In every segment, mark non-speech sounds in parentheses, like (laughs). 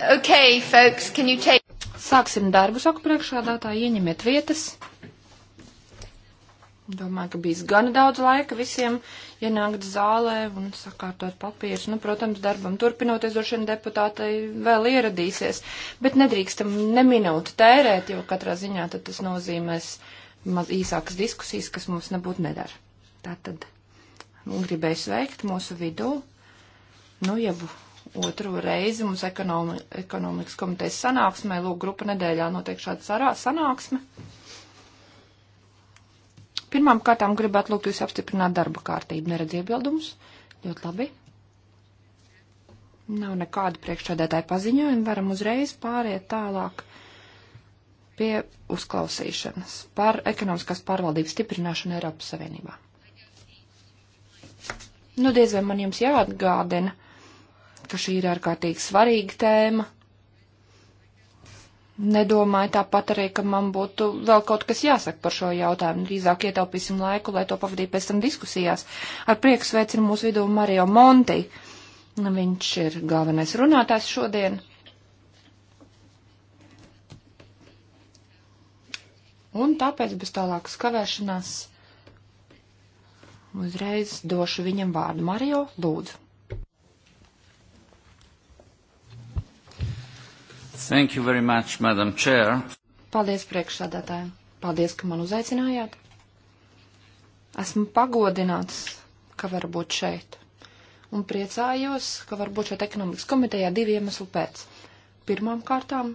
Okay, folks, can you take... Sāksim darbu, saku priekšādātāji, ieņemiet vietas. Domāju, ka bijis gana daudz laika visiem ienākt zālē un sakārtot papīrus. Nu, protams, darbam turpinoties, droši vien deputātai vēl ieradīsies, bet nedrīkstam ne minūti tērēt, jo katrā ziņā tad tas nozīmēs maz īsākas diskusijas, kas mums nebūtu nedara. Tātad nu, gribēju sveikt mūsu vidū. Nu, jau otru reizi mums ekonomi, ekonomikas komitejas sanāksmē, lūk, grupa nedēļā notiek šāda sarā, sanāksme. Pirmām kārtām gribētu lūgt jūs apstiprināt darba kārtību, neredz iebildumus. Ļoti labi. Nav nekādu priekšsādētāju paziņojumu, varam uzreiz pāriet tālāk pie uzklausīšanas par ekonomiskās pārvaldības stiprināšanu Eiropas Savienībā. Nu, diez vai man jums jāatgādina ka šī ir ārkārtīgi svarīga tēma. Nedomāju tāpat arī, ka man būtu vēl kaut kas jāsaka par šo jautājumu. Rīzāk ietaupīsim laiku, lai to pavadītu pēc tam diskusijās. Ar prieku sveicinu mūsu vidū Mario Monti. Viņš ir galvenais runātājs šodien. Un tāpēc bez tālākas kavēšanās uzreiz došu viņam vārdu Mario Lūdzu. Thank you very much, Madam Chair. Paldies, priekšsādātāji. Paldies, ka man uzaicinājāt. Esmu pagodināts, ka varu būt šeit. Un priecājos, ka varu būt šeit ekonomikas komitejā divu iemeslu pēc. Pirmām kārtām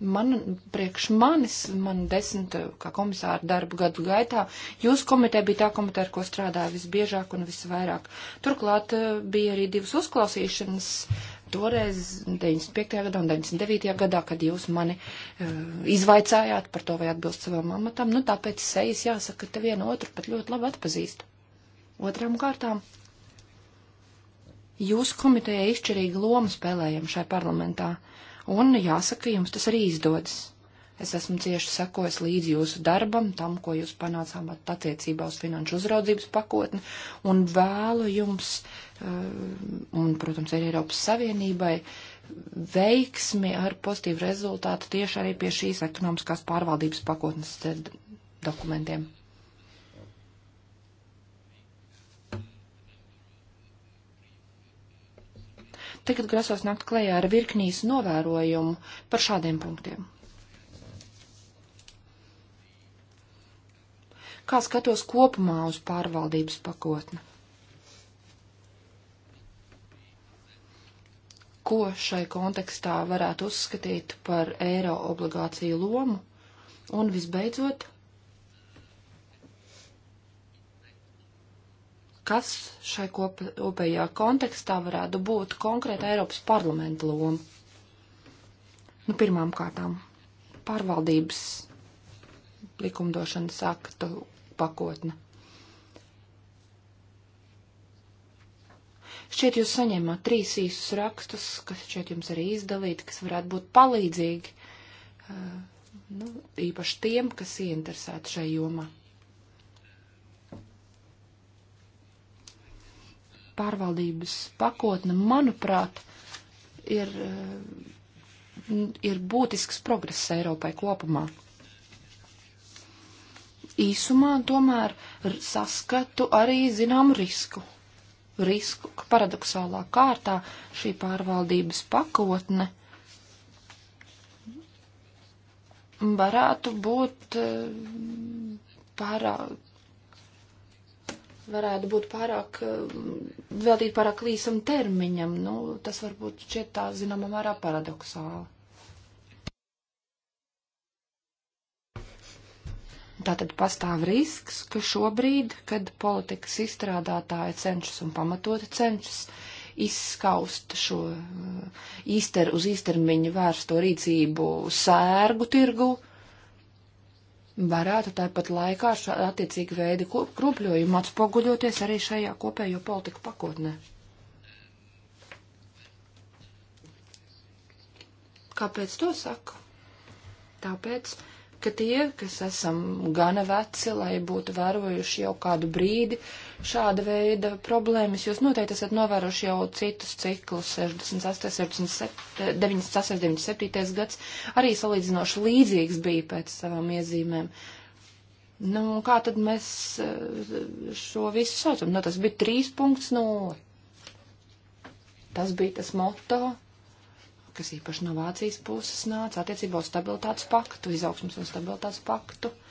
man, priekš manis, man desmit eh, kā komisāra darbu gadu gaitā, jūsu komiteja bija tā komiteja, ar ko strādāja visbiežāk un visvairāk. Turklāt eh, bija arī divas uzklausīšanas toreiz 95. gadā un 99. gadā, kad jūs mani uh, izvaicājāt par to, vai atbilst savam amatam. Nu, tāpēc sejas jāsaka, te vienu otru pat ļoti labi atpazīstu. Otram kārtām. Jūsu komiteja izšķirīga loma spēlējam šai parlamentā. Uh, un jāsaka, jums tas arī izdodas. Es esmu cieši sekojis līdz jūsu darbam, tam, ko jūs panācām attiecībā uz finanšu uzraudzības pakotni, un vēlu jums, eh, un, protams, arī Eiropas Savienībai, veiksmi ar pozitīvu rezultātu tieši arī pie šīs ekonomiskās pārvaldības pakotnes dokumentiem. Tagad grasos nākt klējā ar virknīs novērojumu par šādiem punktiem. Kā skatos kopumā uz pārvaldības pakotni? Ko šai kontekstā varētu uzskatīt par eiro obligāciju lomu? Un visbeidzot, kas šai kopējā kontekstā varētu būt konkrēta Eiropas parlamenta loma. Nu, pirmām kārtām pārvaldības likumdošanas aktu pakotne. Šķiet, jūs saņēmāt trīs īsus rakstus, kas šķiet jums arī izdalīti, kas varētu būt palīdzīgi, uh, nu, īpaši tiem, kas ieinteresēti šai jomā. pārvaldības pakotne, manuprāt, ir, eh, ir būtisks progress Eiropai kopumā. Īsumā tomēr saskatu arī zinām risku. Risku, ka paradoxālā kārtā šī pārvaldības pakotne varētu būt eh, pārāk varētu būt pārāk, eh, veltīt pārāk līsam termiņam, nu, tas varbūt šķiet tā, zināmā mērā, paradoxāli. Tātad pastāv risks, ka šobrīd, kad politikas izstrādātāji cenšas un pamatoti cenšas izskaust šo eh, īster, uz īstermiņu vērsto rīcību sērgu tirgu, uh, varētu tāpat laikā ar šādu attiecīgu veidu krupļojumu atspoguļoties arī šajā kopējo politiku pakotnē. Kāpēc to saku? Tāpēc, ka tie, kas esam gana veci, lai būtu vērojuši jau kādu brīdi, uh, šāda veida problēmas. Jūs noteikti esat novērojuši jau citus ciklus, 68, 67, 96, 97 gads, arī salīdzinoši līdzīgs bija pēc savām iezīmēm. Nu, kā tad mēs eh, šo visu saucam? Nu, tas bija 3.0. Tas bija tas moto, kas īpaši no Vācijas puses nāca attiecībā uz stabilitātes paktu, izaugsmas un stabilitātes paktu. Uh,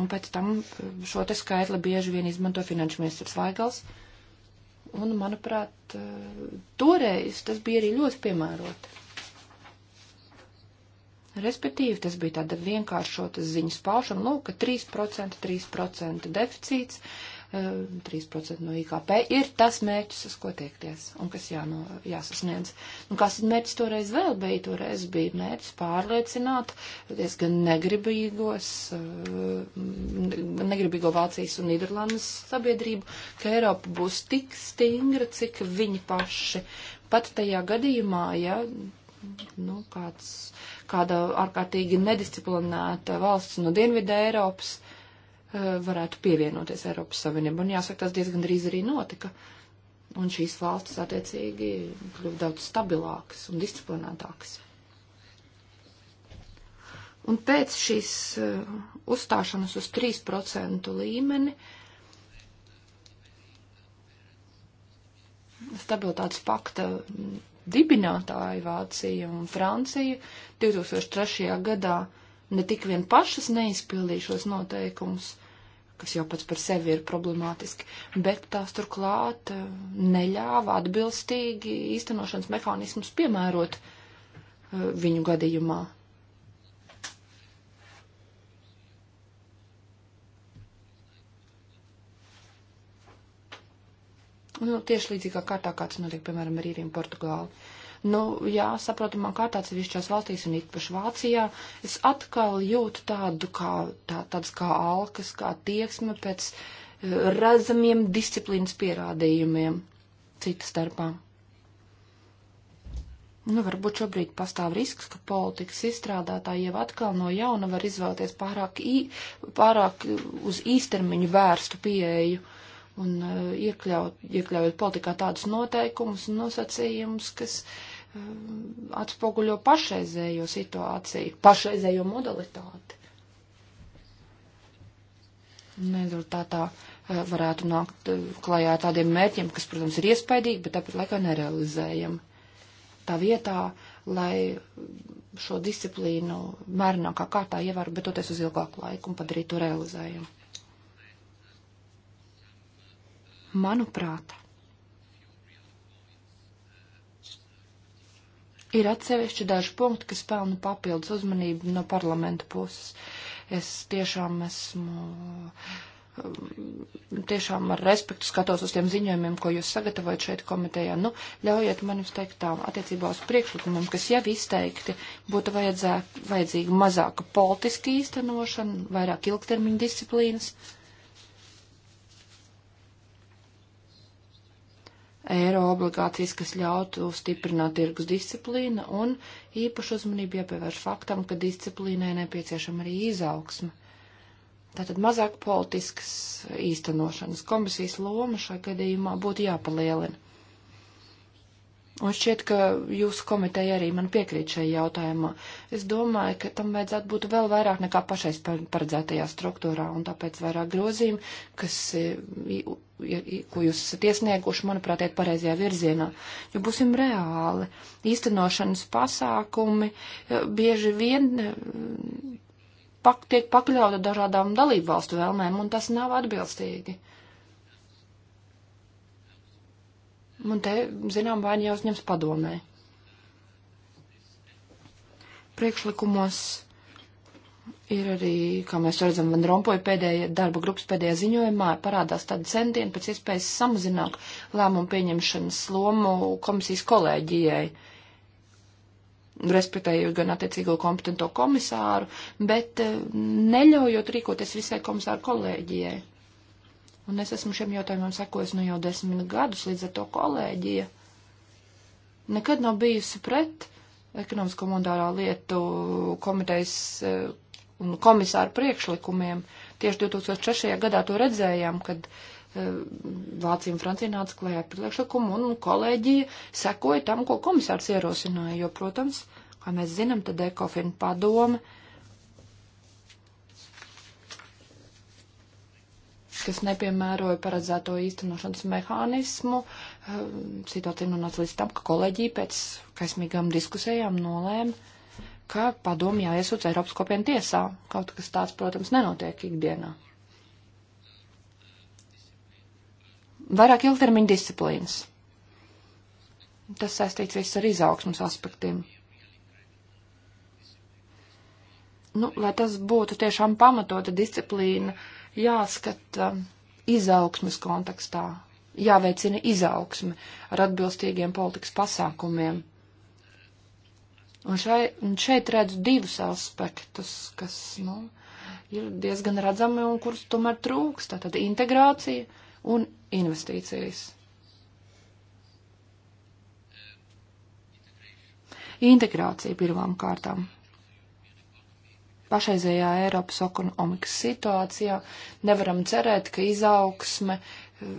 Un pēc tam eh, šo te skaitli bieži vien izmanto finanšu ministrs Vaigals. Un, manuprāt, eh, toreiz tas bija arī ļoti piemēroti. Respektīvi, tas bija tāda vienkāršota ziņas paušana, lūk, ka 3%, 3% deficīts, 3% ehm, no IKP ir tas mērķis, uz ko tiekties un kas jāno, jāsasniedz. Un nu, kas tad mērķis toreiz vēl bija? Toreiz bija mērķis pārliecināt diezgan negribīgos, ehm, negribīgo Vācijas un Nīderlandes sabiedrību, ka Eiropa būs tik stingra, cik viņi paši. Pat tajā gadījumā, ja nu, kāds, kāda ārkārtīgi nedisciplinēta valsts no Dienvidē Eiropas Eh, varētu pievienoties Eiropas Savienībai. Un jāsaka, tas diezgan drīz arī notika. Un šīs valstis attiecīgi kļuva daudz stabilākas un disciplinētākas. Un pēc šīs eh, uzstāšanas uz 3% līmeni stabilitātes pakta dibinātāji Vācija un Francija 2003. gadā ne tik vien pašas neizpildīšos noteikumus, kas jau pats par sevi ir problemātiski, bet tās turklāt eh, neļāva atbilstīgi īstenošanas mehānismus piemērot eh, viņu gadījumā. Nu, tieši līdzīgā kārtā, kā tas notiek, piemēram, ar īriem Portugāli nu, jāsaprotamā kārtā atsevišķās valstīs un īpaši Vācijā, es atkal jūtu tādu kā, tā, tāds kā alkas, kā tieksme pēc eh, redzamiem disciplīnas pierādījumiem citas starpā. Nu, varbūt šobrīd pastāv risks, ka politikas izstrādātāji jau atkal no jauna var izvēlēties pārāk, ī, pārāk uz īstermiņu vērstu pieeju un uh, iekļaut, iekļaut politikā tādus noteikumus un nosacījumus, kas uh, Um, atspoguļo pašreizējo situāciju, pašreizējo modalitāti. Rezultātā uh, varētu nākt uh, klajā tādiem mērķiem, kas, protams, ir iespaidīgi, bet tāpat laikā nerealizējami. Tā vietā, lai šo disciplīnu mērenākā kārtā ievēru, bet toties uz ilgāku laiku un padarītu to realizējumu. Manuprāt, Ir atsevišķi daži punkti, kas pelna papildus uzmanību no parlamenta puses. Es tiešām esmu. Um, tiešām ar respektu skatos uz tiem ziņojumiem, ko jūs sagatavojat šeit komitejā. Nu, ļaujiet man jums teikt tā, attiecībā uz priekšlikumiem, kas jau izteikti, būtu vajadzēk, vajadzīga mazāka politiska īstenošana, vairāk ilgtermiņa disciplīnas. Uh, eiro obligācijas, kas ļautu stiprināt tirgus disciplīnu, un īpašu uzmanību jāpievērš faktam, ka disciplīnai nepieciešama arī izaugsme. Tātad mazāk politiskas īstenošanas komisijas loma šajā gadījumā būtu jāpalielina. Un šķiet, ka jūsu komiteja arī man piekrīt šajā jautājumā. Es domāju, ka tam vajadzētu būt vēl vairāk nekā pašais paredzētajā struktūrā, un tāpēc vairāk grozīm, kas, e, ko jūs esat iesnieguši, manuprāt, iet pareizajā virzienā. Jo būsim reāli. Īstenošanas pasākumi e, bieži vien e, pak, tiek pakļauta dažādām dalību valstu vēlmēm, un tas nav atbilstīgi. Uh, Un te, zinām, vaina nu jāuzņems padomē. Priekšlikumos ir arī, kā mēs redzam, Van Rompoja pēdējā darba grupas pēdējā ziņojumā parādās tāda centiena pēc iespējas samazināt lēmumu pieņemšanas lomu komisijas kolēģijai respektēju gan attiecīgo kompetento komisāru, bet eh, neļaujot rīkoties visai komisāru kolēģijai. Un es esmu šiem jautājumiem sekojis nu jau desmit gadus, līdz ar to kolēģija nekad nav bijusi pret ekonomisko monetārā lietu komitejas eh, un komisāru priekšlikumiem. Tieši 2006. gadā to redzējām, kad eh, Vācija un Francija nāca klajā priekšlikumu un kolēģija sekoja tam, ko komisārs ierosināja, jo, protams, kā mēs zinām, tad ekofina padome kas nepiemēroja paredzēto īstenošanas mehānismu. Eh, situācija nonāca līdz tam, ka kolēģija pēc kaismīgām diskusējām nolēma, ka padomu jāiesūdz Eiropas kopienu tiesā. Kaut kas tāds, protams, nenotiek ikdienā. Vairāk ilgtermiņa disciplīnas. Tas saistīts viss ar izaugsmas aspektiem. Nu, lai tas būtu tiešām pamatota disciplīna, uh, jāskata izaugsmes kontekstā, jāveicina izaugsme ar atbilstīgiem politikas pasākumiem. Un, šai, un šeit redzu divus aspektus, kas, nu, ir diezgan redzami un kurus tomēr trūks. Tātad integrācija un investīcijas. Integrācija pirmām kārtām pašreizējā Eiropas ekonomikas situācijā nevaram cerēt, ka izaugsme eh,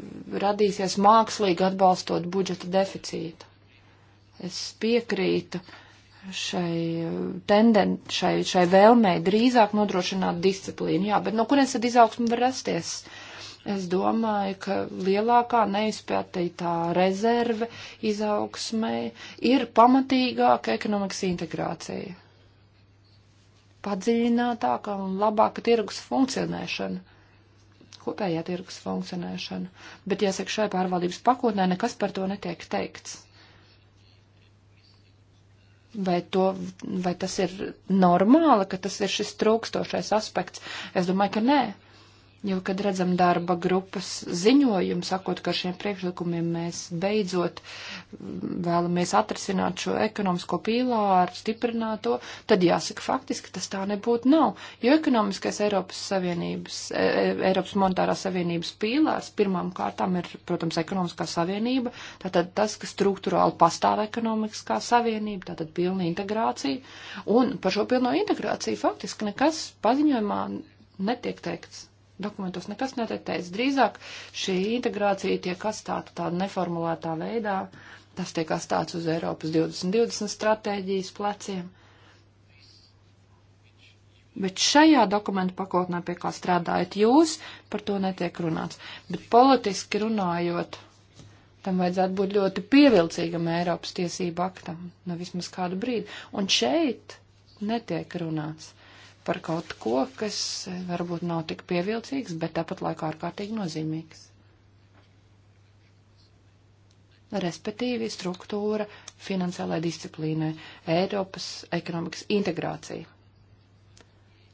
radīsies mākslīgi atbalstot budžeta deficītu. Es piekrītu šai, eh, tenden, šai, šai vēlmei drīzāk nodrošināt disciplīnu. Jā, bet no kurienes tad izaugsme var rasties? Es domāju, ka lielākā neizpētītā rezerve izaugsmē ir pamatīgāka ekonomikas integrācija padziļinātāka un labāka tirgus funkcionēšana, kopējā tirgus funkcionēšana. Bet, jāsaka, šai pārvaldības pakotnē nekas par to netiek teikts. Vai, to, vai tas ir normāli, ka tas ir šis trūkstošais aspekts? Es domāju, ka nē. Jo, kad redzam darba grupas ziņojumu, sakot, ka ar šiem priekšlikumiem mēs beidzot mm, vēlamies atrasināt šo ekonomisko pīlāru, stiprināt to, tad jāsaka faktiski, tas tā nebūtu nav. Jo ekonomiskais Eiropas Savienības, e, e, Eiropas monetārās savienības pīlārs pirmām kārtām ir, protams, ekonomiskā savienība, tātad tas, kas struktūrāli pastāv ekonomiskā savienība, tātad pilna integrācija. Un par šo pilno integrāciju faktiski nekas paziņojumā netiek teikts dokumentos nekas neteikts. Drīzāk šī integrācija tiek atstāta tādā neformulētā veidā, tas tiek atstāts uz Eiropas 2020 stratēģijas pleciem. Bet šajā dokumentu pakotnē, pie kā strādājat jūs, par to netiek runāts. Bet politiski runājot, tam vajadzētu būt ļoti pievilcīgam Eiropas tiesību aktam, nu vismaz kādu brīdi. Un šeit netiek runāts par kaut ko, kas varbūt nav tik pievilcīgs, bet tāpat laikā ārkārtīgi nozīmīgs. Respektīvi struktūra finansiālai disciplīnai, Eiropas ekonomikas integrācija.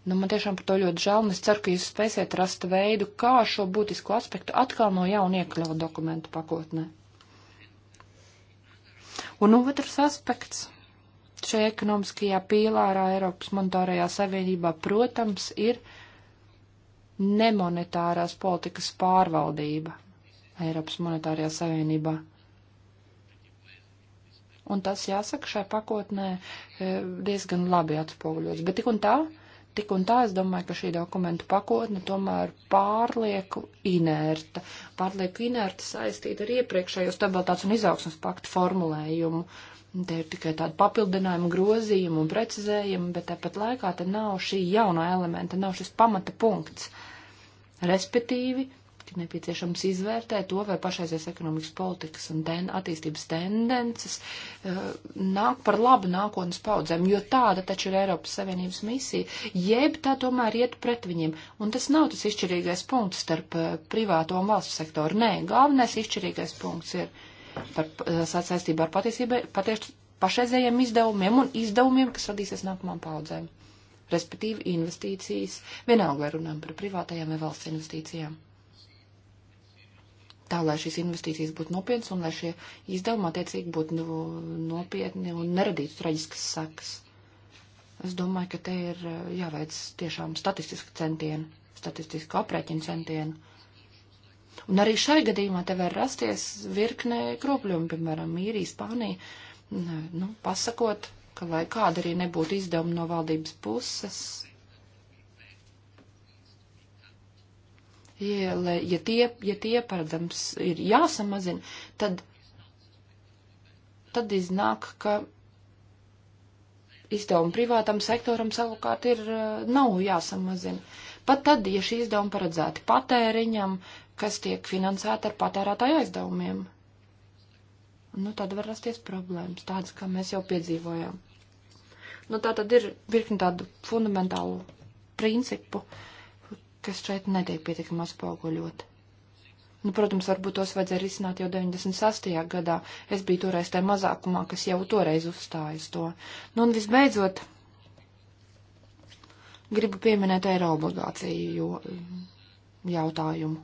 Nu, man tiešām par to ļoti žēl, un es ceru, ka jūs spēsiet rast veidu, kā šo būtisko aspektu atkal no jauna iekļaut dokumentu pakotnē. Un otrs aspekts šajā ekonomiskajā pīlārā Eiropas monetārajā savienībā, protams, ir nemonetārās politikas pārvaldība Eiropas monetārajā savienībā. Un tas, jāsaka, šai pakotnē e, diezgan labi atspoguļots. Bet tik un tā, tik un tā es domāju, ka šī dokumentu pakotne tomēr pārlieku inerta. Pārlieku inerta saistīta ar iepriekšējo stabilitātes un izaugsmas paktu formulējumu. Uh, Te ir tikai tāda papildinājuma, grozījuma un precizējuma, bet tāpat laikā te nav šī jaunā elementa, nav šis pamata punkts. Respektīvi, ka nepieciešams izvērtēt to, vai pašreizies ekonomikas politikas un ten, attīstības tendences eh, nāk par labu nākotnes paudzēm, jo tāda taču ir Eiropas Savienības misija, jeb tā tomēr iet pret viņiem. Un tas nav tas izšķirīgais punkts starp eh, privāto un valsts sektoru. Nē, galvenais izšķirīgais punkts ir par, eh, saistībā ar patiesu pašreizējiem izdevumiem un izdevumiem, kas radīsies nākamām paudzēm, respektīvi investīcijas, vienalga vai runājam par privātajām vai valsts investīcijām. Tā, lai šīs investīcijas būtu nopietnas un lai šie izdevumi attiecīgi būtu nu, nopietni un neradītu traģiskas sekas. Es domāju, ka te ir eh, jāveic tiešām statistiski centieni, statistiski aprēķinu centieni Un arī šai gadījumā te var rasties virknē kropļumi, piemēram, īrija, Spānija, nu, pasakot, ka lai kāda arī nebūtu izdevuma no valdības puses, ja, ja tie, ja tie, paredams, ir jāsamazina, tad, tad iznāk, ka izdevumi privātam sektoram savukārt ir, eh, nav jāsamazina pat tad, ja šī izdevuma paredzēti patēriņam, kas tiek finansēta ar patērētāju aizdevumiem. Nu, tad var rasties problēmas, tādas, kā mēs jau piedzīvojām. Nu, tā tad ir virkni tādu fundamentālu principu, kas šeit netiek pietiekami atspoguļoti. Nu, protams, varbūt tos vajadzēja risināt jau 96. gadā. Es biju toreiz tajā mazākumā, kas jau toreiz uzstājas to. Nu, un visbeidzot, Gribu pieminēt eiro obligāciju mm, jautājumu.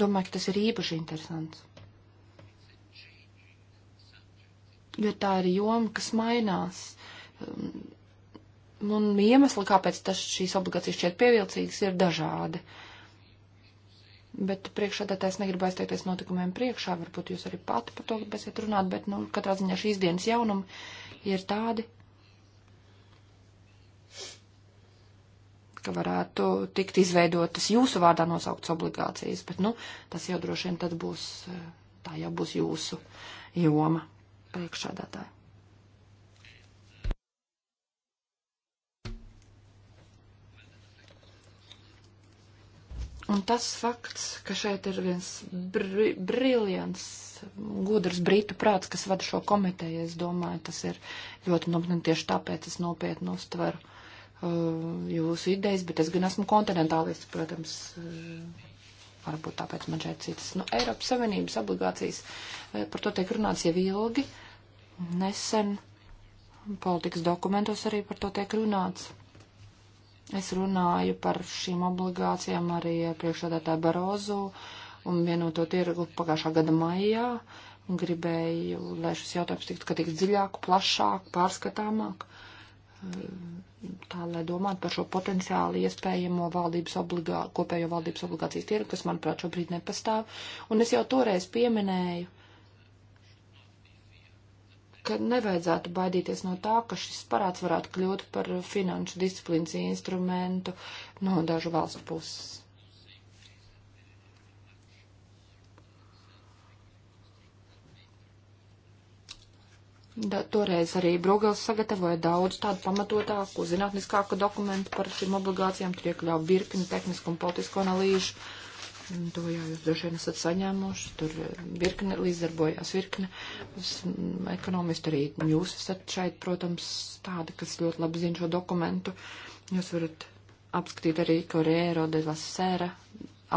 Domāju, ka tas ir īpaši interesants. Jo tā ir joma, kas mainās. Mm, un iemesli, kāpēc tas, šīs obligācijas šķiet pievilcīgas, ir dažādi. Bet priekšādātājs negribu aizteikties notikumiem priekšā, varbūt jūs arī pati par to gribēsiet runāt, bet, nu, katrā ziņā šīs dienas jaunumi ir tādi, ka varētu tikt izveidotas jūsu vārdā nosauktas obligācijas, bet, nu, tas jau droši vien tad būs, eh, tā jau būs jūsu joma priekšādātāji. Un tas fakts, ka šeit ir viens bri briljants, gudrs brītu prāts, kas vada šo komiteju, es domāju, tas ir ļoti nopietni tieši tāpēc es nopietni uztveru Uh, jūsu idejas, bet es gan esmu kontinentālists, protams, uh, varbūt tāpēc man šeit citas. Nu, Eiropas Savienības obligācijas, uh, par to tiek runāts jau ilgi, nesen politikas dokumentos arī par to tiek runāts. Es runāju par šīm obligācijām arī ar priekšādātāju Barozu un vienoto tirgu pagājušā gada maijā. Gribēju, lai šis jautājums tiktu skatīts dziļāk, plašāk, pārskatāmāk tā, lai domātu par šo potenciāli iespējamo valdības obligā, kopējo valdības obligācijas tirgu, kas, manuprāt, šobrīd nepastāv. Un es jau toreiz pieminēju, ka nevajadzētu baidīties no tā, ka šis parāds varētu kļūt par finanšu disciplīnas instrumentu no dažu valstu puses. Da, toreiz arī Brūgels sagatavoja daudz tādu pamatotāku, zinātniskāku dokumentu par šīm obligācijām, tur iekļauja virkni tehnisku un politisku analīžu. Un to jau jūs droši vien esat saņēmuši, tur eh, virkne līdzdarbojās virkne mm, ekonomisti, arī jūs esat šeit, protams, tādi, kas ļoti labi zina šo dokumentu. Jūs varat apskatīt arī Corriero de la Sera,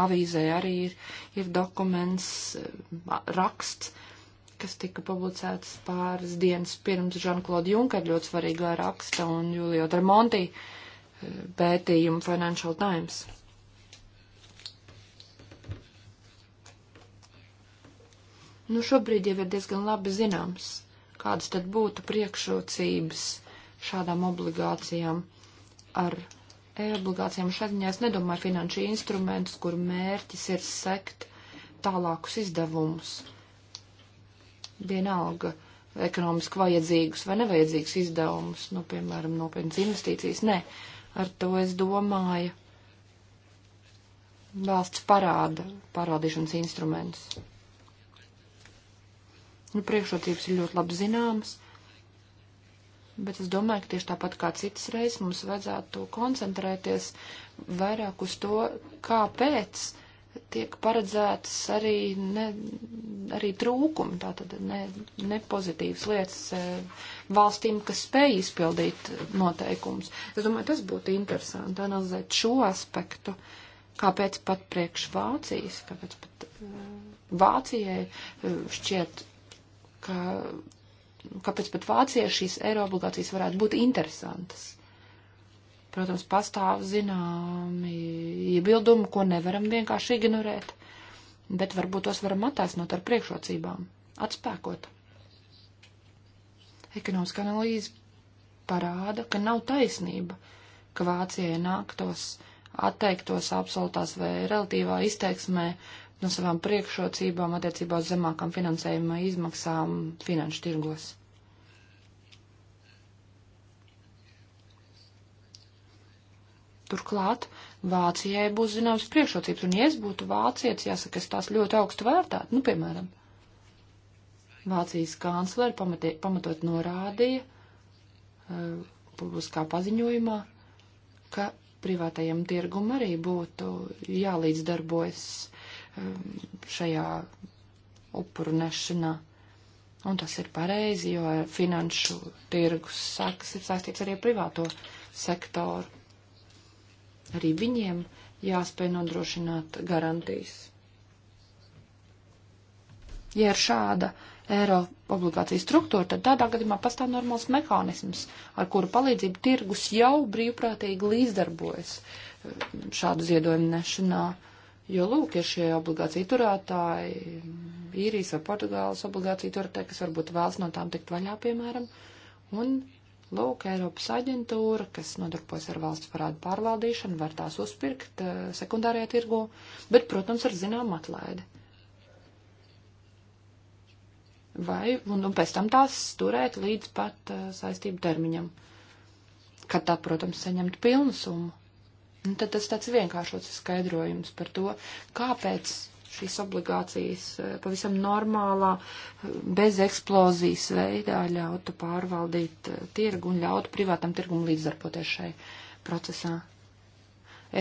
avīzē arī ir, ir dokuments, eh, raksts kas tika publicēts pāris dienas pirms Jean-Claude Juncker ļoti svarīgā raksta un Julio Darmonti eh, pētījumu Financial Times. Nu, šobrīd jau ir diezgan labi zināms, kādas tad būtu priekšrocības šādām obligācijām ar e-obligācijām. Šeit ziņā es nedomāju finanšu instrumentus, kur mērķis ir sekt tālākus izdevumus vienalga ekonomiski vajadzīgus vai nevajadzīgus izdevumus, nu, piemēram, nopietnas investīcijas. Nē, ar to es domāju valsts parāda, parādīšanas instruments. Nu, priekšrocības ir ļoti labi zināmas, bet es domāju, ka tieši tāpat kā citas reizes mums vajadzētu koncentrēties vairāk uz to, kāpēc tiek paredzētas arī, ne, arī trūkumi, tātad ne, ne pozitīvas lietas e, valstīm, kas spēj izpildīt noteikumus. Es domāju, tas būtu interesanti analizēt šo aspektu, kāpēc pat priekš Vācijas, kāpēc pat e, Vācijai e, šķiet, ka, kāpēc pat Vācijai šīs eiro obligācijas varētu būt interesantas. Protams, pastāv zināmi iebildumi, ko nevaram vienkārši ignorēt, bet varbūt tos varam attaisnot ar priekšrocībām, atspēkot. Ekonomiskā analīze parāda, ka nav taisnība, ka Vācijai nāktos atteiktos absolūtās vai relatīvā izteiksmē no savām priekšrocībām attiecībā uz zemākām finansējuma izmaksām finanšu tirgos. Turklāt Vācijai būs zināmas priekšrocības, un ja es būtu vācietis, jāsaka, es tās ļoti augstu vērtētu, nu, piemēram. Vācijas kanclere pamatot norādīja uh, publiskā paziņojumā, ka privātajam tirgum arī būtu jālīdzdarbojas uh, šajā upuru nešanā. Un tas ir pareizi, jo finanšu tirgus sakas ir saistīts arī ar privāto sektoru. Arī viņiem jāspēj nodrošināt garantijas. Ja ir šāda eiro obligācija struktūra, tad tādā gadījumā pastāv normāls mehānisms, ar kuru palīdzību tirgus jau brīvprātīgi līdzdarbojas um, šādu ziedojumu nešanā. Jo, lūk, ir šie obligācija turētāji, īrijas vai Portugāles obligācija turētāji, kas varbūt vēlas no tām tikt vaļā, piemēram, un Lūk, Eiropas aģentūra, kas nodarbojas ar valsts parādu pārvaldīšanu, var tās uzpirkt eh, sekundārajā tirgu, bet, protams, ar zinām atlaidi. Vai, un, un pēc tam tās turēt līdz pat uh, saistību termiņam, kad tā, protams, saņemt pilnu summu. Un nu, tad tas tāds vienkāršots skaidrojums par to, kāpēc šīs obligācijas eh, pavisam normālā, bez eksplozijas veidā ļautu pārvaldīt eh, tirgu un ļautu privātam tirgum līdzdarboties šai procesā.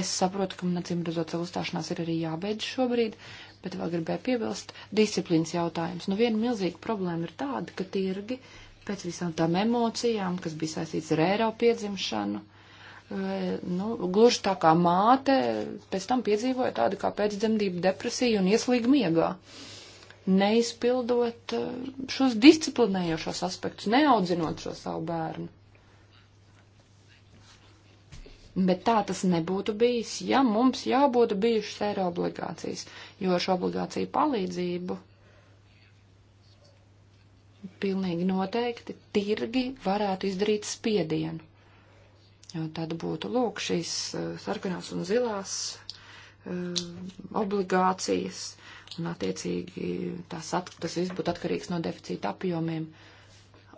Es saprotu, ka man acīm redzot savu uzstāšanās ir arī jābeidz šobrīd, bet vēl gribēju piebilst disciplīnas jautājums. Nu, viena milzīga problēma ir tāda, ka tirgi pēc visām tām emocijām, kas bija saistīts ar Eiropu piedzimšanu, uh, nu, gluži tā kā māte, pēc tam piedzīvoja tādu kā pēcdzemdību depresiju un ieslīga miegā. Neizpildot eh, šos disciplinējošos aspektus, neaudzinot šo savu bērnu. Bet tā tas nebūtu bijis, ja mums jau būtu bijušas eiro obligācijas, jo ar šo obligāciju palīdzību pilnīgi noteikti tirgi varētu izdarīt spiedienu Tad būtu lūk šīs eh, sarkanās un zilās eh, obligācijas, un attiecīgi tās at, tas viss būtu atkarīgs no deficīta apjomiem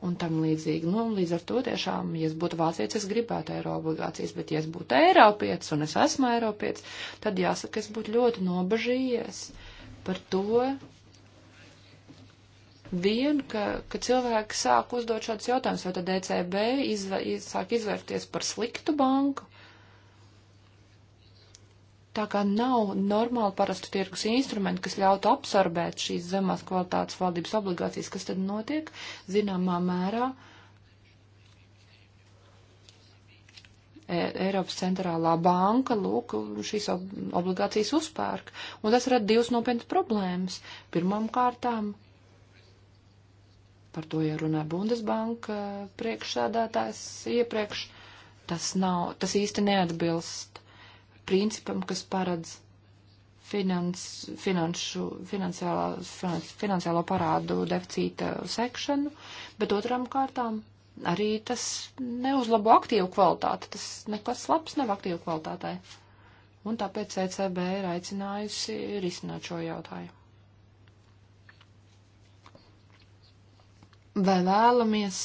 un tam līdzīgi. Nu, līdz ar to tiešām, ja es būtu vācietis, es gribētu eiro obligācijas, bet ja es būtu eiropietis un es esmu eiropietis, tad jāsaka, es būtu ļoti nobažījies par to, vien, ka, ka cilvēki sāk uzdot šādus jautājumus, vai tad ECB izvē, sāk izvērties par sliktu banku. Tā kā nav normāli parasta tirgus instrumenti, kas ļautu absorbēt šīs zemās kvalitātes valdības obligācijas, kas tad notiek zināmā mērā e Eiropas centrālā banka, lūk, šīs ob obligācijas uzpērk. Un tas rada divas nopietnas problēmas. Pirmām kārtām Par to jau runāja Bundesbanka priekšsādātājs iepriekš. Tas, nav, tas īsti neatbilst principam, kas paredz finans, finanšu, finansiālā, finans, finansiālo parādu deficīta sekšanu, bet otram kārtām arī tas neuzlabo aktīvu kvalitāti. Tas nekas labs nav aktīvu kvalitātei. Un tāpēc ECB ir aicinājusi risināt šo jautājumu. vai vēlamies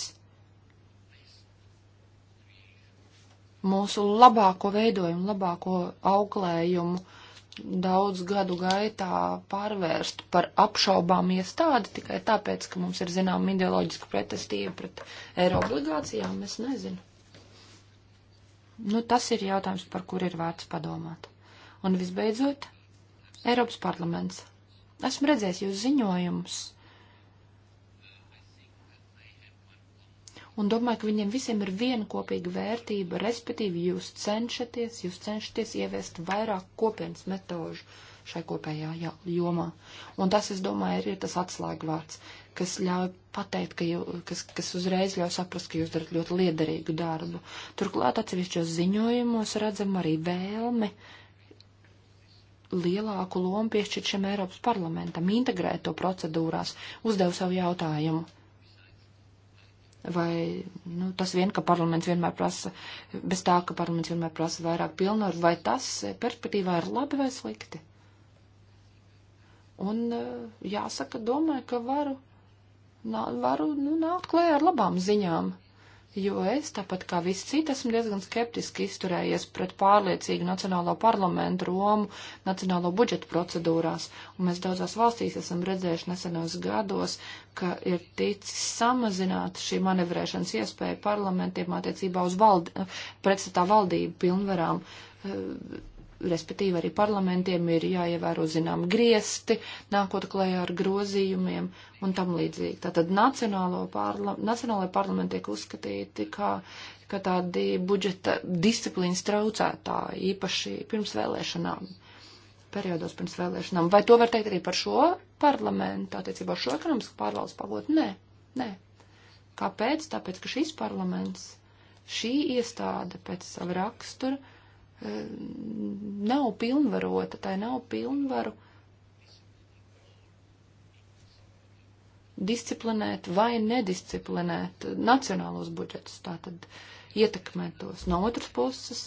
mūsu labāko veidojumu, labāko auklējumu daudz gadu gaitā pārvērst par apšaubām iestādi tikai tāpēc, ka mums ir zinām ideoloģiska pretestība pret eiro obligācijām, es nezinu. Nu, tas ir jautājums, par kur ir vērts padomāt. Un visbeidzot, Eiropas parlaments. Esmu redzējis jūs ziņojumus un domāju, ka viņiem visiem ir viena kopīga vērtība, respektīvi jūs cenšaties, jūs cenšaties ieviest vairāk kopienas metožu šai kopējā jā, jomā. Un tas, es domāju, ir, ir tas atslēgvārds, kas ļauj pateikt, ka jau, kas, kas uzreiz ļauj saprast, ka jūs darat ļoti liederīgu darbu. Turklāt atsevišķos ziņojumos redzam arī vēlmi lielāku lomu piešķirt šim Eiropas parlamentam, integrēt to procedūrās, uzdevu savu jautājumu vai nu, tas vien, ka parlaments vienmēr prasa, bez tā, ka parlaments vienmēr prasa vairāk pilnvaru, vai tas perspektīvā ir labi vai slikti. Un eh, jāsaka, domāju, ka varu, nā, varu nu, nākt klē ar labām ziņām jo es, tāpat kā visi citi, esmu diezgan skeptiski izturējies pret pārliecīgu Nacionālo parlamentu Romu Nacionālo budžetu procedūrās, un mēs daudzās valstīs esam redzējuši nesenos gados, ka ir ticis samazināta šī manevrēšanas iespēja parlamentiem attiecībā uz valdi, pretstatā valdību pilnvarām. Uh, respektīvi arī parlamentiem ir jāievēro zinām griesti, nākot klējā ar grozījumiem un tam līdzīgi. Tātad parla nacionālajie parlamenti tiek uzskatīti kā, kā tādi budžeta disciplīnas traucētāji, īpaši pirms vēlēšanām, periodos pirms vēlēšanām. Vai to var teikt arī par šo parlamentu, attiecībā ar šo ekonomisku pārvaldes pagotu? Nē, nē. Kāpēc? Tāpēc, ka šis parlaments, šī iestāde pēc sava rakstura, nav pilnvarota, tai nav pilnvaru disciplinēt vai nedisciplinēt nacionālos budžetus, tātad ietekmēt tos. No otras puses,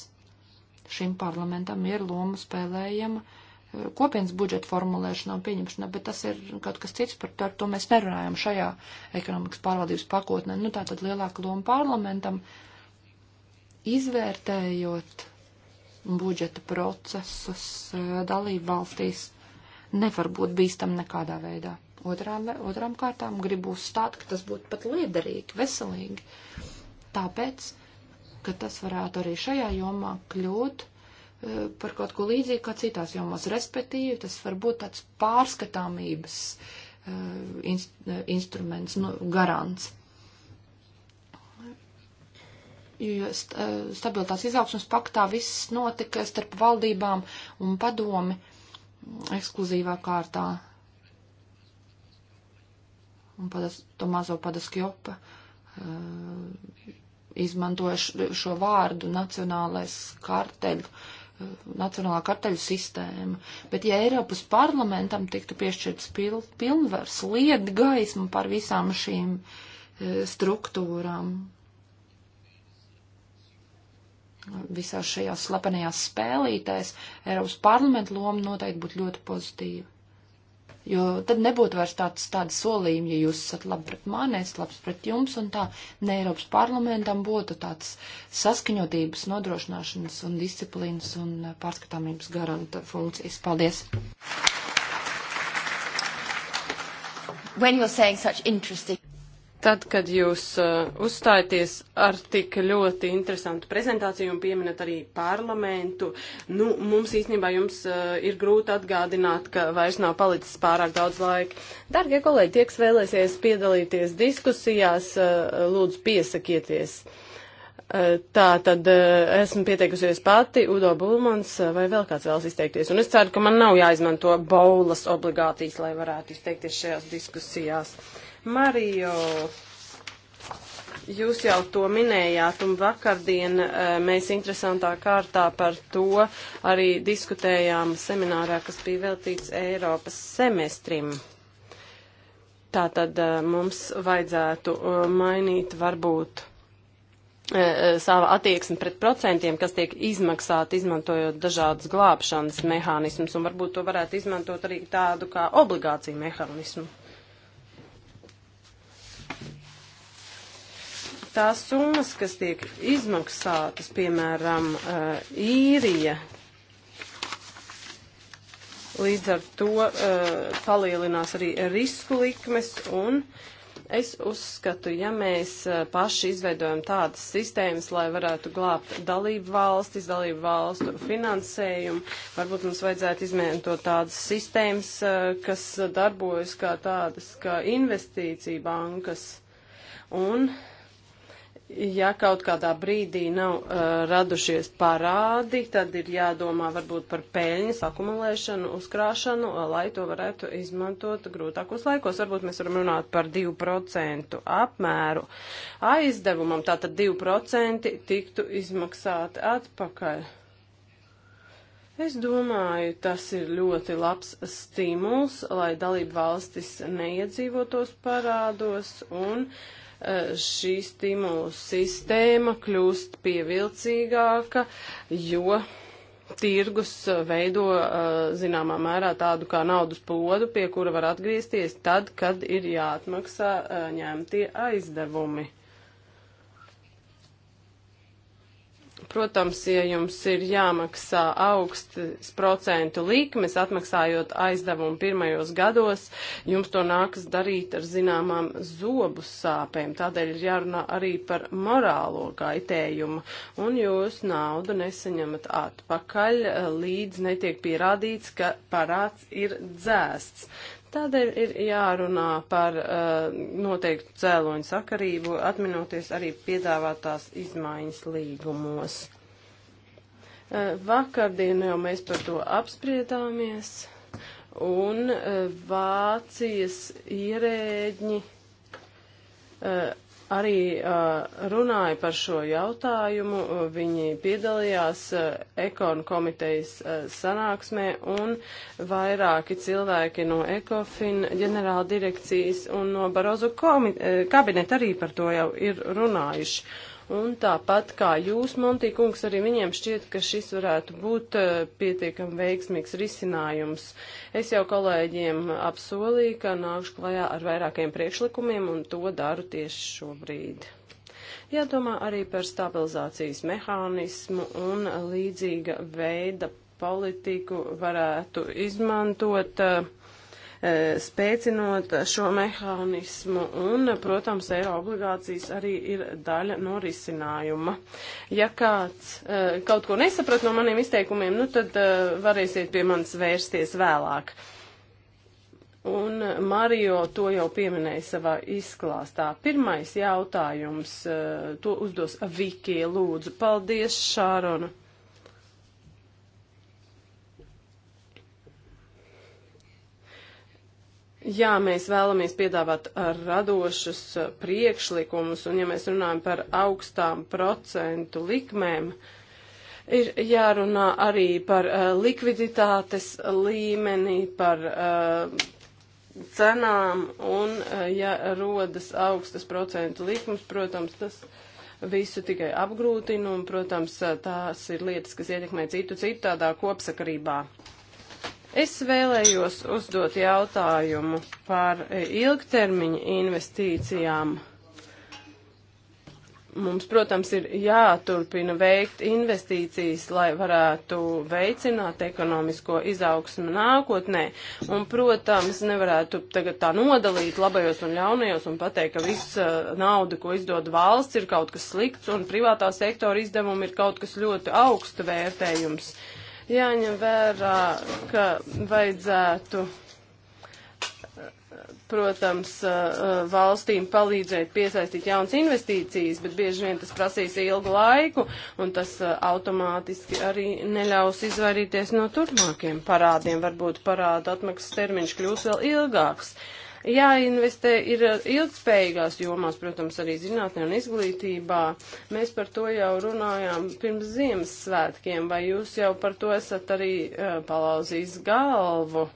šim parlamentam ir loma spēlējama eh, kopienas budžeta formulēšanā un pieņemšanā, bet tas ir kaut kas cits, par to, to mēs nerunājam šajā ekonomikas pārvaldības pakotnē. Nu, tātad lielāka loma parlamentam izvērtējot budžeta procesus eh, dalību valstīs nevar būt bīstam nekādā veidā. Otrām, otrām kārtām gribu uzstāt, ka tas būtu pat liederīgi, veselīgi. Tāpēc, ka tas varētu arī šajā jomā kļūt eh, par kaut ko līdzīgu kā citās jomās. Respektīvi, tas var būt tāds pārskatāmības uh, inst, instruments, nu, garants jo eh, stabilitātes izaugsmas paktā viss notika starp valdībām un padomi ekskluzīvā kārtā. Un padas, Tomazo Padaskjopa uh, eh, izmantoja šo, šo vārdu nacionālais karteļu, uh, nacionālā karteļu sistēma. Bet ja Eiropas parlamentam tiktu piešķirts pil, pilnvars, liet gaismu par visām šīm uh, struktūrām, visās šajās slepenajās spēlītēs Eiropas parlamenta loma noteikti būtu ļoti pozitīva. Jo tad nebūtu vairs tāds, tāda solījuma, ja jūs esat labi pret mani, es labs pret jums, un tā ne Eiropas parlamentam būtu tāds saskaņotības nodrošināšanas un disciplīnas un pārskatāmības garanta funkcijas. Paldies! When you're saying such interesting Tad, kad jūs uh, uzstājaties ar tik ļoti interesantu prezentāciju un pieminat arī parlamentu, nu, mums īstenībā jums uh, ir grūti atgādināt, ka vairs nav palicis pārāk daudz laika. Dargie kolēģi, tie, kas vēlēsies piedalīties diskusijās, uh, lūdzu piesakieties. Uh, tā tad uh, esmu pieteikusies pati, Udo Bulmans, uh, vai vēl kāds vēlas izteikties. Un es ceru, ka man nav jāizmanto baulas obligācijas, lai varētu izteikties šajās diskusijās. Uh, Marijo, jūs jau to minējāt, un vakardien eh, mēs interesantā kārtā par to arī diskutējām seminārā, kas bija veltīts Eiropas semestrim. Tātad eh, mums vajadzētu eh, mainīt varbūt sava attieksme pret procentiem, kas tiek izmaksāti izmantojot dažādas glābšanas mehānismus, un varbūt to varētu izmantot arī tādu kā obligāciju mehānismu. tās summas, kas tiek izmaksātas, piemēram, eh, īrija. Līdz ar to uh, palielinās arī risku likmes un es uzskatu, ja mēs eh, paši izveidojam tādas sistēmas, lai varētu glābt dalību valstis, dalību valstu finansējumu, varbūt mums vajadzētu izmantot tādas sistēmas, uh, kas darbojas kā tādas, kā investīcija bankas. Un uh, ja kaut kādā brīdī nav uh, radušies parādi, tad ir jādomā varbūt par peļņas akumulēšanu, uzkrāšanu, eh, lai to varētu izmantot grūtākos laikos. Varbūt mēs varam runāt par 2% apmēru aizdevumam, tātad 2% tiktu izmaksāti atpakaļ. Es domāju, tas ir ļoti labs stimuls, lai dalību valstis neiedzīvotos parādos un uh, Eh, šī stimulu sistēma kļūst pievilcīgāka, jo tirgus eh, veido eh, zināmā mērā tādu kā naudas podu, pie kura var atgriezties tad, kad ir jāatmaksā ņemtie aizdevumi. Protams, ja jums ir jāmaksā augstas procentu likmes, atmaksājot aizdevumu pirmajos gados, jums to nākas darīt ar zināmām zobu sāpēm. Tādēļ ir jārunā arī par morālo kaitējumu, un jūs naudu nesaņemat atpakaļ, līdz netiek pierādīts, ka parāds ir dzēsts. Tādēļ ir jārunā par uh, noteiktu cēloņu sakarību, atminoties arī piedāvātās izmaiņas līgumos. Uh, vakardien jau mēs par to apspriedāmies, un uh, Vācijas ierēģi uh, arī uh, runāja par šo jautājumu. Viņi piedalījās uh, ekonu komitejas uh, sanāksmē un vairāki cilvēki no ekofin ģenerāla direkcijas un no Barozu kabineta arī par to jau ir runājuši. Un tāpat kā jūs, Montī kungs, arī viņiem šķiet, ka šis varētu būt eh, pietiekami veiksmīgs risinājums. Es jau kolēģiem apsolīju, ka nākšu klajā ar vairākiem priekšlikumiem, un to daru tieši šobrīd. Jādomā arī par stabilizācijas mehānismu un līdzīga veida politiku varētu izmantot uh, E, spēcinot šo mehānismu. Un, protams, eiro obligācijas arī ir daļa no risinājuma. Ja kāds e, kaut ko nesaprat no maniem izteikumiem, nu tad e, varēsiet pie manis vērsties vēlāk. Un Mario to jau pieminēja savā izklāstā. Pirmais jautājums, to uzdos Vikija lūdzu. Paldies, Šārona. Jā, mēs vēlamies piedāvāt radošus uh, priekšlikumus, un ja mēs runājam par augstām procentu likmēm, ir jārunā arī par uh, likviditātes līmeni, par uh, cenām, un uh, ja rodas augstas procentu likmes, protams, tas visu tikai apgrūtina, un, protams, uh, tās ir lietas, kas ietekmē citu citādā kopsakarībā. Es vēlējos uzdot jautājumu par e, ilgtermiņa investīcijām. Mums, protams, ir jāturpina veikt investīcijas, lai varētu veicināt ekonomisko izaugsmu nākotnē. Un, protams, nevarētu tagad tā nodalīt labajos un ļaunajos un pateikt, ka viss e, nauda, ko izdod valsts, ir kaut kas slikts un privātā sektora izdevumi ir kaut kas ļoti augsta vērtējums. Uh, Jāņem vērā, ka vajadzētu protams, uh, uh, valstīm palīdzēt piesaistīt jaunas investīcijas, bet bieži vien tas prasīs ilgu laiku, un tas uh, automātiski arī neļaus izvairīties no turpmākiem parādiem. Varbūt parāda atmaksas termiņš kļūs vēl ilgāks. Uh, Jāinvestē ir uh, ilgspējīgās jomās, protams, arī zinātnē un izglītībā. Mēs par to jau runājām pirms Ziemassvētkiem, vai jūs jau par to esat arī uh, palauzījis galvu?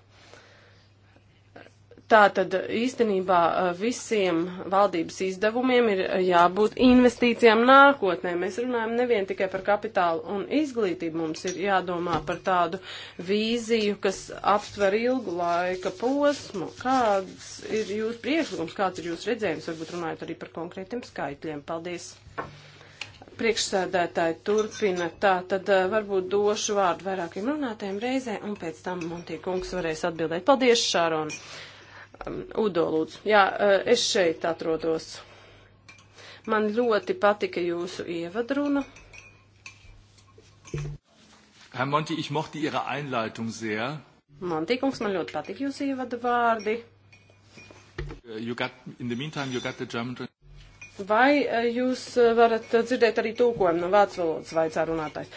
Tātad īstenībā visiem valdības izdevumiem ir jābūt investīcijām nākotnē. Mēs runājam nevien tikai par kapitālu un izglītību, mums ir jādomā par tādu vīziju, kas aptver ilgu laika posmu. Kāds ir jūsu priekšlikums, kāds ir jūsu redzējums, varbūt runājot arī par konkrētiem skaitļiem? Paldies! Priekšsēdētāji turpina tā, tad varbūt došu vārdu vairākiem runātājiem reizē, un pēc tam Montī kungs varēs atbildēt. Paldies, Šārona! Um, Udo, lūdzu. Jā, uh, es šeit atrodos. Man ļoti patika jūsu ievadruna. Herr Monti, ich mochte Ihre Einleitung sehr. Monti, kungs, man ļoti patika jūsu ievadu vārdi. Uh, you got, in the meantime, you got the German Vai uh, jūs varat dzirdēt arī tūkojumu no vācu valodas vaicā runātājs?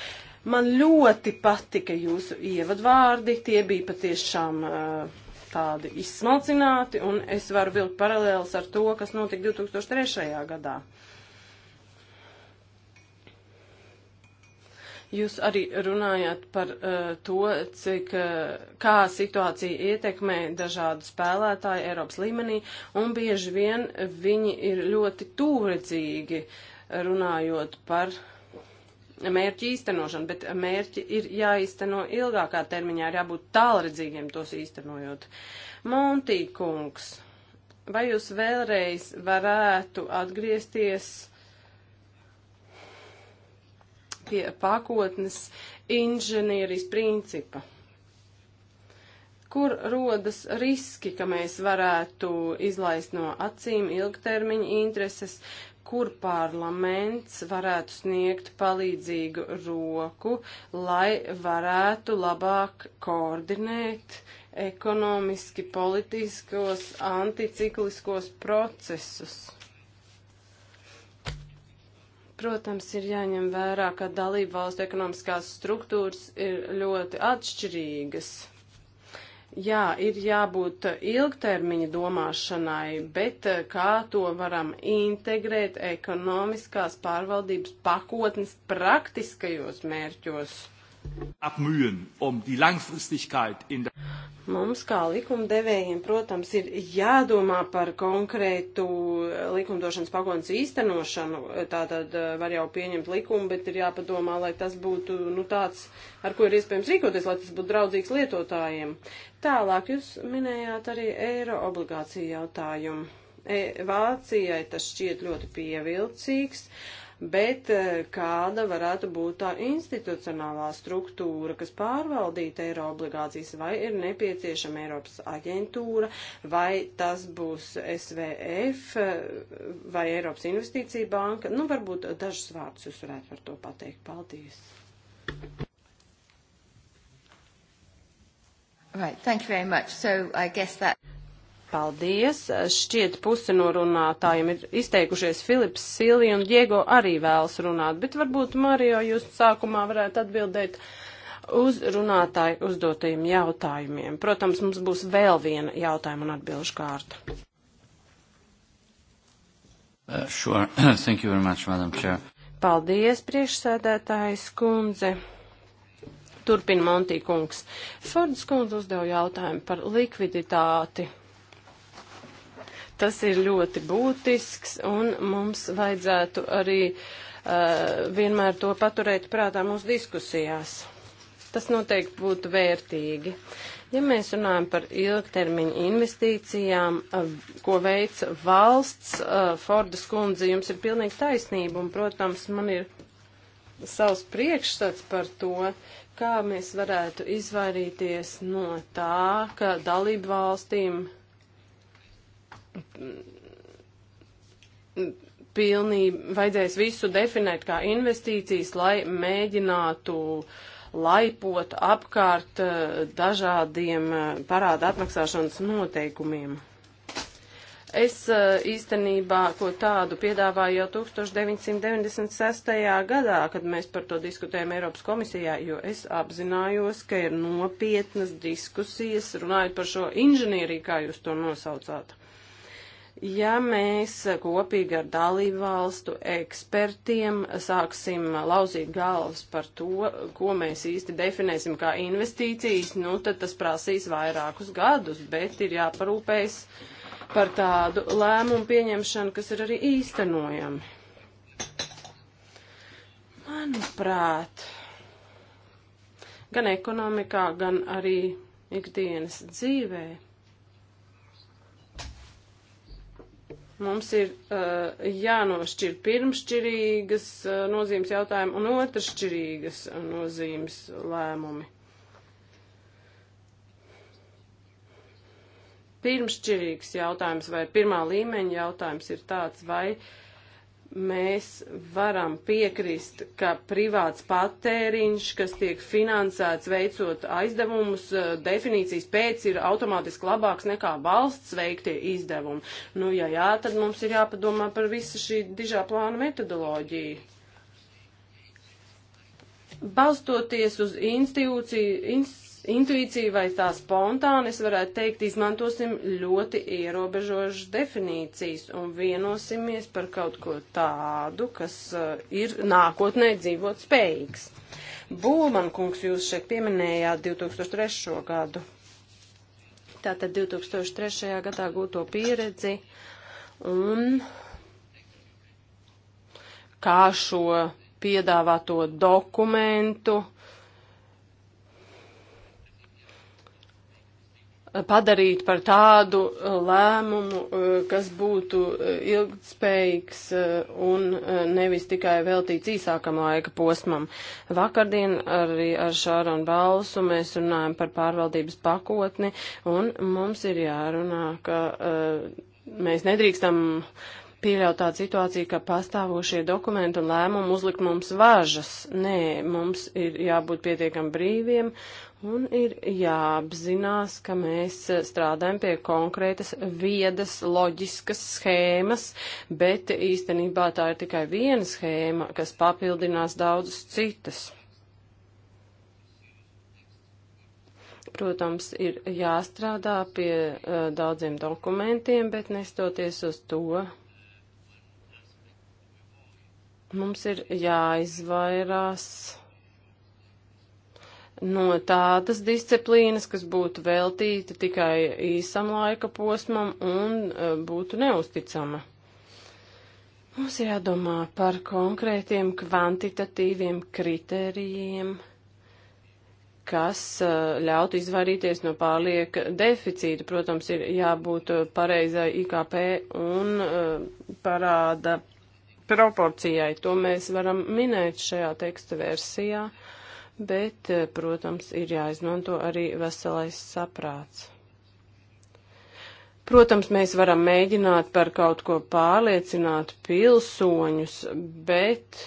Man ļoti patika jūsu ievadvārdi, tie bija patiešām uh, tādi izsmalcināti, un es varu vilkt paralēlus ar to, kas notika 2003. gadā. Jūs arī runājāt par uh, to, cik, uh, kā situācija ietekmē dažādu spēlētāju Eiropas līmenī, un bieži vien viņi ir ļoti tūredzīgi runājot par uh, mērķi īstenošanu, bet mērķi ir jāīsteno ilgākā termiņā, ir jābūt tālredzīgiem tos īstenojot. Montīkungs, vai jūs vēlreiz varētu atgriezties pie pakotnes inženierijas principa? kur rodas riski, ka mēs varētu izlaist no acīm ilgtermiņa intereses, kur parlaments varētu sniegt palīdzīgu roku, lai varētu labāk koordinēt ekonomiski politiskos anticikliskos procesus. Protams, ir jāņem vērā, ka dalību valstu ekonomiskās struktūras ir ļoti atšķirīgas. Jā, ir jābūt ilgtermiņa domāšanai, bet eh, kā to varam integrēt ekonomiskās pārvaldības pakotnes praktiskajos mērķos? Apmühen, um die Langfristigkeit in der Mums, kā likumdevējiem, protams, ir jādomā par konkrētu eh, likumdošanas pagodas īstenošanu. Tātad eh, var jau pieņemt likumu, bet ir jāpadomā, lai tas būtu nu, tāds, ar ko ir iespējams rīkoties, lai tas būtu draudzīgs lietotājiem. Tālāk jūs minējāt arī eiro obligāciju jautājumu. E, Vācijai tas šķiet ļoti pievilcīgs. Uh, bet eh, kāda varētu būt tā institucionālā struktūra, kas pārvaldītu eiro obligācijas, vai ir nepieciešama Eiropas aģentūra, vai tas būs SVF eh, vai Eiropas investīcija banka. Nu, varbūt dažus vārdus jūs varētu par to pateikt. Paldies! Right, thank you very much. So I guess that. Paldies! Šķiet, pusi no runātājiem ir izteikušies Filips, Silvi un Diego arī vēlas runāt, bet varbūt Mario jūs sākumā varētu atbildēt uz runātāju uzdotajiem jautājumiem. Protams, mums būs vēl viena jautājuma un atbilžu kārta. Uh, sure. (clears throat) Thank you very much, Madam Chair. Paldies, priekšsēdētājs kundze. Turpina Montī kungs. Fords kundze uzdeva jautājumu par likviditāti Tas ir ļoti būtisks un mums vajadzētu arī uh, vienmēr to paturēt prātā mūsu diskusijās. Tas noteikti būtu vērtīgi. Ja mēs runājam par ilgtermiņa investīcijām, uh, ko veic valsts, uh, Fordas kundze, jums ir pilnīgi taisnība, un, protams, man ir savs priekšstats par to, kā mēs varētu izvairīties no tā, ka dalību valstīm pilnīgi vajadzēs visu definēt kā investīcijas, lai mēģinātu laipot apkārt eh, dažādiem eh, parāda atmaksāšanas noteikumiem. Es eh, īstenībā ko tādu piedāvāju jau 1996. gadā, kad mēs par to diskutējām Eiropas komisijā, jo es apzinājos, ka ir nopietnas diskusijas runājot par šo inženieriju, kā jūs to nosaucāt. Ja mēs kopīgi ar dalību valstu ekspertiem sāksim lauzīt galvas par to, ko mēs īsti definēsim kā investīcijas, nu tad tas prasīs vairākus gadus, bet ir jāparūpējas par tādu lēmumu pieņemšanu, kas ir arī īstenojami. Manuprāt, gan ekonomikā, gan arī ikdienas dzīvē Mums ir uh, jānošķir pirmšķirīgas uh, nozīmes jautājumi un otršķirīgas uh, nozīmes lēmumi. Pirmšķirīgs jautājums vai pirmā līmeņa jautājums ir tāds, vai uh, mēs varam piekrist, ka privāts patēriņš, kas tiek finansēts veicot aizdevumus, eh, definīcijas pēc ir automātiski labāks nekā valsts veiktie izdevumi. Nu, ja jā, tad mums ir jāpadomā par visu šī dižā plāna metodoloģiju. Balstoties uz institūciju, institūciju intuīciju vai tā spontāni, es varētu teikt, izmantosim ļoti ierobežošas definīcijas un vienosimies par kaut ko tādu, kas uh, ir nākotnē dzīvot spējīgs. Būman kungs, jūs šeit pieminējāt 2003. gadu. Tātad 2003. gadā gūto pieredzi un kā šo piedāvāto dokumentu uh, padarīt par tādu uh, lēmumu, uh, kas būtu uh, ilgspējīgs un nevis tikai veltīts īsākam laika posmam. Vakardien arī ar Šāronu Balsu mēs runājam par pārvaldības pakotni un mums ir jārunā, ka mēs nedrīkstam pieļaut tādu situāciju, ka pastāvošie dokumenti un lēmumi uzlikt mums važas. Nē, mums ir jābūt pietiekam brīviem Un ir jāapzinās, ka mēs strādājam pie konkrētas viedas, loģiskas schēmas, bet īstenībā tā ir tikai viena schēma, kas papildinās daudzas citas. Protams, ir jāstrādā pie uh, daudziem dokumentiem, bet nestoties uz to, mums ir jāizvairās no tādas disciplīnas, kas būtu veltīta tikai īsam laika posmam un e, būtu neusticama. Mums ir jādomā par konkrētiem kvantitatīviem kritērijiem, kas e, ļautu izvairīties no pārlieka deficīta. Protams, ir jābūt pareizai IKP un e, parāda proporcijai. To mēs varam minēt šajā teksta versijā. Uh, bet, eh, protams, ir jāizmanto arī veselais saprāts. Protams, mēs varam mēģināt par kaut ko pārliecināt pilsoņus, bet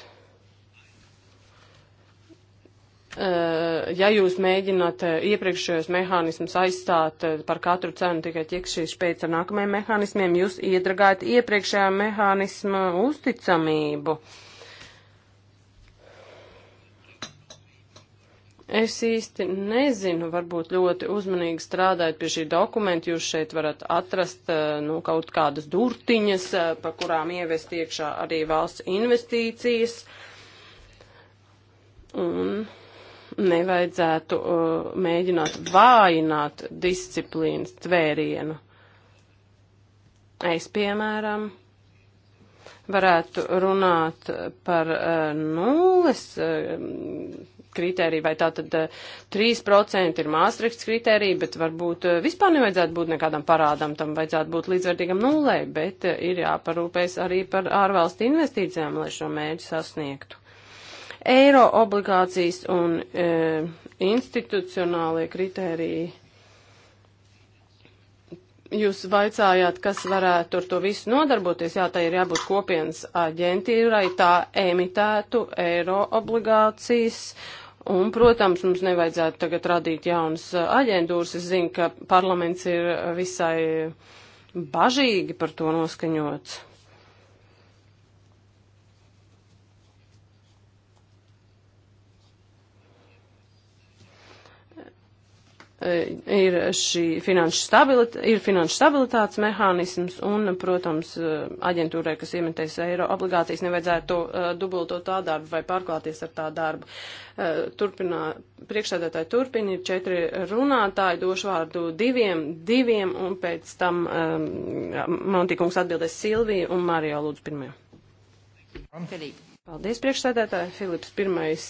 eh, ja jūs mēģināt eh, iepriekšējos mehānismus aizstāt par katru cenu tikai ķekšīs pēc ar nākamajiem mehānismiem, jūs iedragājat iepriekšējā mehānisma uzticamību. Uh, Es īsti nezinu, varbūt ļoti uzmanīgi strādājot pie šī dokumenta, jūs šeit varat atrast eh, nu, kaut kādas durtiņas, eh, pa kurām ievest iekšā arī valsts investīcijas. Un nevajadzētu uh, mēģināt vājināt disciplīnas tvērienu. Es, piemēram, varētu runāt par uh, nulles. Uh, kritērija, vai tā tad 3% ir Māstrihts kritērija, bet varbūt eh, vispār nevajadzētu būt nekādam parādam, tam vajadzētu būt līdzvērtīgam nulē, bet eh, ir jāparūpēs arī par ārvalstu investīcijām, lai šo mērķu sasniegtu. Eiro obligācijas un e, institucionālie kritēriji jūs vaicājāt, kas varētu ar to visu nodarboties, jā, tā ir jābūt kopienas aģentīrai, tā emitētu eiro obligācijas Un, protams, mums nevajadzētu tagad radīt jaunas aģentūras. Es zinu, ka parlaments ir visai bažīgi par to noskaņots. Eh, ir šī finanšu, stabilita, ir finanšu stabilitātes mehānisms un, protams, eh, aģentūrai, kas iemetēs eiro obligācijas, nevajadzētu to uh, dubultot tā darbu vai pārklāties ar tā darbu. Uh, turpinā, priekšsēdētāji turpina, ir četri runātāji, došu vārdu diviem, diviem un pēc tam um, Montīkungs atbildēs Silviju un Mario Lūdzu pirmajam. Paldies, priekšsēdētāji. Filips pirmais.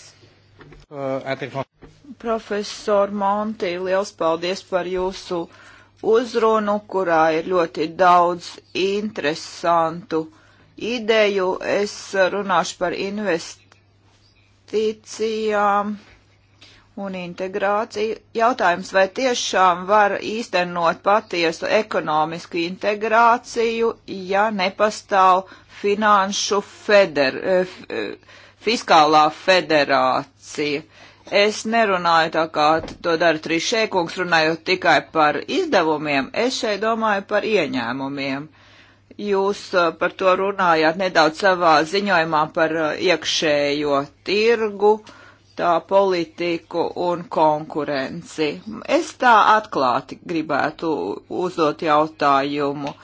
Profesor Monti, liels paldies par jūsu uzrunu, kurā ir ļoti daudz interesantu ideju. Es runāšu par investīcijām un integrāciju. Jautājums, vai tiešām var īstenot patiesu ekonomisku integrāciju, ja nepastāv finanšu feder, eh, eh, fiskālā federācija. Es nerunāju tā kā to dara Trišēkungs, runājot tikai par izdevumiem, es šeit domāju par ieņēmumiem. Jūs uh, par to runājāt nedaudz savā ziņojumā par uh, iekšējo tirgu, tā politiku un konkurenci. Es tā atklāti gribētu uzdot jautājumu.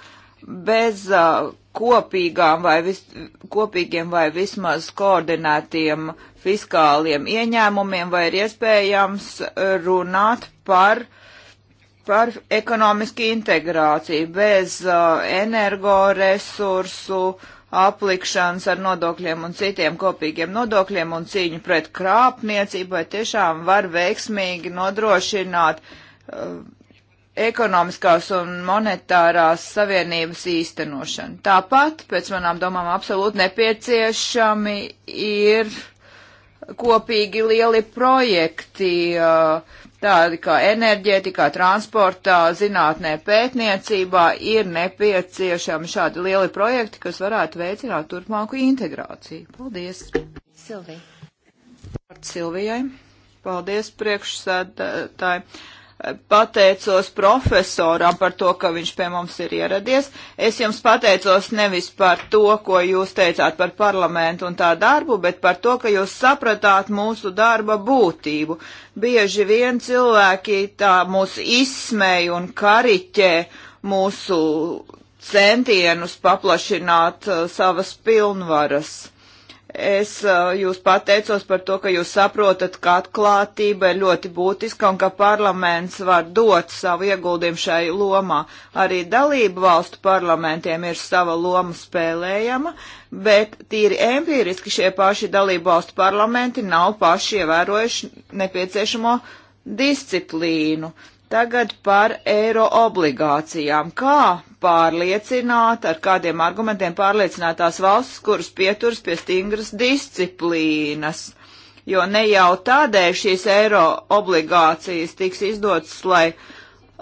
Bez uh, kopīgām vai vis, kopīgiem vai vismaz koordinētiem fiskāliem ieņēmumiem vai ir iespējams runāt par, par ekonomiski integrāciju bez uh, energoresursu aplikšanas ar nodokļiem un citiem kopīgiem nodokļiem un cīņu pret krāpniecību, vai tiešām var veiksmīgi nodrošināt uh, ekonomiskās un monetārās savienības īstenošanu. Tāpat, pēc manām domām, absolūti nepieciešami ir kopīgi lieli projekti, tādi kā enerģētikā, transportā, zinātnē, pētniecībā, ir nepieciešami šādi lieli projekti, kas varētu veicināt turpmāku integrāciju. Paldies! Silvija. Silvijai. Paldies priekšsēdētāji. Uh, pateicos profesoram par to, ka viņš pie mums ir ieradies. Es jums pateicos nevis par to, ko jūs teicāt par parlamentu un tā darbu, bet par to, ka jūs sapratāt mūsu darba būtību. Bieži vien cilvēki tā mūs izsmēja un kariķē mūsu centienus paplašināt uh, savas pilnvaras. Es eh, jūs pateicos par to, ka jūs saprotat, ka atklātība ir ļoti būtiska un ka parlaments var dot savu ieguldījumu šai lomā. Arī dalību valstu parlamentiem ir sava loma spēlējama, bet tīri empiriski šie paši dalību valstu parlamenti nav paši ievērojuši nepieciešamo disciplīnu. Tagad par eiro obligācijām. Kā pārliecināt, ar kādiem argumentiem pārliecināt tās valsts, kuras pieturas pie stingras disciplīnas. Jo ne jau tādēļ šīs eiro obligācijas tiks izdotas, lai,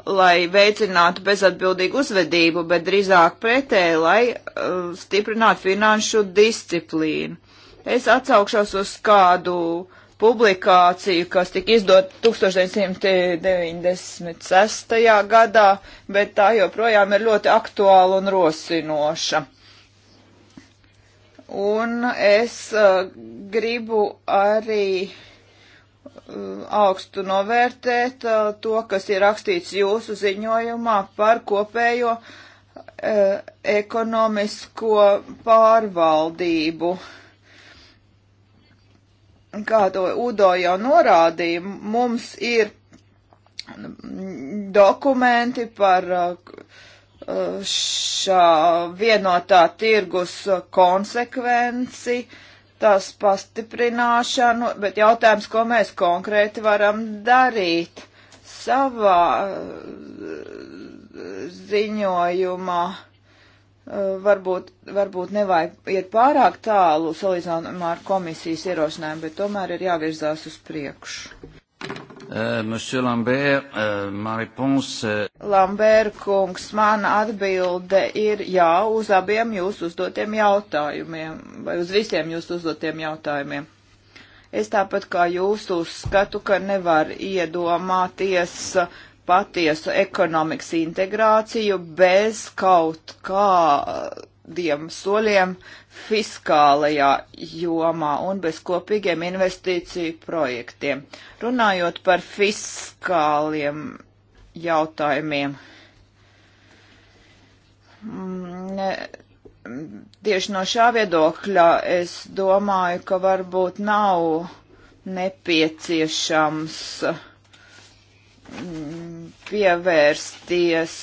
lai veicinātu bezatbildīgu uzvedību, bet drīzāk pretēji, lai uh, stiprinātu finanšu disciplīnu. Es atsaukšos uz kādu uh, publikāciju, kas tika izdot 1996. gadā, bet tā joprojām ir ļoti aktuāla un rosinoša. Un es uh, gribu arī uh, augstu novērtēt uh, to, kas ir rakstīts jūsu ziņojumā par kopējo e, ekonomisko pārvaldību. Uh, kā to Udo jau norādīja, mums ir dokumenti par uh, šā vienotā tirgus konsekvenci, tās pastiprināšanu, bet jautājums, ko mēs konkrēti varam darīt savā uh, ziņojumā Eh, varbūt, varbūt nevajag iet pārāk tālu salīdzinājumā ar komisijas ierosinājumu, bet tomēr ir jāvirzās uz priekšu. Uh, Lambert, uh, réponse... Lambert kungs, mana atbilde ir jā uz abiem jūsu uzdotiem jautājumiem, vai uz visiem jūsu uzdotiem jautājumiem. Es tāpat kā jūs uzskatu, ka nevar iedomāties uh, patiesu ekonomikas integrāciju bez kaut kādiem soļiem fiskālajā jomā un bez kopīgiem investīciju projektiem. Runājot par fiskāliem jautājumiem, mm, ne, tieši no šā viedokļa es domāju, ka varbūt nav nepieciešams uh, pievērsties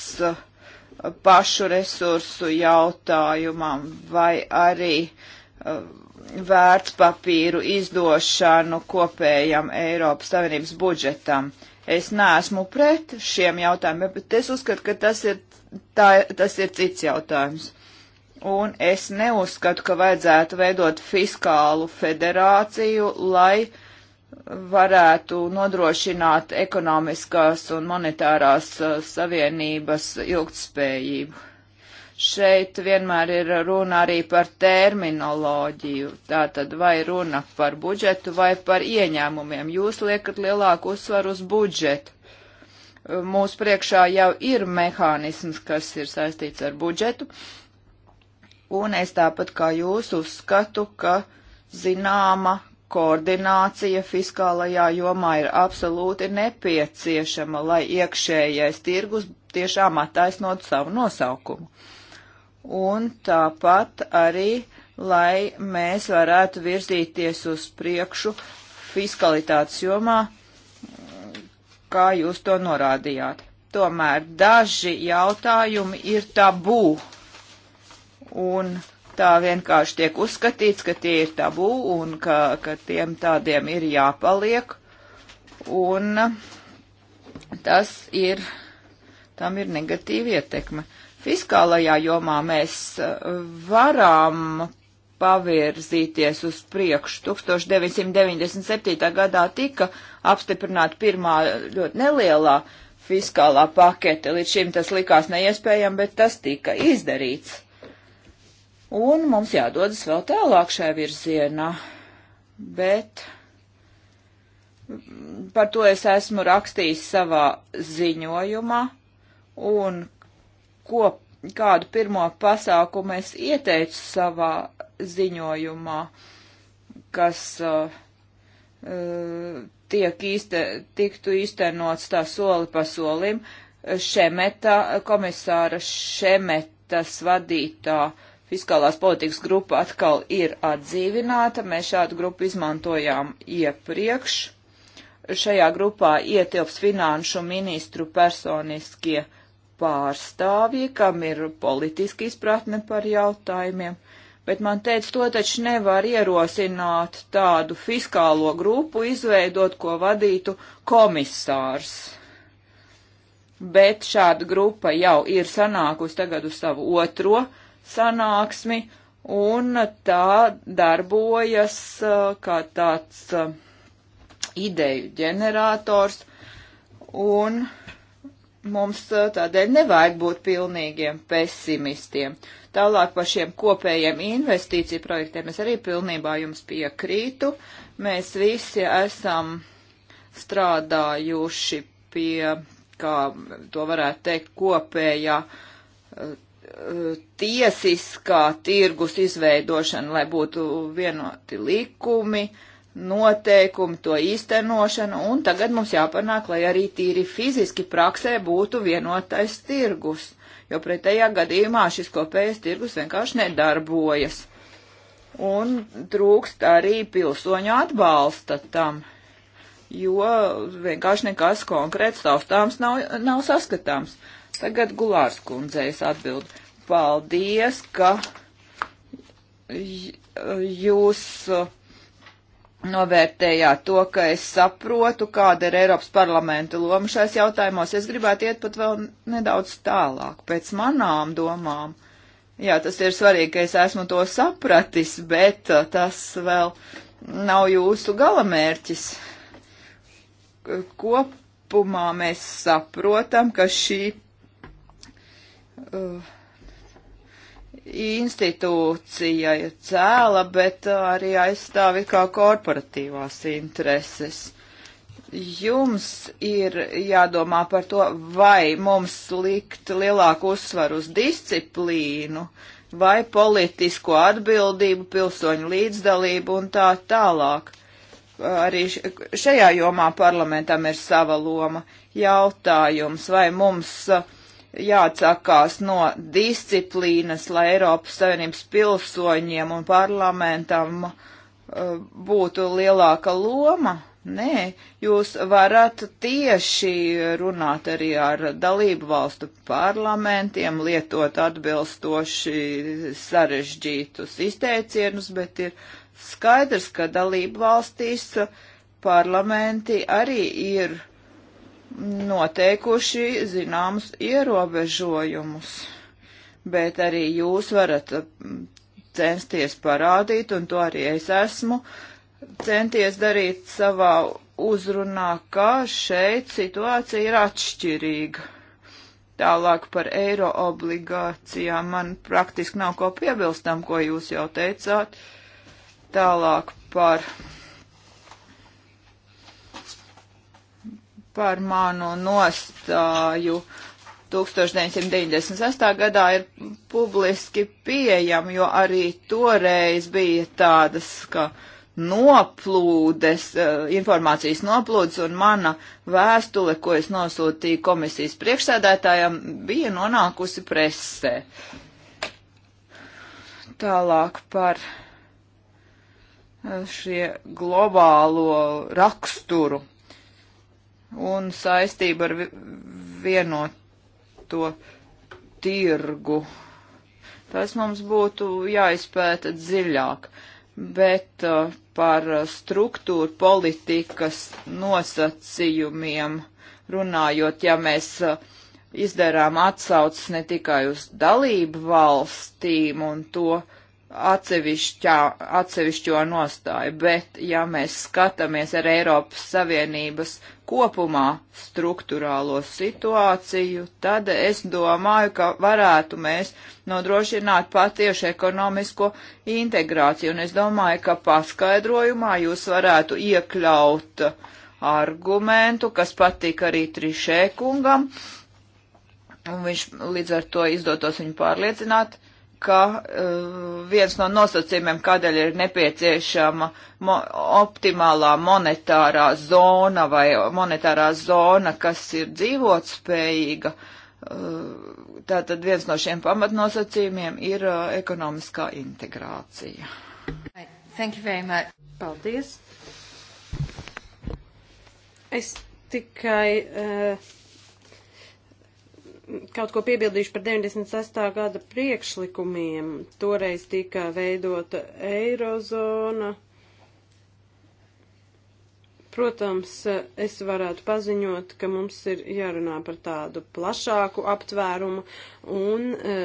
pašu resursu jautājumam vai arī uh, vērtspapīru izdošanu kopējam Eiropas Savienības budžetam. Es neesmu pret šiem jautājumiem, bet es uzskatu, ka tas ir, tā, tas ir cits jautājums. Un es neuzskatu, ka vajadzētu veidot fiskālu federāciju, lai uh, varētu nodrošināt ekonomiskās un monetārās uh, savienības ilgtspējību. Šeit vienmēr ir runa arī par terminoloģiju, tātad vai runa par budžetu vai par ieņēmumiem. Jūs liekat lielāku uzsvaru uz budžetu. Mūsu priekšā jau ir mehānisms, kas ir saistīts ar budžetu, un es tāpat kā jūs uzskatu, ka zināma koordinācija fiskālajā jomā ir absolūti nepieciešama, lai iekšējais tirgus tiešām attaisnot savu nosaukumu. Un tāpat arī, lai mēs varētu virzīties uz priekšu fiskalitātes jomā, kā jūs to norādījāt. Tomēr daži jautājumi ir tabū. Un tā vienkārši tiek uzskatīts, ka tie ir tabū un ka, ka tiem tādiem ir jāpaliek. Un tas ir, tam ir negatīva ietekme. Fiskālajā jomā mēs uh, varam pavirzīties uz priekšu. 1997. gadā tika apstiprināta pirmā ļoti nelielā fiskālā pakete. Līdz šim tas likās neiespējami, bet tas tika izdarīts un mums jādodas vēl tālāk šajā virzienā. Bet par to es esmu rakstījis savā ziņojumā, un ko, kādu pirmo pasākumu es ieteicu savā ziņojumā, kas uh, uh tiek īste, tiktu īstenots tā soli pa solim, Šemeta, komisāra Šemetas vadītā uh, fiskālās politikas grupa atkal ir atdzīvināta. Mēs šādu grupu izmantojām iepriekš. Šajā grupā ietilps finanšu ministru personiskie pārstāvji, kam ir politiski izpratne par jautājumiem. Bet man teica, to taču nevar ierosināt tādu fiskālo grupu izveidot, ko vadītu komisārs bet šāda grupa jau ir sanākusi tagad uz savu otro sanāksmi, un tā darbojas uh, kā tāds uh, ideju ģenerators, un mums uh, tādēļ nevajag būt pilnīgiem pesimistiem. Tālāk par šiem kopējiem investīciju projektiem es arī pilnībā jums piekrītu. Mēs visi esam strādājuši pie, kā to varētu teikt, kopējā tiesiskā tirgus izveidošana, lai būtu vienoti likumi, noteikumi, to īstenošana, un tagad mums jāpanāk, lai arī tīri fiziski praksē būtu vienotais tirgus, jo pretējā gadījumā šis kopējais tirgus vienkārši nedarbojas. Un trūkst arī pilsoņu atbalsta tam, jo vienkārši nekas konkrēts taustāms nav, nav saskatāms. Tagad Gulārs kundzējas atbildi paldies, ka jūs novērtējāt to, ka es saprotu, kāda ir Eiropas parlamenta loma šais jautājumos. Es gribētu iet pat vēl nedaudz tālāk pēc manām domām. Jā, tas ir svarīgi, ka es esmu to sapratis, bet uh, tas vēl nav jūsu galamērķis. Kopumā mēs saprotam, ka šī. Uh, institūcija ir cēla, bet uh, arī aizstāvi kā korporatīvās intereses. Jums ir jādomā par to, vai mums likt lielāku uzsvaru uz disciplīnu, vai politisko atbildību, pilsoņu līdzdalību un tā tālāk. Arī šajā jomā parlamentam ir sava loma. Jautājums, vai mums uh, jāatsakās no disciplīnas, lai Eiropas Savienības pilsoņiem un parlamentam uh, būtu lielāka loma. Nē, jūs varat tieši runāt arī ar dalību valstu parlamentiem, lietot atbilstoši sarežģītus izteicienus, bet ir skaidrs, ka dalību valstīs parlamenti arī ir noteikuši zināmus ierobežojumus, bet arī jūs varat censties parādīt, un to arī es esmu centies darīt savā uzrunā, ka šeit situācija ir atšķirīga. Tālāk par eiro obligācijām man praktiski nav ko piebilstam, ko jūs jau teicāt. Tālāk par par manu nostāju 1998. gadā ir publiski pieejama, jo arī toreiz bija tādas, ka noplūdes, eh, informācijas noplūdes un mana vēstule, ko es nosūtīju komisijas priekšsēdētājam, bija nonākusi presē. Tālāk par eh, šie globālo raksturu un saistība ar vienoto tirgu. Tas mums būtu jāizpēta dziļāk, bet uh, par struktūru politikas nosacījumiem runājot, ja mēs uh, izdarām atsaucas ne tikai uz dalību valstīm un to, atsevišķo nostāju, bet ja mēs skatāmies ar Eiropas Savienības kopumā struktūrālo situāciju, tad es domāju, ka varētu mēs nodrošināt patiešu ekonomisko integrāciju, un es domāju, ka paskaidrojumā jūs varētu iekļaut argumentu, kas patika arī Trišē kungam, un viņš līdz ar to izdotos viņu pārliecināt, uh, ka uh, viens no nosacījumiem, kādēļ ir nepieciešama mo optimālā monetārā zona vai monetārā zona, kas ir dzīvotspējīga, uh, tātad viens no šiem pamatnosacījumiem ir uh, ekonomiskā integrācija. Thank you very much. Paldies. Es tikai. Uh kaut ko piebildīšu par 96. gada priekšlikumiem. Toreiz tika veidota eirozona. Protams, es varētu paziņot, ka mums ir jārunā par tādu plašāku aptvērumu un e,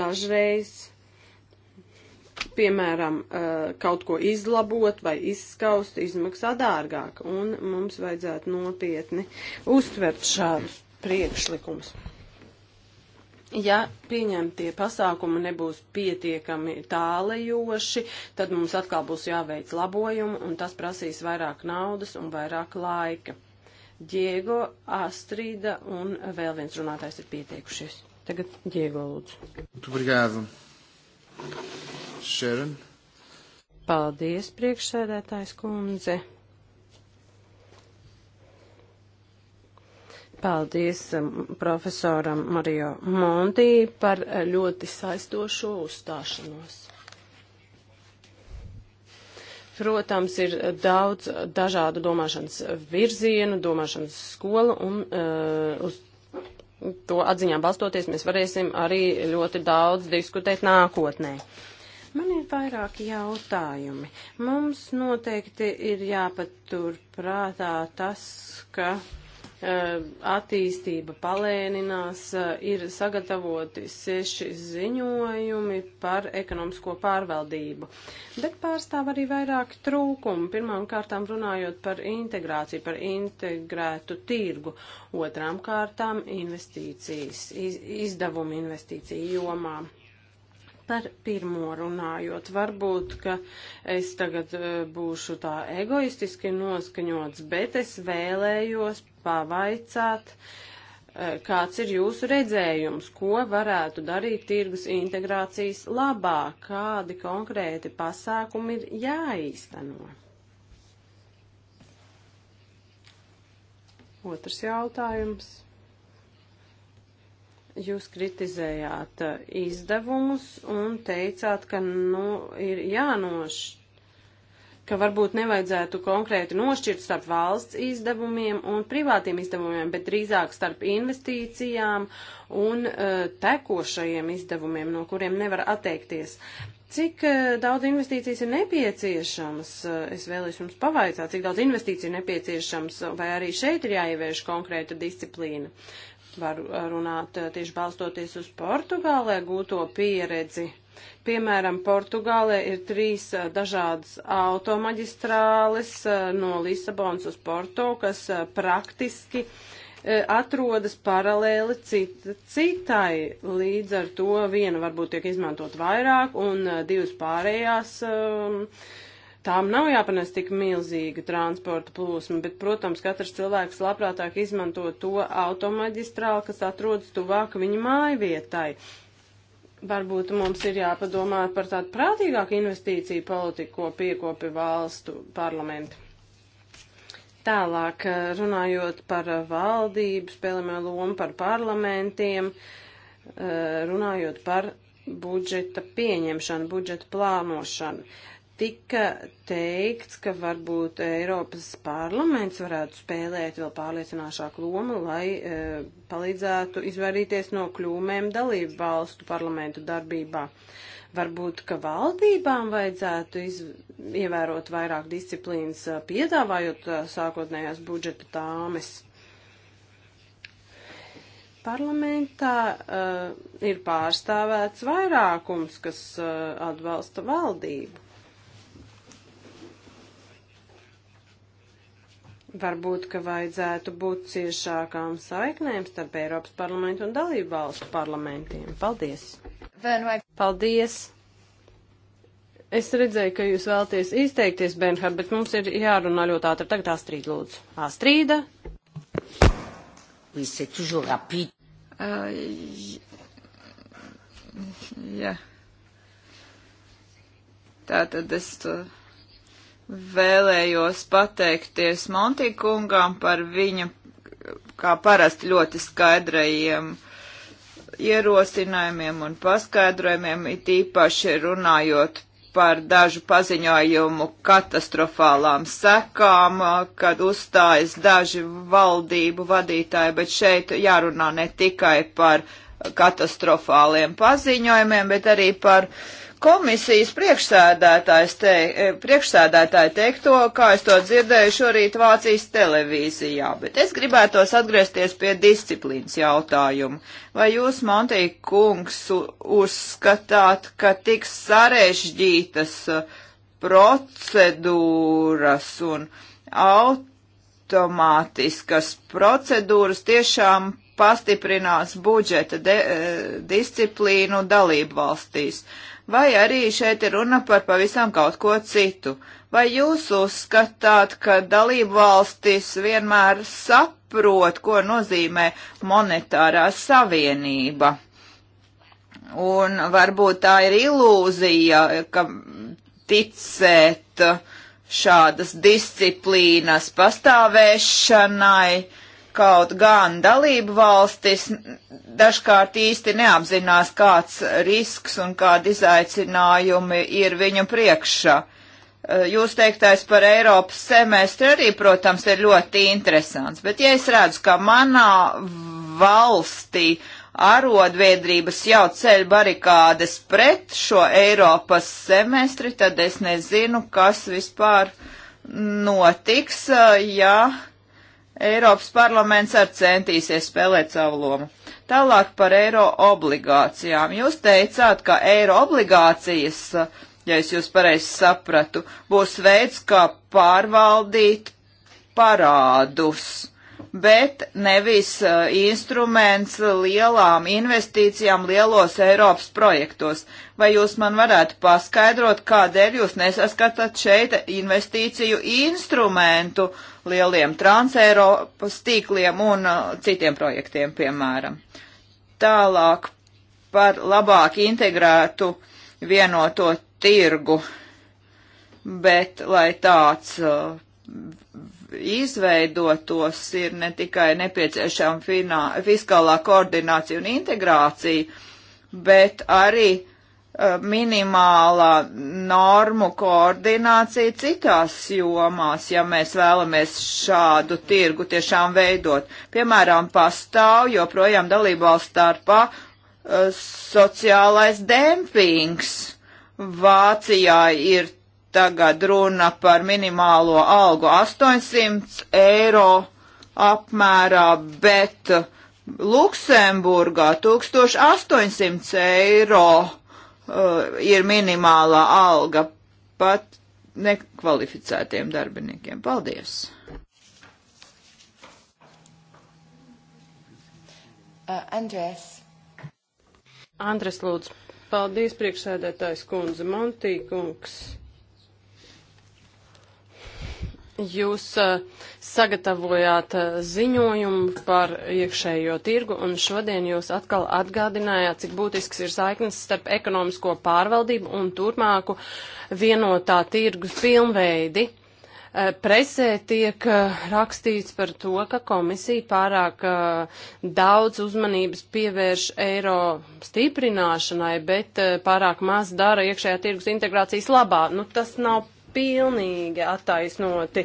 dažreiz, piemēram, e, kaut ko izlabot vai izskaust izmaksā dārgāk, un mums vajadzētu nopietni uztvert šādus priekšlikumus. Ja pieņemtie pasākumi nebūs pietiekami tālajoši, tad mums atkal būs jāveic labojumi, un tas prasīs vairāk naudas un vairāk laika. Diego, Astrīda un vēl viens runātājs ir pieteikušies. Tagad Diego lūdzu. Tu brigādu. Šeren. Paldies, priekšsēdētājs kundze. Paldies um, profesoram Mario Monti par uh, ļoti saistošo uzstāšanos. Protams, ir uh, daudz dažādu domāšanas virzienu, domāšanas skolu un uh, uz to atziņām balstoties mēs varēsim arī ļoti daudz diskutēt nākotnē. Man ir vairāki jautājumi. Mums noteikti ir jāpatur prātā tas, ka Eh, attīstība palēninās, eh, ir sagatavoti seši ziņojumi par ekonomisko pārvaldību. Bet pārstāv arī vairāk trūkumu. Pirmām kārtām runājot par integrāciju, par integrētu tirgu. Otrām kārtām investīcijas, iz, izdevumu investīciju jomā par pirmo runājot. Varbūt, ka es tagad e, būšu tā egoistiski noskaņots, bet es vēlējos pavaicāt, e, kāds ir jūsu redzējums, ko varētu darīt tirgus integrācijas labā, kādi konkrēti pasākumi ir jāīsteno. Otrs jautājums. Jūs kritizējāt uh, izdevumus un teicāt, ka nu, ir jānošķirt ka varbūt nevajadzētu konkrēti nošķirt starp valsts izdevumiem un privātiem izdevumiem, bet drīzāk starp investīcijām un uh, tekošajiem izdevumiem, no kuriem nevar atteikties. Cik uh, daudz investīcijas ir nepieciešams? Uh, es vēlēšu jums pavaicāt, cik daudz investīciju ir nepieciešams, vai arī šeit ir jāievieš konkrēta disciplīna var runāt eh, tieši balstoties uz Portugālē gūto pieredzi. Piemēram, Portugālē ir trīs eh, dažādas automaģistrāles eh, no Lisabonas uz Porto, kas praktiski atrodas paralēli cita, citai, līdz ar to viena varbūt tiek izmantot vairāk un divas pārējās um, uh, tām nav jāpanes tik milzīga transporta plūsma, bet, protams, katrs cilvēks labprātāk izmanto to automaģistrālu, kas atrodas tuvāk viņa mājvietai. Varbūt mums ir jāpadomā par tādu prātīgāku investīciju politiku, ko piekopi valstu parlamenti. Tālāk, eh, runājot par eh, valdību, spēlēmē lomu par parlamentiem, eh, runājot par budžeta pieņemšanu, budžeta plānošanu tika teikts, ka varbūt Eiropas parlaments varētu spēlēt vēl pārliecinošāku lomu, lai e, palīdzētu izvairīties no kļūmēm dalību valstu parlamentu darbībā. Varbūt, ka valdībām vajadzētu iz, ievērot vairāk disciplīnas, e, piedāvājot e, sākotnējās budžeta tāmes. Parlamentā uh, e, ir pārstāvēts vairākums, kas uh, e, atbalsta valdību. Varbūt, ka vajadzētu būt ciešākām saiknēm starp Eiropas parlamentu un dalību valstu parlamentiem. Paldies! Paldies! Es redzēju, ka jūs vēlties izteikties, Benhard, bet mums ir jārunā ļoti ātri. Tagad Astrīd lūdzu. Astrīda? Oui, c'est toujours rapide. Uh, yeah. Tā tad es to. Uh Vēlējos pateikties Montīkungam par viņa, kā parasti, ļoti skaidrajiem ierosinājumiem un paskaidrojumiem, it īpaši runājot par dažu paziņojumu katastrofālām sekām, kad uzstājas daži valdību vadītāji, bet šeit jārunā ne tikai par katastrofāliem paziņojumiem, bet arī par Komisijas priekšsēdētājs te, e, priekšsēdētāji teikto, kā es to dzirdēju šorīt Vācijas televīzijā, bet es gribētos atgriezties pie disciplīnas jautājumu. Vai jūs, Montī kungs, uzskatāt, ka tik sarežģītas e, procedūras un automātiskas procedūras tiešām pastiprinās budžeta de, e, disciplīnu dalību valstīs? Uh, vai arī šeit ir runa par pavisam kaut ko citu. Vai jūs uzskatāt, ka dalību valstis vienmēr saprot, ko nozīmē monetārā savienība? Un varbūt tā ir ilūzija, ka ticēt šādas disciplīnas pastāvēšanai, Kaut gan dalību valstis dažkārt īsti neapzinās, kāds risks un kādi izaicinājumi ir viņu priekšā. Eh, jūs teiktais par Eiropas semestri arī, protams, ir ļoti interesants, bet ja es redzu, ka manā valstī arodviedrības jau ceļ barikādes pret šo Eiropas semestri, tad es nezinu, kas vispār notiks, eh, ja Eiropas parlaments ar centīsies spēlēt savu lomu. Tālāk par eiro obligācijām. Jūs teicāt, ka eiro obligācijas, ja es jūs pareizi sapratu, būs veids, kā pārvaldīt parādus, bet nevis uh, instruments lielām investīcijām lielos Eiropas projektos. Vai jūs man varētu paskaidrot, kādēļ jūs nesaskatāt šeit investīciju instrumentu? Uh, lieliem transeiropas tīkliem un uh, citiem projektiem, piemēram. Tālāk par labāk integrētu vienoto tirgu, bet lai tāds uh, izveidotos, ir ne tikai nepieciešama fiskālā koordinācija un integrācija, bet arī Eh, minimālā normu koordinācija citās jomās, ja mēs vēlamies šādu tirgu tiešām veidot. Piemēram, pastāv joprojām dalībvalsts starpā eh, sociālais dempings. Vācijā ir tagad runa par minimālo algu 800 eiro apmērā, bet Luksemburgā 1800 eiro uh, ir minimālā alga pat nekvalificētiem darbiniekiem. Paldies! Uh, Andrēs. Andres, lūdzu. Paldies, priekšsēdētājs kundze Montīkungs. Jūs eh, sagatavojāt eh, ziņojumu par iekšējo tirgu, un šodien jūs atkal atgādinājāt, cik būtisks ir saiknes starp ekonomisko pārvaldību un turpmāku vienotā tirgus pilnveidi. Eh, presē tiek rakstīts par to, ka komisija pārāk daudz uzmanības pievērš eiro stiprināšanai, bet pārāk maz dara iekšējā tirgus integrācijas labā. Nu, tas nav pilnīgi attaisnoti.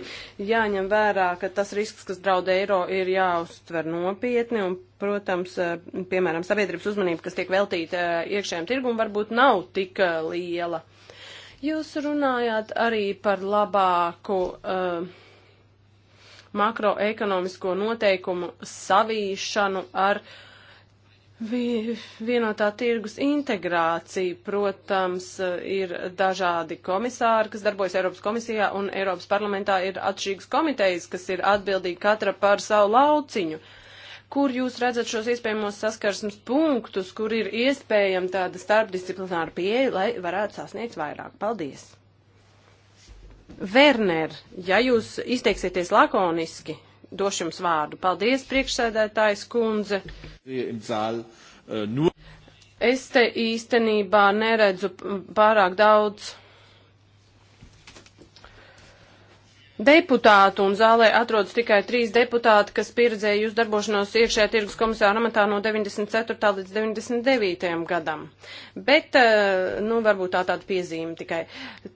Jāņem vērā, ka tas risks, kas draud eiro, ir jāuztver nopietni un, protams, eh, piemēram, sabiedrības uzmanība, kas tiek veltīta eh, iekšējiem tirgumam, varbūt nav tik eh, liela. Jūs runājāt arī par labāku. Uh, makroekonomisko noteikumu savīšanu ar uh, Vienotā tirgus integrācija, protams, ir dažādi komisāri, kas darbojas Eiropas komisijā, un Eiropas parlamentā ir atšķirīgas komitejas, kas ir atbildīgi katra par savu lauciņu. Kur jūs redzat šos iespējamos saskarsmes punktus, kur ir iespējama tāda starpdisciplināra pieeja, lai varētu sasniegt vairāk? Paldies! Werner, ja jūs izteiksieties lakoniski, došu jums vārdu. Paldies, priekšsēdētājs kundze. Eh, nu- es te īstenībā neredzu pārāk daudz deputātu, un zālē atrodas tikai trīs deputāti, kas pieredzēja jūs darbošanos iekšējā tirgus komisāra amatā no 94. līdz 99. gadam. Bet, eh, nu, varbūt tā tāda piezīme tikai.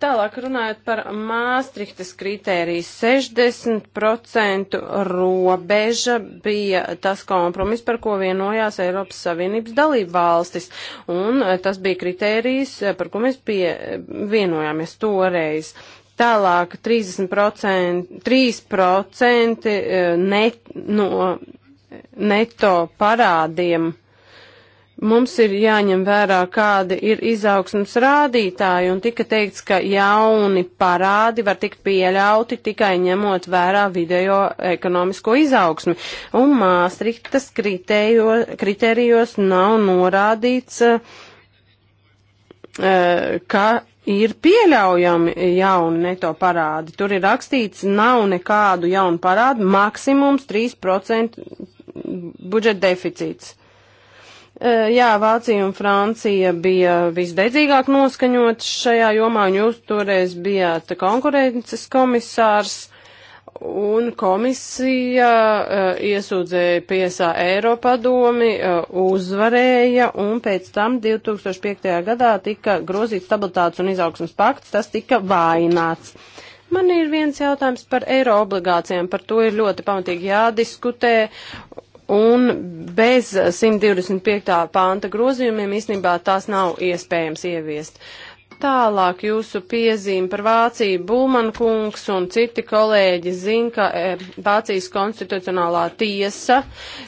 Tālāk runājot par Māstrihtas kritēriju, 60% robeža bija tas kompromis, par ko vienojās Eiropas Savienības dalība valstis, un eh, tas bija kritērijs, eh, par ko mēs pie, vienojāmies toreiz. Tālāk 30%, 3% e, net, no neto parādiem mums ir jāņem vērā, kādi ir izaugsmas rādītāji, un tika teikts, ka jauni parādi var tikt pieļauti tikai ņemot vērā video ekonomisko izaugsmi, un Māstrihtas kritērijos nav norādīts, e, ka ir pieļaujami jauni neto parādi. Tur ir rakstīts, nav nekādu jaunu parādu, maksimums 3% budžeta deficīts. E, jā, Vācija un Francija bija visdedzīgāk noskaņot šajā jomā, un jūs toreiz bijāt konkurences komisārs. Un komisija uh, iesūdzēja piesā Eiropadomi, uh, uzvarēja, un pēc tam 2005. gadā tika grozīts stabilitātes un izaugsmas pakts, tas tika vaināts. Man ir viens jautājums par eiro obligācijām, par to ir ļoti pamatīgi jādiskutē, un bez 125. pānta grozījumiem īstenībā tās nav iespējams ieviest. Uh, Tālāk jūsu piezīme par Vāciju Būmankungs un citi kolēģi zina, ka e, Vācijas konstitucionālā tiesa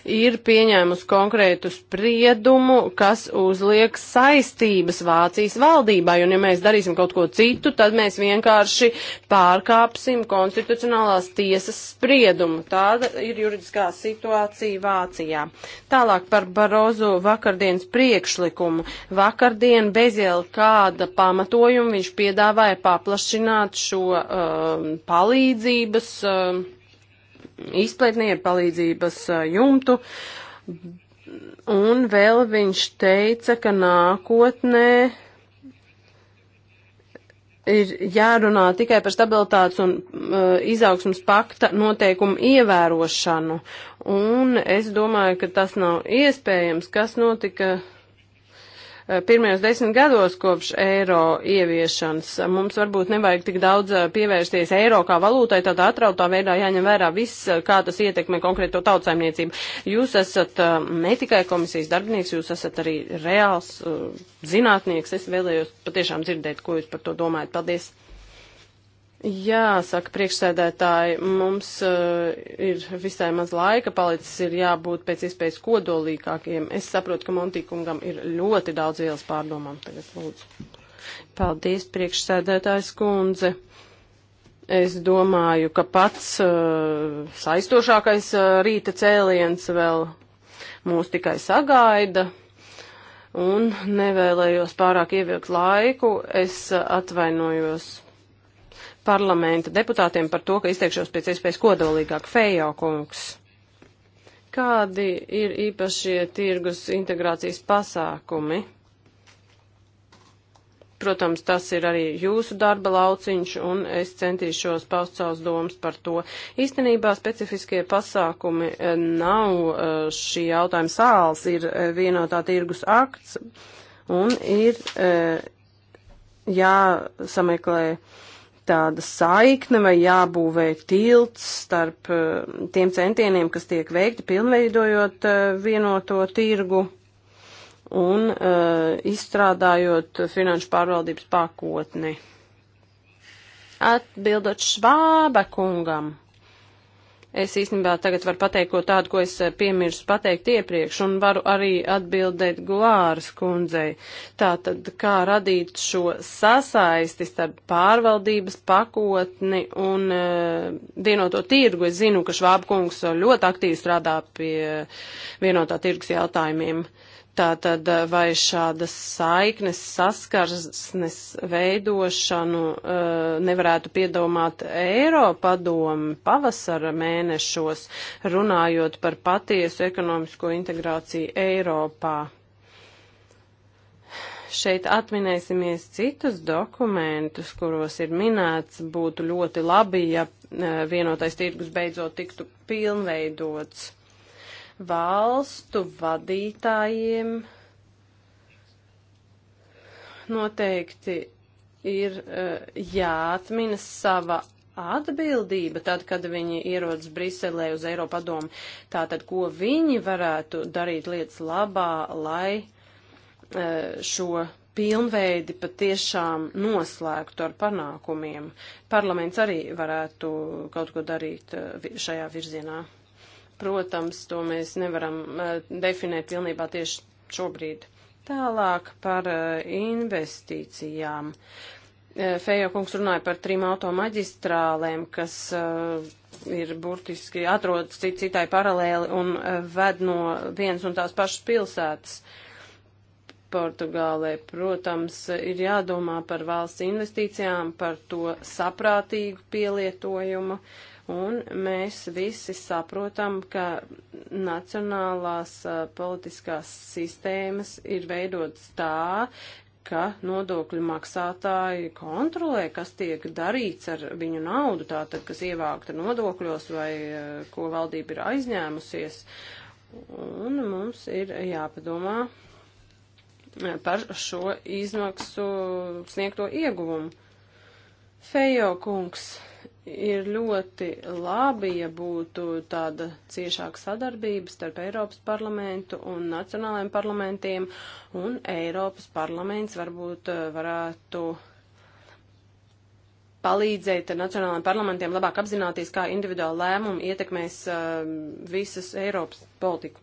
ir pieņēmusi konkrētu spriedumu, kas uzliek saistības Vācijas valdībai, un ja mēs darīsim kaut ko citu, tad mēs vienkārši pārkāpsim konstitucionālās tiesas spriedumu. Tāda ir juridiskā situācija Vācijā. Tālāk par Barozu vakardienas priekšlikumu. Vakardien bez jau kāda pamata pamatojumu viņš piedāvāja paplašināt šo um, palīdzības um, izplatnieku palīdzības uh, jumtu. Un vēl viņš teica, ka nākotnē ir jārunā tikai par stabilitātes un uh, izaugsmas pakta noteikumu ievērošanu. Un es domāju, ka tas nav iespējams, kas notika uh, Eh, pirmajos desmit gados kopš eiro ieviešanas. Mums varbūt nevajag tik daudz eh, pievērsties eiro kā valūtai, tādā atrautā veidā jāņem vērā viss, eh, kā tas ietekmē konkrēto tautsaimniecību. Jūs esat ne tikai komisijas darbinieks, jūs esat arī reāls zinātnieks. Es vēlējos patiešām dzirdēt, ko jūs par to domājat. Paldies! Jā, saka priekšsēdētāji, mums uh, ir visai maz laika palicis, ir jābūt pēc iespējas kodolīgākiem. Es saprotu, ka Montīkungam ir ļoti daudz vielas pārdomām. Tagad lūdzu. Paldies, priekšsēdētājs kundze. Es domāju, ka pats uh, saistošākais uh, rīta cēliens vēl mūs tikai sagaida un nevēlējos pārāk ievilkt laiku. Es uh, atvainojos parlamenta deputātiem par to, ka izteikšos pēc iespējas kodolīgāk. Fejo kungs, kādi ir īpašie tirgus integrācijas pasākumi? Protams, tas ir arī jūsu darba lauciņš, un es centīšos paust savus domas par to. Īstenībā specifiskie pasākumi eh, nav eh, šī jautājuma sāls, ir eh, vienotā tirgus akts, un ir jāsameklē. Ja, tāda saikne vai jābūvē tilts starp eh, tiem centieniem, kas tiek veikti pilnveidojot eh, vienoto tirgu un uh, izstrādājot finanšu pārvaldības pakotni. Atbildot Švābe kungam. Es īstenībā tagad varu pateikt ko tādu, ko es eh, piemirsu pateikt iepriekš, un varu arī atbildēt Gulāras kundzei. Tātad, kā radīt šo sasaisti starp pārvaldības pakotni un uh, vienoto tirgu? Es zinu, ka Švāba kungs ļoti aktīvi strādā pie eh, vienotā tirgus jautājumiem. Uh, Tātad eh, vai šādas saiknes saskarsnes veidošanu uh, nevarētu piedomāt Eiropadomi pavasara mēnešos, runājot par patiesu ekonomisko integrāciju Eiropā? Šeit atminēsimies citus dokumentus, kuros ir minēts, būtu ļoti labi, ja uh, vienotais tirgus beidzot tiktu pilnveidots valstu vadītājiem noteikti ir eh, jāatmina sava atbildība tad, kad viņi ierodas Briselē uz Eiropadomu. Tātad, ko viņi varētu darīt lietas labā, lai eh, šo pilnveidi patiešām noslēgtu ar panākumiem. Parlaments arī varētu kaut ko darīt eh, šajā virzienā. Protams, to mēs nevaram eh, definēt pilnībā tieši šobrīd. Tālāk par eh, investīcijām. Eh, Fejo kungs runāja par trim automaģistrālēm, kas ir burtiski atrodas cit citai paralēli un ved no vienas un tās pašas pilsētas. Portugālē, protams, ir jādomā par valsts investīcijām, par to saprātīgu pielietojumu. Uh, Un mēs visi saprotam, ka nacionālās uh, politiskās sistēmas ir veidotas tā, ka nodokļu maksātāji kontrolē, kas tiek darīts ar viņu naudu, tātad, kas ievākta nodokļos vai uh, ko valdība ir aizņēmusies. Un mums ir jāpadomā par šo izmaksu sniegto ieguvumu. Fejo kungs ir ļoti labi, ja būtu tāda ciešāka sadarbība starp Eiropas parlamentu un nacionālajiem parlamentiem, un Eiropas parlaments varbūt eh, varētu palīdzēt nacionālajiem parlamentiem labāk apzināties, kā individuāli lēmumi ietekmēs uh, visas Eiropas politiku.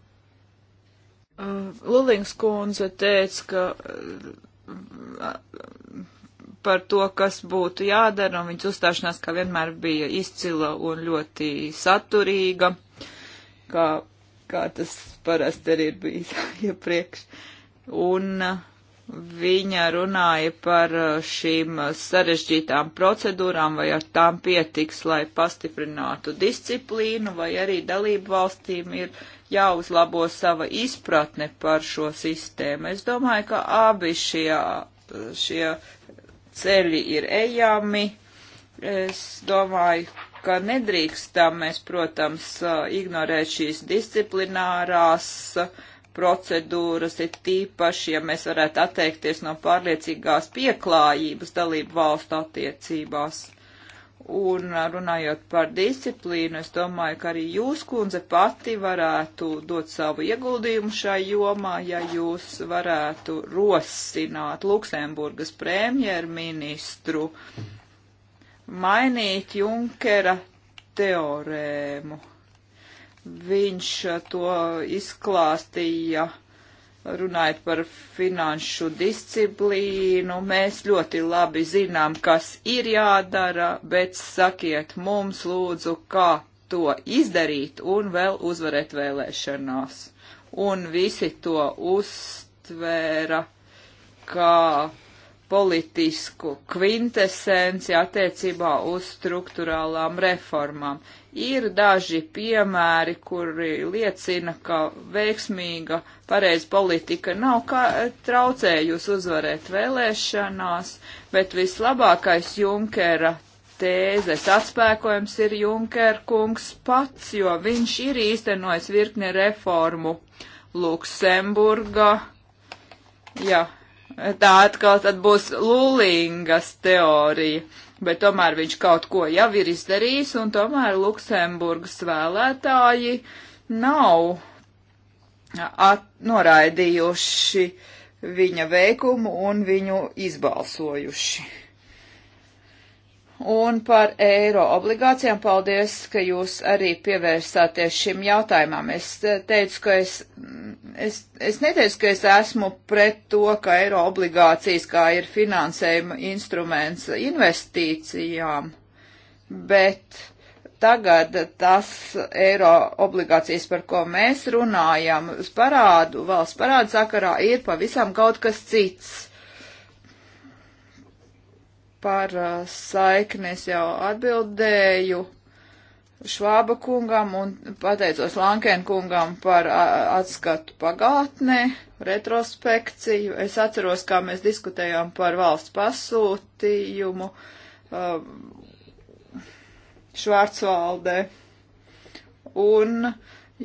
Uh, Lulings kundze teica, ka uh, par to, kas būtu jādara, un viņas uzstāšanās, kā vienmēr, bija izcila un ļoti saturīga, kā, kā tas parasti arī ir bijis (laughs) iepriekš. Un uh, viņa runāja par uh, šīm sarežģītām procedūrām, vai ar tām pietiks, lai pastiprinātu disciplīnu, vai arī dalību valstīm ir jāuzlabo sava izpratne par šo sistēmu. Es domāju, ka abi šie uh, šie ceļi ir ejami. Es domāju, ka nedrīkstam mēs, protams, uh, ignorēt šīs disciplinārās uh, procedūras, ir tīpaši, ja mēs varētu atteikties no pārliecīgās pieklājības dalību valstu attiecībās. Un runājot par disciplīnu, es domāju, ka arī jūs, kundze, pati varētu dot savu ieguldījumu šai jomā, ja jūs varētu rosināt Luksemburgas premjerministru mainīt Junkera teorēmu. Viņš to izklāstīja runājot par finanšu disciplīnu, mēs ļoti labi zinām, kas ir jādara, bet sakiet mums lūdzu, kā to izdarīt un vēl uzvarēt vēlēšanās. Un visi to uztvēra kā politisku kvintesenci attiecībā uz struktūrālām reformām. Ir daži piemēri, kuri liecina, ka veiksmīga pareiz politika nav kā traucējusi uzvarēt vēlēšanās, bet vislabākais Junkera tēzes atspēkojums ir Junker kungs pats, jo viņš ir īstenojis virkni reformu Luksemburga. Jā, tā atkal tad būs Lūlingas teorija bet tomēr viņš kaut ko jau ir izdarījis, un tomēr Luksemburgas vēlētāji nav at, noraidījuši viņa veikumu un viņu izbalsojuši un par eiro obligācijām. Paldies, ka jūs arī pievērsāties šim jautājumam. Es teicu, ka es, es, es neteicu, ka es esmu pret to, ka eiro obligācijas kā ir finansējuma instruments investīcijām, bet tagad tas eiro obligācijas, par ko mēs runājam, parādu, valsts parādu sakarā ir pavisam kaut kas cits par uh, saiknes jau atbildēju Švāba kungam un pateicos Lankēn kungam par uh, atskatu pagātnē, retrospekciju. Es atceros, kā mēs diskutējām par valsts pasūtījumu uh, Švārcvaldē. Un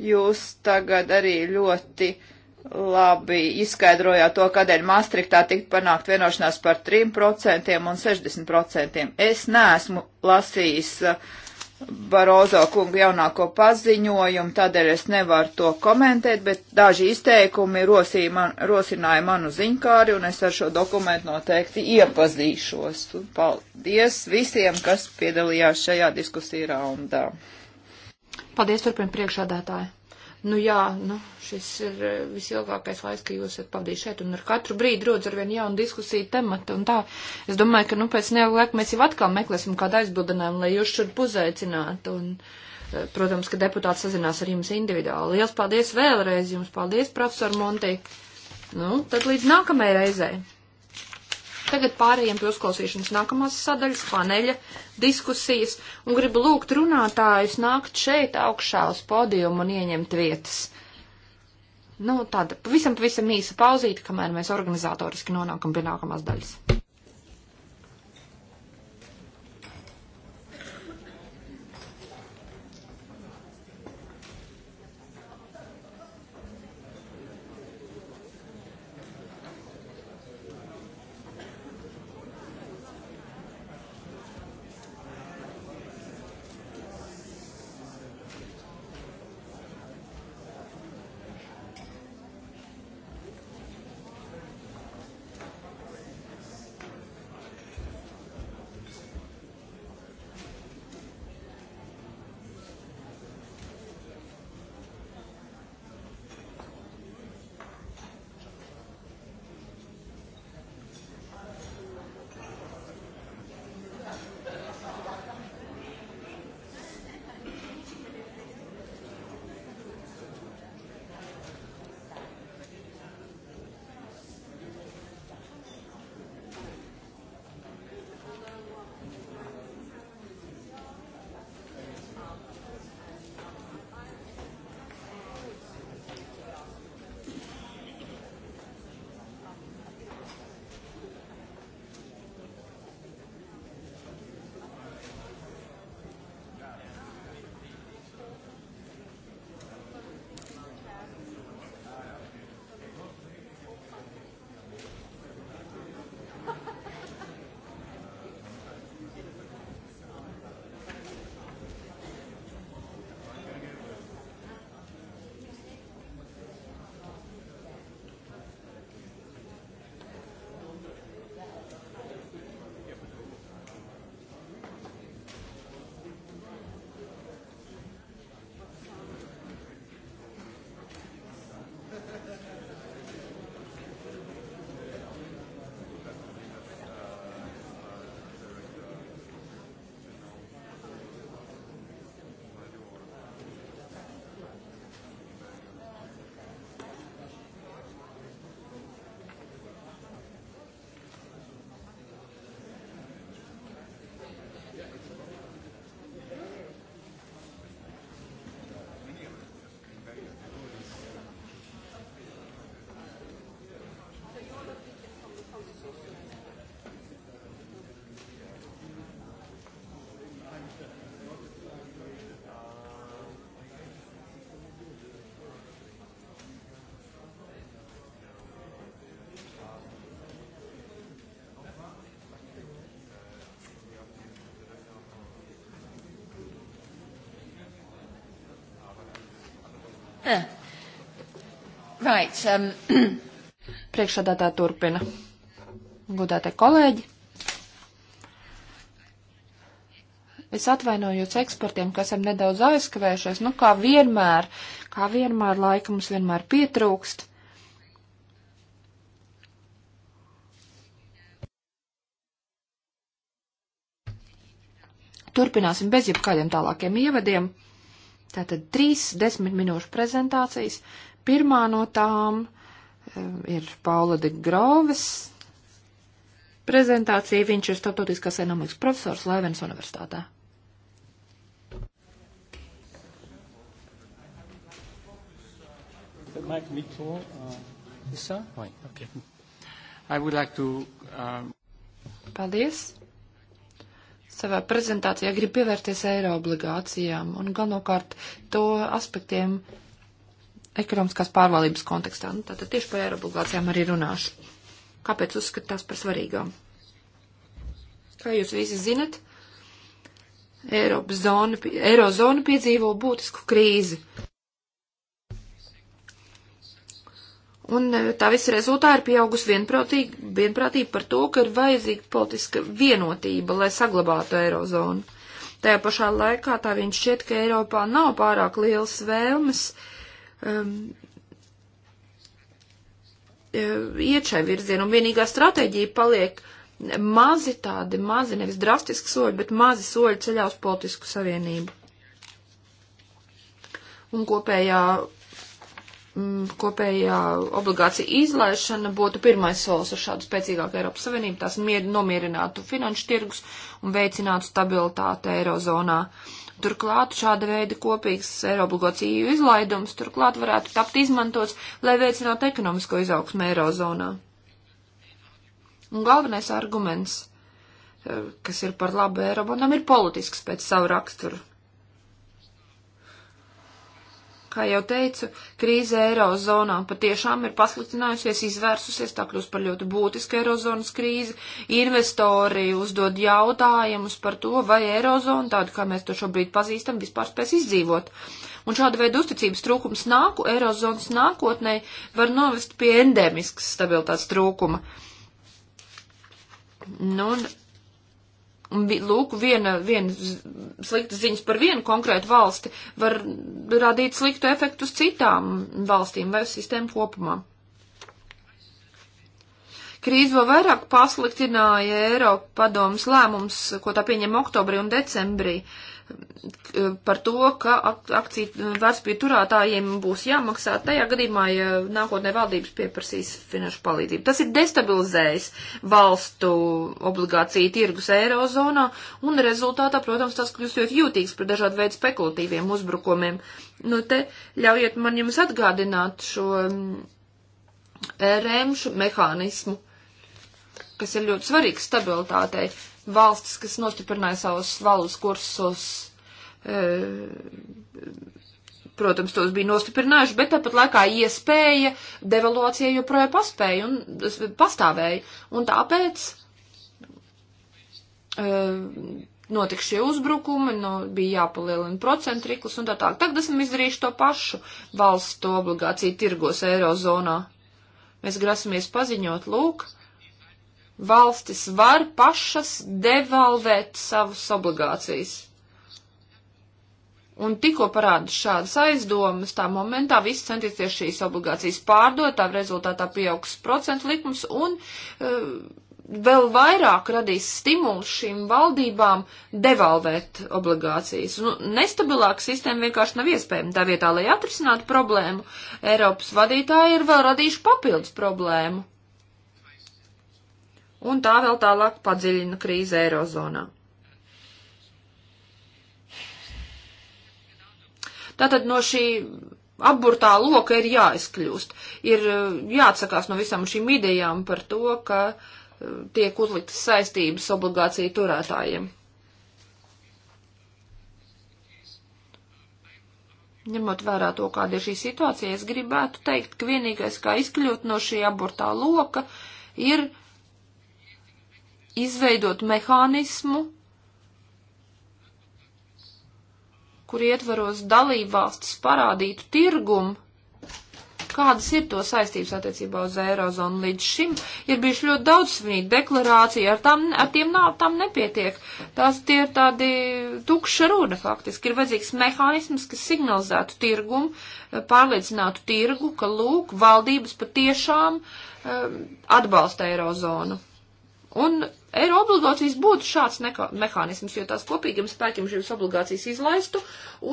jūs tagad arī ļoti uh, Labi, izskaidrojāt to, kādēļ Maastrichtā tika panākt vienošanās par 3% un 60%. Es neesmu lasījis eh, Barozo kungu jaunāko paziņojumu, tādēļ es nevaru to komentēt, bet daži izteikumi man, rosināja manu ziņkāri, un es ar šo dokumentu noteikti iepazīšos. Paldies visiem, kas piedalījās šajā diskusiju raundā. Paldies, turpin priekšādātāji. Nu jā, nu, šis ir eh, visilgākais laiks, ka jūs esat pavadījis šeit, un ar katru brīdi rodas ar vien jaunu diskusiju tematu, un tā. Es domāju, ka, nu, pēc neilga laika mēs jau atkal meklēsim kādu aizbildinājumu, lai jūs šur puzaicinātu, un, eh, protams, ka deputāts sazinās ar jums individuāli. Liels paldies vēlreiz jums, paldies, profesor Monti. Nu, tad līdz nākamajai reizei. Tagad pārējiem pie uzklausīšanas nākamās sadaļas, paneļa, diskusijas, un gribu lūgt runātājus nākt šeit augšā uz podiumu un ieņemt vietas. Nu, tāda pavisam, pavisam īsa pauzīte, kamēr mēs organizatoriski nonākam pie nākamās daļas. Uh. Right, um. (clears throat) Priekšādātā turpina. Gudātie kolēģi. Es atvainojos ekspertiem, ka esam nedaudz aizkavējušies. Nu, kā vienmēr, kā vienmēr laika mums vienmēr pietrūkst. Turpināsim bez jebkādiem tālākiem ievadiem. Tātad trīs desmit minūšu prezentācijas. Pirmā no tām eh, ir Paula de Groves prezentācija. Viņš ir starptautiskās ekonomikas profesors Laivenas universitātē. the mic micro, uh, is ça? Oui, ok. I would like to... Um... Paldies savā prezentācijā grib pievērties eiro obligācijām un galvenokārt to aspektiem ekonomiskās pārvaldības kontekstā. Nu, tātad tieši par eiro obligācijām arī runāšu. Kāpēc uzskatās par svarīgām? Kā jūs visi zinat, Eiropas zona, Eirozona piedzīvo būtisku krīzi. Un eh, tā visa rezultātā ir pieaugusi vienprātība, vienprātība par to, ka ir vajadzīga politiska vienotība, lai saglabātu eirozonu. Tajā pašā laikā tā viņš šķiet, ka Eiropā nav pārāk liels vēlmes um, iet šai virzienā, un vienīgā stratēģija paliek mazi tādi, mazi nevis drastiski soļi, bet mazi soļi ceļā uz politisku savienību. Un kopējā Mm, kopējā obligācija izlaišana būtu pirmais solis uz šādu spēcīgāku Eiropas Savienību, tās nomierinātu finanšu tirgus un veicinātu stabilitāti Eirozonā. Turklāt šāda veida kopīgs eirobligāciju izlaidums turklāt varētu tapt izmantots, lai veicinātu ekonomisko izaugsmu Eirozonā. Un galvenais arguments, eh, kas ir par labu Eirobondam, ir politisks pēc savu raksturu Kā jau teicu, krīze Eirozonā patiešām ir pasliktinājusies, izvērsusies, tā kļūst par ļoti būtisku Eirozonas krīzi. Investori uzdod jautājumus par to, vai Eirozona, tādu kā mēs to šobrīd pazīstam, vispār spēs izdzīvot. Un šāda veida uzticības trūkums nāku, Eirozonas nākotnē var novest pie endemiskas stabilitātes trūkuma. Nu, un lūk, viena, viena slikta ziņas par vienu konkrētu valsti var radīt sliktu efektu uz citām valstīm vai uz sistēmu kopumā. Krīze vēl vairāk pasliktināja Eiropa padomas lēmums, ko tā pieņem oktobrī un decembrī. Uh, par to, ka akciju vērtspapīru turētājiem būs jāmaksā tajā gadījumā, ja nākotnē valdības pieprasīs finanšu palīdzību. Tas ir destabilizējis valstu obligāciju tirgus eirozonā, un rezultātā, protams, tas kļūst ļoti jūtīgs par dažādu veidu spekulatīviem uzbrukumiem. Nu, te ļaujiet man jums atgādināt šo mm, rēmšu mehānismu, kas ir ļoti svarīgs stabilitātei valstis, kas nostiprināja savus valūtas kursus, e, protams, tos bija nostiprinājuši, bet tāpat laikā iespēja devalvācija joprojām paspēja un pastāvēja. Un tāpēc e, notika šie uzbrukumi, no, nu, bija jāpalielina procentu riklis un tā tālāk. Tagad esam izdarījuši to pašu valstu obligāciju tirgos Eirozonā. Mēs grasamies paziņot, lūk, uh, valstis var pašas devalvēt savas obligācijas. Un tikko parāda šādas aizdomas, tā momentā viss centīsies šīs obligācijas pārdot, tā rezultātā pieaugs procentu likums un uh, vēl vairāk radīs stimulus šīm valdībām devalvēt obligācijas. Nu, nestabilāka sistēma vienkārši nav iespējama. Tā vietā, lai atrisinātu problēmu, Eiropas vadītāji ir vēl radījuši papildus problēmu un tā vēl tālāk padziļina krīze Eirozonā. Tātad no šī apburtā loka ir jāizkļūst, ir eh, jāatsakās no visām šīm idejām par to, ka eh, tiek uzliktas saistības obligāciju turētājiem. Ņemot vērā to, kāda ir šī situācija, es gribētu teikt, ka vienīgais, kā izkļūt no šī abortā loka, ir izveidot mehānismu, kur ietvaros dalībvalstis parādītu tirgumu, kādas ir to saistības attiecībā uz Eirozonu. Līdz šim ir bijuši ļoti daudz svinīgu deklarāciju, ar, tām, ar tiem nav, tam nepietiek. Tās tie ir tādi tukša runa faktiski. Ir vajadzīgs mehānisms, kas signalizētu tirgumu, eh, pārliecinātu tirgu, ka lūk, valdības patiešām um, atbalsta Eirozonu. Un Eiro obligācijas būtu šāds mehānisms, jo tās kopīgiem spēkiem šīs obligācijas izlaistu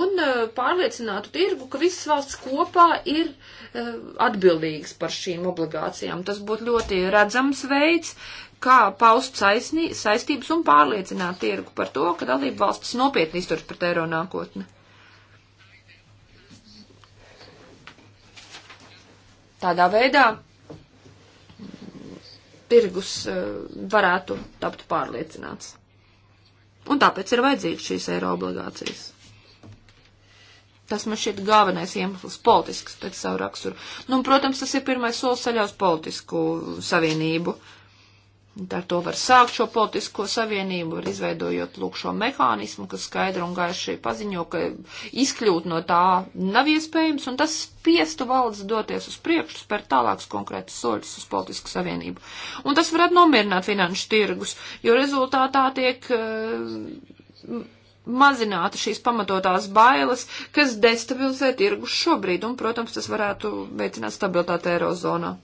un uh, pārliecinātu tirgu, ka visas valsts kopā ir uh, atbildīgas par šīm obligācijām. Tas būtu ļoti redzams veids, kā paust saisnī, saistības un pārliecināt tirgu par to, ka dalība valstis nopietni izturas pret eiro nākotni. Tādā veidā tirgus eh, varētu tapt pārliecināts. Un tāpēc ir vajadzīgas šīs eiro obligācijas. Tas man šķiet galvenais iemesls politisks pēc savu raksturu. Nu, un, protams, tas ir pirmais solis ceļā uz politisku savienību. Uh, Ar to var sākt šo politisko savienību, var izveidojot lūk šo mehānismu, kas skaidri un gaiši paziņo, ka izkļūt no tā nav iespējams, un tas spiestu valdes doties uz priekšu, spērt tālākus konkrētus soļus uz politisku savienību. Un tas varētu nomierināt finanšu tirgus, jo rezultātā tiek uh, mazināta šīs pamatotās bailes, kas destabilizē tirgus šobrīd, un, protams, tas varētu veicināt stabilitāti Eirozonā.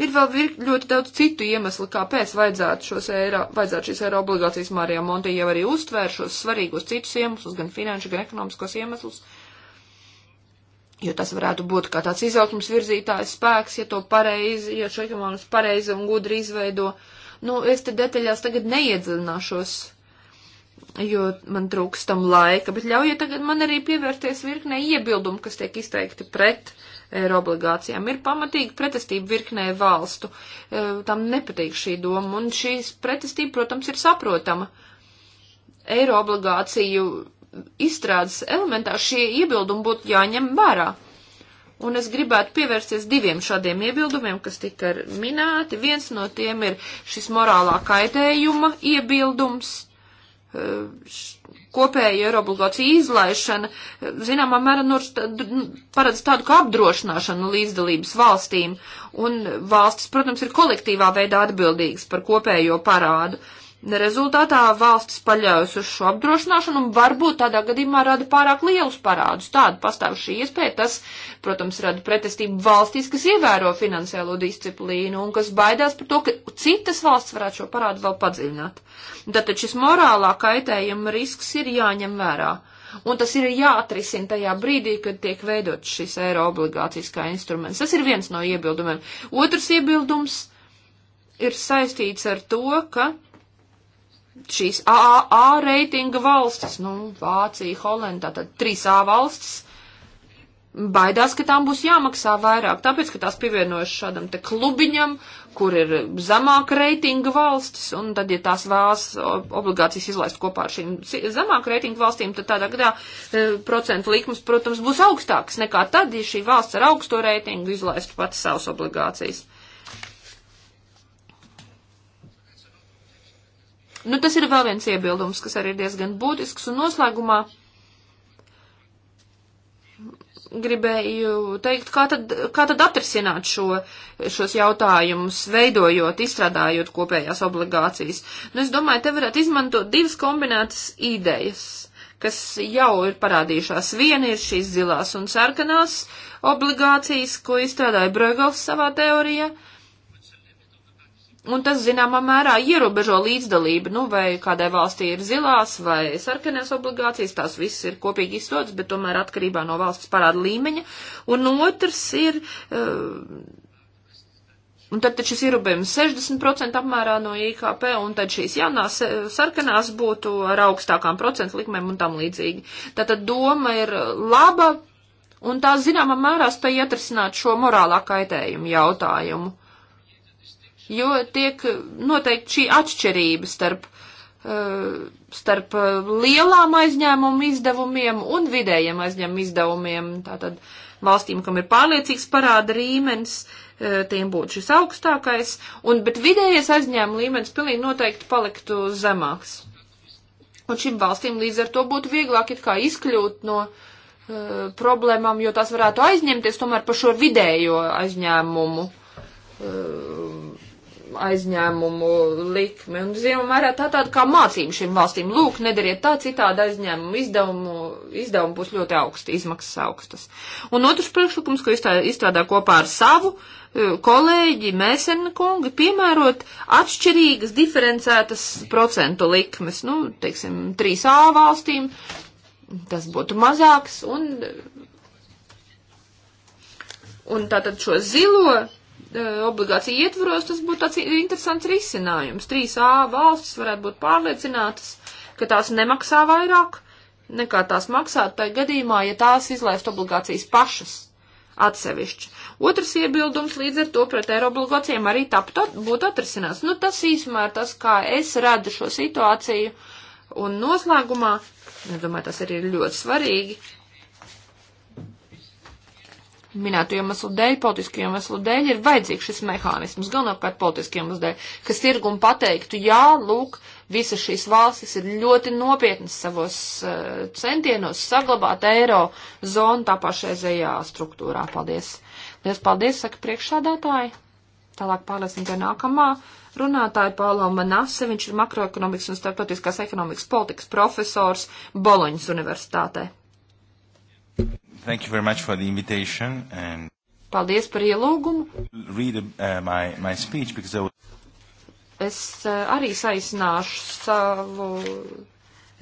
Ir vēl vir, ļoti daudz citu iemeslu, kāpēc vajadzētu, šos eiro, vajadzētu šīs eiro obligācijas. Mārijā Monti jau arī uztvēra šos svarīgos citus iemeslus, gan finanšu, gan ekonomiskos iemeslus, jo tas varētu būt kā tāds izaugsmas virzītājs spēks, ja to pareizi, ja šo ekonomiku pareizi un gudri izveido. Nu, es te detaļās tagad neiedzināšos jo man trūkstam laika, bet ļaujiet tagad man arī pievērties virknē iebildumu, kas tiek izteikti pret uh, eiro obligācijām. Ir pamatīgi pretestība virknē valstu. E, tam nepatīk šī doma, un šīs pretestība, protams, ir saprotama. Eiro obligāciju izstrādes elementā šie iebildumi būtu jāņem vērā. Un es gribētu pievērsties diviem šādiem iebildumiem, kas tika minēti. Viens no tiem ir šis morālā kaitējuma iebildums. E, kopēja eirobligācija izlaišana, zināmā mērā, no, paredz tādu kā apdrošināšanu līdzdalības valstīm, un valstis, protams, ir kolektīvā veidā atbildīgas par kopējo parādu. Uh, Rezultātā valstis paļaujas uz šo apdrošināšanu un varbūt tādā gadījumā rada pārāk lielus parādus. Tāda pastāv šī iespēja, tas, protams, rada pretestību valstīs, kas ievēro finansiālo disciplīnu un kas baidās par to, ka citas valsts varētu šo parādu vēl padziļināt. Tātad šis morālā kaitējuma risks ir jāņem vērā. Un tas ir jāatrisina tajā brīdī, kad tiek veidots šis eiro obligācijas kā instruments. Tas ir viens no iebildumiem. Otrs iebildums ir saistīts ar to, ka šīs AA reitinga valstis, nu, Vācija, Holanda, tad 3A valstis, baidās, ka tām būs jāmaksā vairāk, tāpēc, ka tās pievienojas šādam te klubiņam, kur ir zemāka reitinga valstis, un tad, ja tās vēlas obligācijas izlaist kopā ar šīm zemāka reitinga valstīm, tad tādā gadā e, procentu likums, protams, būs augstāks nekā tad, ja šī valsts ar augsto reitingu izlaistu pats savas obligācijas. Nu, tas ir vēl viens iebildums, kas arī ir diezgan būtisks. Un noslēgumā gribēju teikt, kā tad, kā tad atrisināt šo, šos jautājumus, veidojot, izstrādājot kopējās obligācijas. Nu, es domāju, te varētu izmantot divas kombinētas idejas kas jau ir parādījušās. Viena ir šīs zilās un sarkanās obligācijas, ko izstrādāja Brögovs savā teorijā. Uh, Un tas, zināmā mērā, ierobežo līdzdalību, nu, vai kādai valstī ir zilās vai sarkanās obligācijas, tās viss ir kopīgi izsotas, bet tomēr atkarībā no valsts parāda līmeņa. Un otrs ir, uh, un tad taču šis ierobežojums 60% apmērā no IKP, un tad šīs jaunās eh, sarkanās būtu ar augstākām procentu likmēm un tam līdzīgi. Tātad doma ir laba, un tā, zināmā mērā, spēja atrisināt šo morālā kaitējumu jautājumu jo tiek noteikti šī atšķirība starp, eh, starp eh, lielām aizņēmumu izdevumiem un vidējiem aizņēmumu izdevumiem. Tātad valstīm, kam ir pārliecīgs parāda līmenis, eh, tiem būtu šis augstākais, un, bet vidējais aizņēmuma līmenis pilnīgi noteikti paliktu zemāks. Un šīm valstīm līdz ar to būtu vieglāk it kā izkļūt no uh, problēmām, jo tās varētu aizņemties tomēr par šo vidējo aizņēmumu uh, aizņēmumu likmi. Un, zinām, mērā tā tāda kā mācība šīm valstīm. Lūk, nedariet tā citādi aizņēmumu izdevumu, izdevumu būs ļoti augsti, izmaksas augstas. Un otrs priekšlikums, ko izstrādā kopā ar savu e, kolēģi Mēsena kungu, piemērot atšķirīgas diferencētas procentu likmes, nu, teiksim, 3A valstīm, tas būtu mazāks, un, un tātad šo zilo Eh, obligācija ietvaros, tas būtu tāds interesants risinājums. 3A valstis varētu būt pārliecinātas, ka tās nemaksā vairāk nekā tās maksātu tajā gadījumā, ja tās izlaist obligācijas pašas atsevišķi. Otrs iebildums līdz ar to pret eiro obligācijām arī taptu, būtu atrisinās. Nu, tas īsumā ir tas, kā es redzu šo situāciju. Un noslēgumā, es domāju, tas arī ir ļoti svarīgi, minēto iemeslu dēļ, politisku iemeslu dēļ, ir vajadzīgs šis mehānisms, galvenokārt politisku iemeslu dēļ, kas tirgu un pateiktu, jā, lūk, visas šīs valstis ir ļoti nopietnas savos uh, centienos saglabāt eiro zonu tā pašreizējā struktūrā. Paldies! Liels paldies, saka priekšsādātāji! Tālāk pārliesim pie nākamā runātāja Paulo Manase, viņš ir makroekonomikas un starptautiskās ekonomikas politikas profesors Boloņas universitātē. Thank you very much for the invitation and Paldies par ielūgumu. Read, uh, my, my speech, because I... Es uh, arī saīsināšu savu,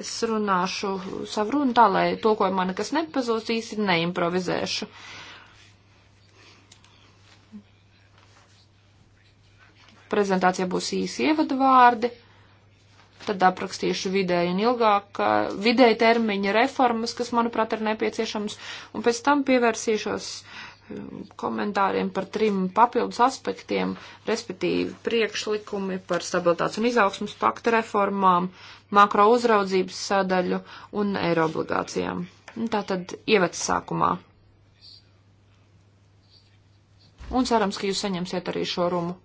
es runāšu savu runu tā, lai to, ko man nekas nepazūst, īsti neimprovizēšu. Prezentācija būs īsi ievadu vārdi. Tad aprakstīšu vidēji un ilgāk, vidēji termiņa reformas, kas, manuprāt, ir nepieciešams, un pēc tam pievērsīšos um, komentāriem par trim papildus aspektiem, respektīvi priekšlikumi par stabilitātes un izaugsmas pakta reformām, makro uzraudzības sadaļu un eiro obligācijām. Tātad ievads sākumā. Un cerams, ka jūs saņemsiet arī šo rumu.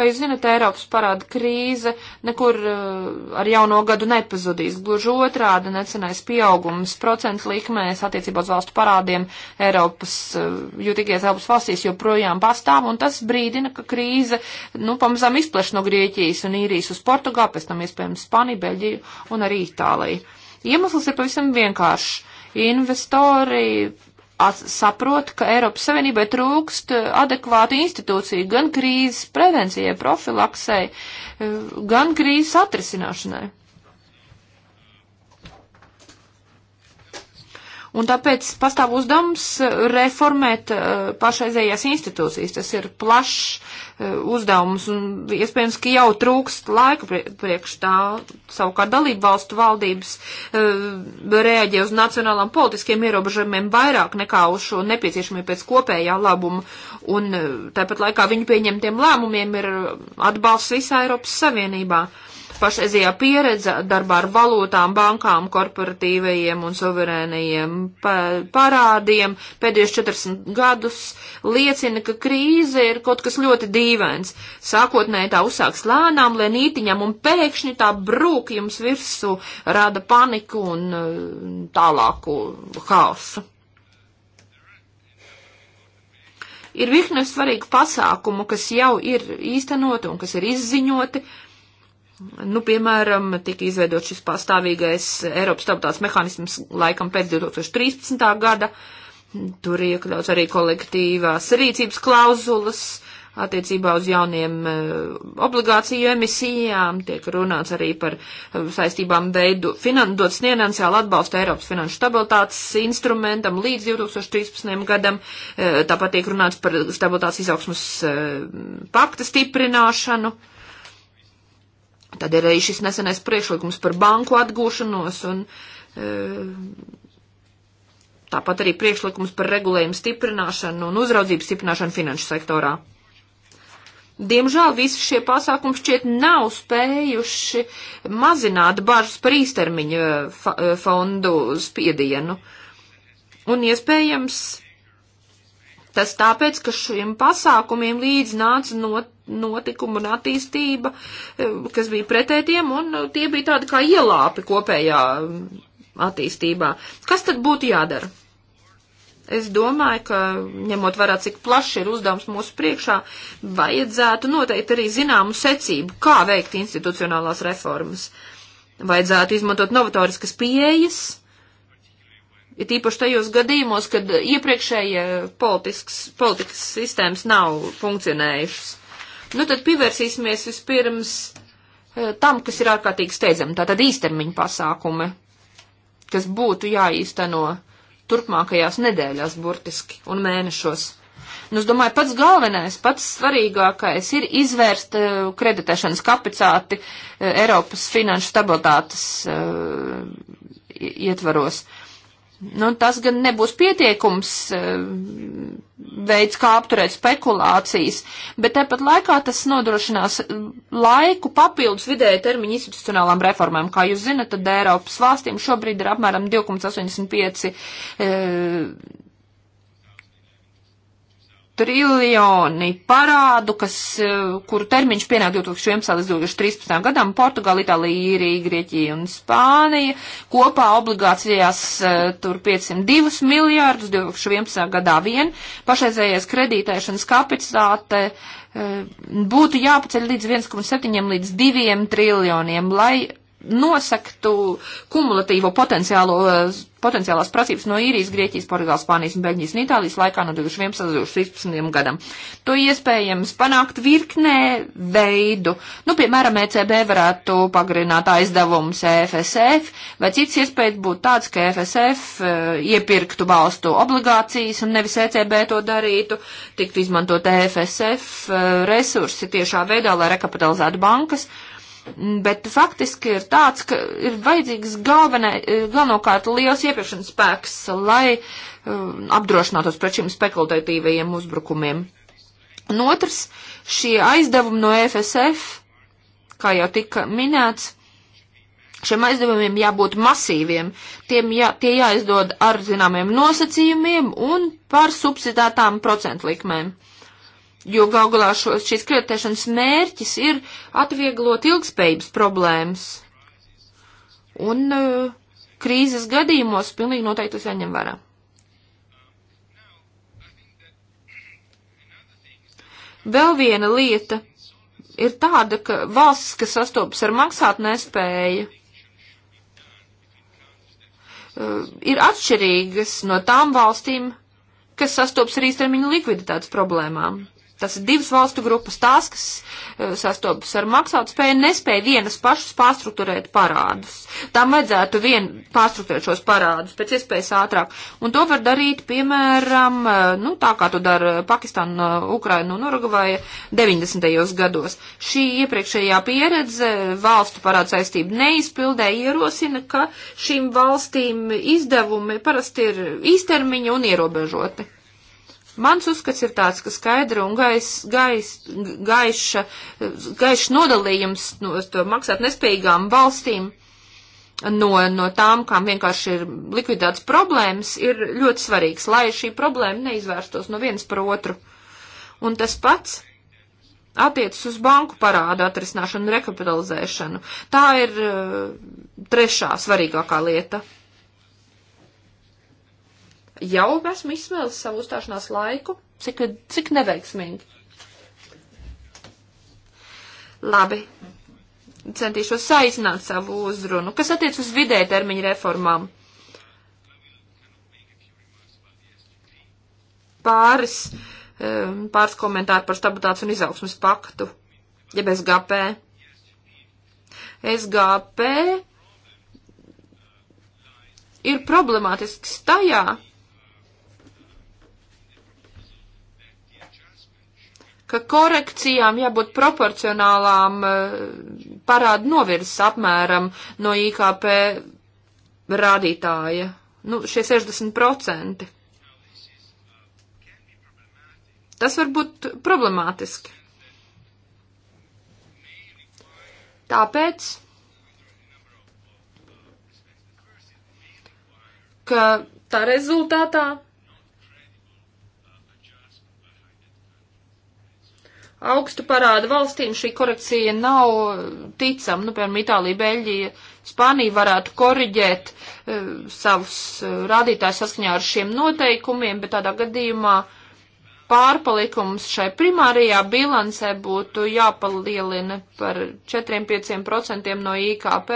Kā jūs zinat, Eiropas parāda krīze nekur eh, ar jauno gadu nepazudīs. Gluži otrādi necenais pieaugums procentu likmēs attiecībā uz valstu parādiem Eiropas, eh, jūtīgajās Eiropas valstīs joprojām pastāv, un tas brīdina, ka krīze, nu, pamazām izpleš no Grieķijas un Īrijas uz Portugālu, pēc tam iespējams Spāniju, Beļģiju un arī Itāliju. Iemesls ir pavisam vienkāršs investori saprot, ka Eiropas Savienībai trūkst eh, adekvātu institūciju gan krīzes prevencijai, profilaksei, eh, gan krīzes atrisināšanai. Un tāpēc pastāv uzdevums eh, reformēt eh, pašreizējās institūcijas. Tas ir plašs eh, uzdevums un iespējams, ka jau trūkst laika priekš tā. Savukārt dalību valstu valdības reaģē uz nacionālām politiskiem ierobežojumiem vairāk nekā uz šo nepieciešamību pēc kopējā labuma. Un tāpat laikā viņu pieņemtiem lēmumiem ir atbalsts visā Eiropas Savienībā. Uh, pašreizajā pieredze darbā ar valūtām, bankām, korporatīvajiem un suverēnajiem parādiem pēdējos 40 gadus liecina, ka krīze ir kaut kas ļoti dīvains. Sākotnēji tā uzsāks lēnām, lēnītiņam un pēkšņi tā brūk jums virsū, rada paniku un uh, tālāku haosu. ir virkne svarīgu pasākumu, kas jau ir īstenoti un kas ir izziņoti, uh, Nu, piemēram, tika izveidot šis pastāvīgais Eiropas stabilitātes mehānisms laikam pēc 2013. gada. Tur iekļauts arī kolektīvās rīcības klauzulas attiecībā uz jauniem eh, obligāciju emisijām, tiek runāts arī par eh, saistībām veidu finan, dot finansiālu atbalstu Eiropas finanšu stabilitātes instrumentam līdz 2013. gadam, eh, tāpat tiek runāts par stabilitātes izaugsmas pakta stiprināšanu. Tad ir arī šis nesenais priekšlikums par banku atgūšanos un e, tāpat arī priekšlikums par regulējumu stiprināšanu un uzraudzību stiprināšanu finanšu sektorā. Diemžēl visi šie pasākumi šķiet nav spējuši mazināt bažas par īstermiņa e, e, fondu spiedienu. Un iespējams tas tāpēc, ka šiem pasākumiem līdz nāca no notikuma un attīstība, eh, kas bija pretētiem, un eh, tie bija tādi kā ielāpi kopējā mm, attīstībā. Kas tad būtu jādara? Es domāju, ka ņemot vērā, cik plaši ir uzdevums mūsu priekšā, vajadzētu noteikti arī zināmu secību, kā veikt institucionālās reformas. Vajadzētu izmantot novatoriskas pieejas, ir tīpaši tajos gadījumos, kad iepriekšējie politikas sistēmas nav funkcionējušas. Nu tad pievērsīsimies vispirms eh, tam, kas ir ārkārtīgi steidzami, tātad īstermiņa pasākumi, kas būtu jāīsteno turpmākajās nedēļās burtiski un mēnešos. Nu, es domāju, pats galvenais, pats svarīgākais ir izvērst uh, kreditēšanas kapacitāti uh, Eiropas finanšu stabilitātes uh, ietvaros. Uh, Nu, tas gan nebūs pietiekums eh, veids, kā apturēt spekulācijas, bet tepat laikā tas nodrošinās laiku papildus vidēja termiņa institucionālām reformām. Kā jūs zinat, tad Eiropas valstīm šobrīd ir apmēram 2,85 triljoni parādu, kas, eh, kuru termiņš pienāk 2011. līdz 2013. gadam, Portugāla, Itālija, Īrija, Grieķija un Spānija. Kopā obligācijās eh, tur 502 miljārdus 2011. gadā vien. Pašreizējais kredītēšanas kapacitāte eh, būtu jāpaceļ līdz 1,7 līdz 2 triljoniem, lai nosektu kumulatīvo potenciālo, potenciālās prasības no īrijas, Grieķijas, Portugāles, Spānijas un Beļģijas un Itālijas laikā no 2011. līdz 2013. gadam. To iespējams panākt virknē veidu. Nu, piemēram, ECB varētu pagarināt aizdevumus EFSF, vai cits iespējas būtu tāds, ka EFSF eh, iepirktu valstu obligācijas un nevis ECB to darītu, tiktu izmantot EFSF eh, resursi tiešā veidā, lai rekapitalizētu bankas. Uh, bet faktiski ir tāds, ka ir vajadzīgs galvenai, galvenokārt liels iepirkšanas spēks, lai um, apdrošinātos pret šiem spekulatīvajiem uzbrukumiem. Un otrs, šie aizdevumi no FSF, kā jau tika minēts, šiem aizdevumiem jābūt masīviem, tiem jā, tie jāizdod ar zināmiem nosacījumiem un par subsidētām procentu likmēm jo gaugulā šīs kļūtēšanas mērķis ir atvieglot ilgspējības problēmas. Un uh, krīzes gadījumos pilnīgi noteikti tas jāņem vērā. Vēl viena lieta ir tāda, ka valsts, kas sastopas ar maksātnespēju, uh, ir atšķirīgas no tām valstīm, kas sastopas ar īstermiņa likviditātes problēmām. Tas ir divas valstu grupas, tās, kas eh, sastopas ar maksātspēju, nespēja vienas pašas pārstruktūrēt parādus. Tam vajadzētu vien pārstruktūrēt šos parādus pēc iespējas ātrāk. Un to var darīt, piemēram, eh, nu, tā kā to dara Pakistāna, eh, Ukraina un Urugvaja 90. gados. Šī iepriekšējā pieredze valstu parādu saistību neizpildē ierosina, ka šīm valstīm izdevumi parasti ir īstermiņa un ierobežoti. Mans uzskats ir tāds, ka skaidra un gais, gais, gaiša, gaišs nodalījums no nu, to maksāt nespējīgām valstīm no, no tām, kām vienkārši ir likvidētas problēmas, ir ļoti svarīgs, lai šī problēma neizvērstos no vienas par otru. Un tas pats attiecas uz banku parādu atrisināšanu un rekapitalizēšanu. Tā ir uh, trešā svarīgākā lieta jau esmu izsmēlis savu uzstāšanās laiku, cik, cik neveiksmīgi. Labi. Centīšos saizināt savu uzrunu, kas attiec uz vidē termiņu reformām. Pāris, um, pāris komentāri par stabilitātes un izaugsmas paktu, jeb SGP. SGP ir problemātisks tajā, ka korekcijām jābūt proporcionālām eh, parādu novirzes apmēram no IKP rādītāja, nu, šie 60%. Tas var būt problemātiski. Tāpēc, ka tā rezultātā augstu parādu valstīm šī korekcija nav ticama. Nu, piemēram, Itālija, Beļģija, Spānija varētu koriģēt uh, savus eh, rādītājus saskaņā ar šiem noteikumiem, bet tādā gadījumā pārpalikums šai primārajā bilancē būtu jāpalielina par 4-5% no IKP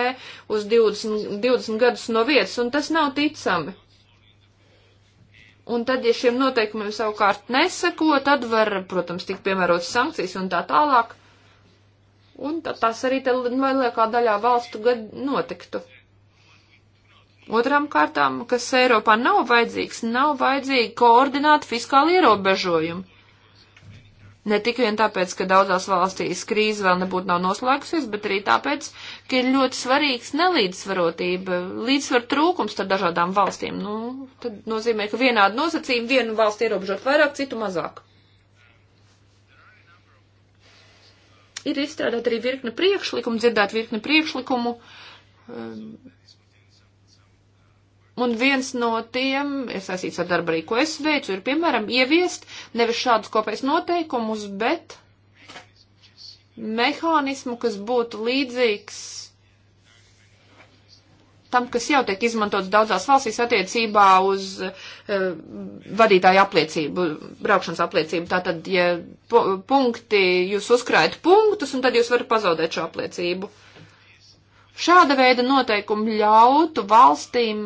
uz 20, 20 gadus no vietas, un tas nav ticami. Un tad, ja šiem noteikumiem savukārt neseko, tad var, protams, tikt piemērotas sankcijas un tā tālāk. Un tad tas arī te lielākā daļā valstu gad notiktu. Otrām kārtām, kas Eiropā nav vajadzīgs, nav vajadzīgi koordinēt fiskāli ierobežojumi. Ne tik vien tāpēc, ka daudzās valstīs krīze vēl nebūtu nav noslēgusies, bet arī tāpēc, ka ir ļoti svarīgs nelīdzsvarotība, līdzsvar trūkums starp dažādām valstīm. Nu, tad nozīmē, ka vienādi nosacījumi vienu valstu ierobežot vairāk, citu mazāk. Ir izstrādāt arī virkne priekšlikumu, dzirdēt virkne priekšlikumu. Um, Un viens no tiem, ir saistīts ar darbu arī, ko es veicu, ir, piemēram, ieviest nevis šādus kopējus noteikumus, bet mehānismu, kas būtu līdzīgs tam, kas jau tiek izmantots daudzās valstīs attiecībā uz uh, vadītāju apliecību, braukšanas apliecību. Tātad, ja pu punkti, jūs uzkrājat punktus, un tad jūs varat pazaudēt šo apliecību. Šāda veida noteikumi ļautu valstīm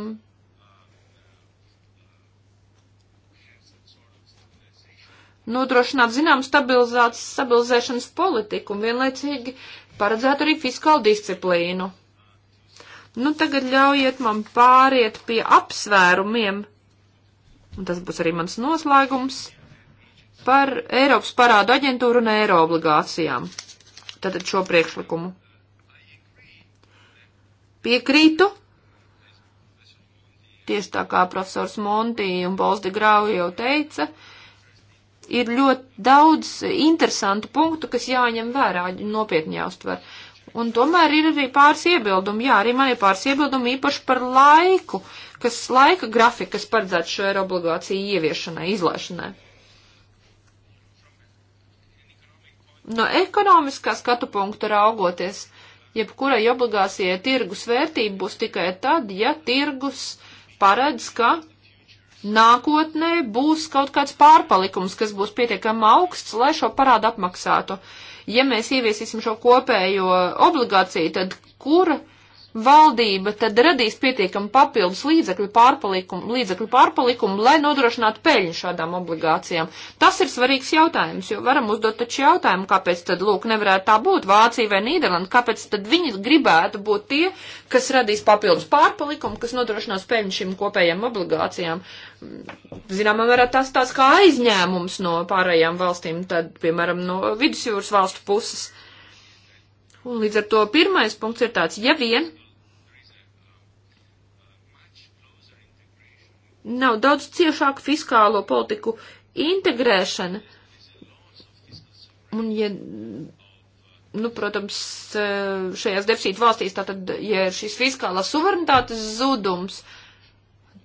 nodrošināt zinām stabilizēšanas politiku un vienlaicīgi paredzētu arī fiskālu disciplīnu. Nu, tagad ļaujiet man pāriet pie apsvērumiem, un tas būs arī mans noslēgums, par Eiropas parādu aģentūru un eiro obligācijām. Tātad šo priekšlikumu. Piekrītu, tieši tā kā profesors Monti un Bols de Grau jau teica, uh, ir ļoti daudz interesantu punktu, kas jāņem vērā, nopietni jāuztver. Un tomēr ir arī pāris iebildumi, jā, arī man ir pāris iebildumi īpaši par laiku, kas laika grafika, kas paredzēts šo eiro obligāciju ieviešanai, izlaišanai. No ekonomiskā skatu punkta raugoties, jebkurai obligācijai tirgus vērtība būs tikai tad, ja tirgus paredz, ka nākotnē būs kaut kāds pārpalikums, kas būs pietiekami augsts, lai šo parādu apmaksātu. Ja mēs ieviesīsim šo kopējo obligāciju, tad kura valdība tad radīs pietiekami papildus līdzekļu pārpalikumu, līdzekļu pārpalikumu, lai nodrošinātu peļņu šādām obligācijām. Tas ir svarīgs jautājums, jo varam uzdot taču jautājumu, kāpēc tad, lūk, nevarētu tā būt Vācija vai Nīderlanda, kāpēc tad viņi gribētu būt tie, kas radīs papildus pārpalikumu, kas nodrošinās peļņu šīm kopējām obligācijām. Zināmā mērā tas tās kā aizņēmums no pārējām valstīm, tad, piemēram, no vidusjūras valstu puses. Un līdz ar to pirmais punkts ir tāds, ja vien nav daudz ciešāku fiskālo politiku integrēšana, un ja, nu, protams, šajās deficīta valstīs, tātad, ja ir šis fiskālās suverenitātes zudums,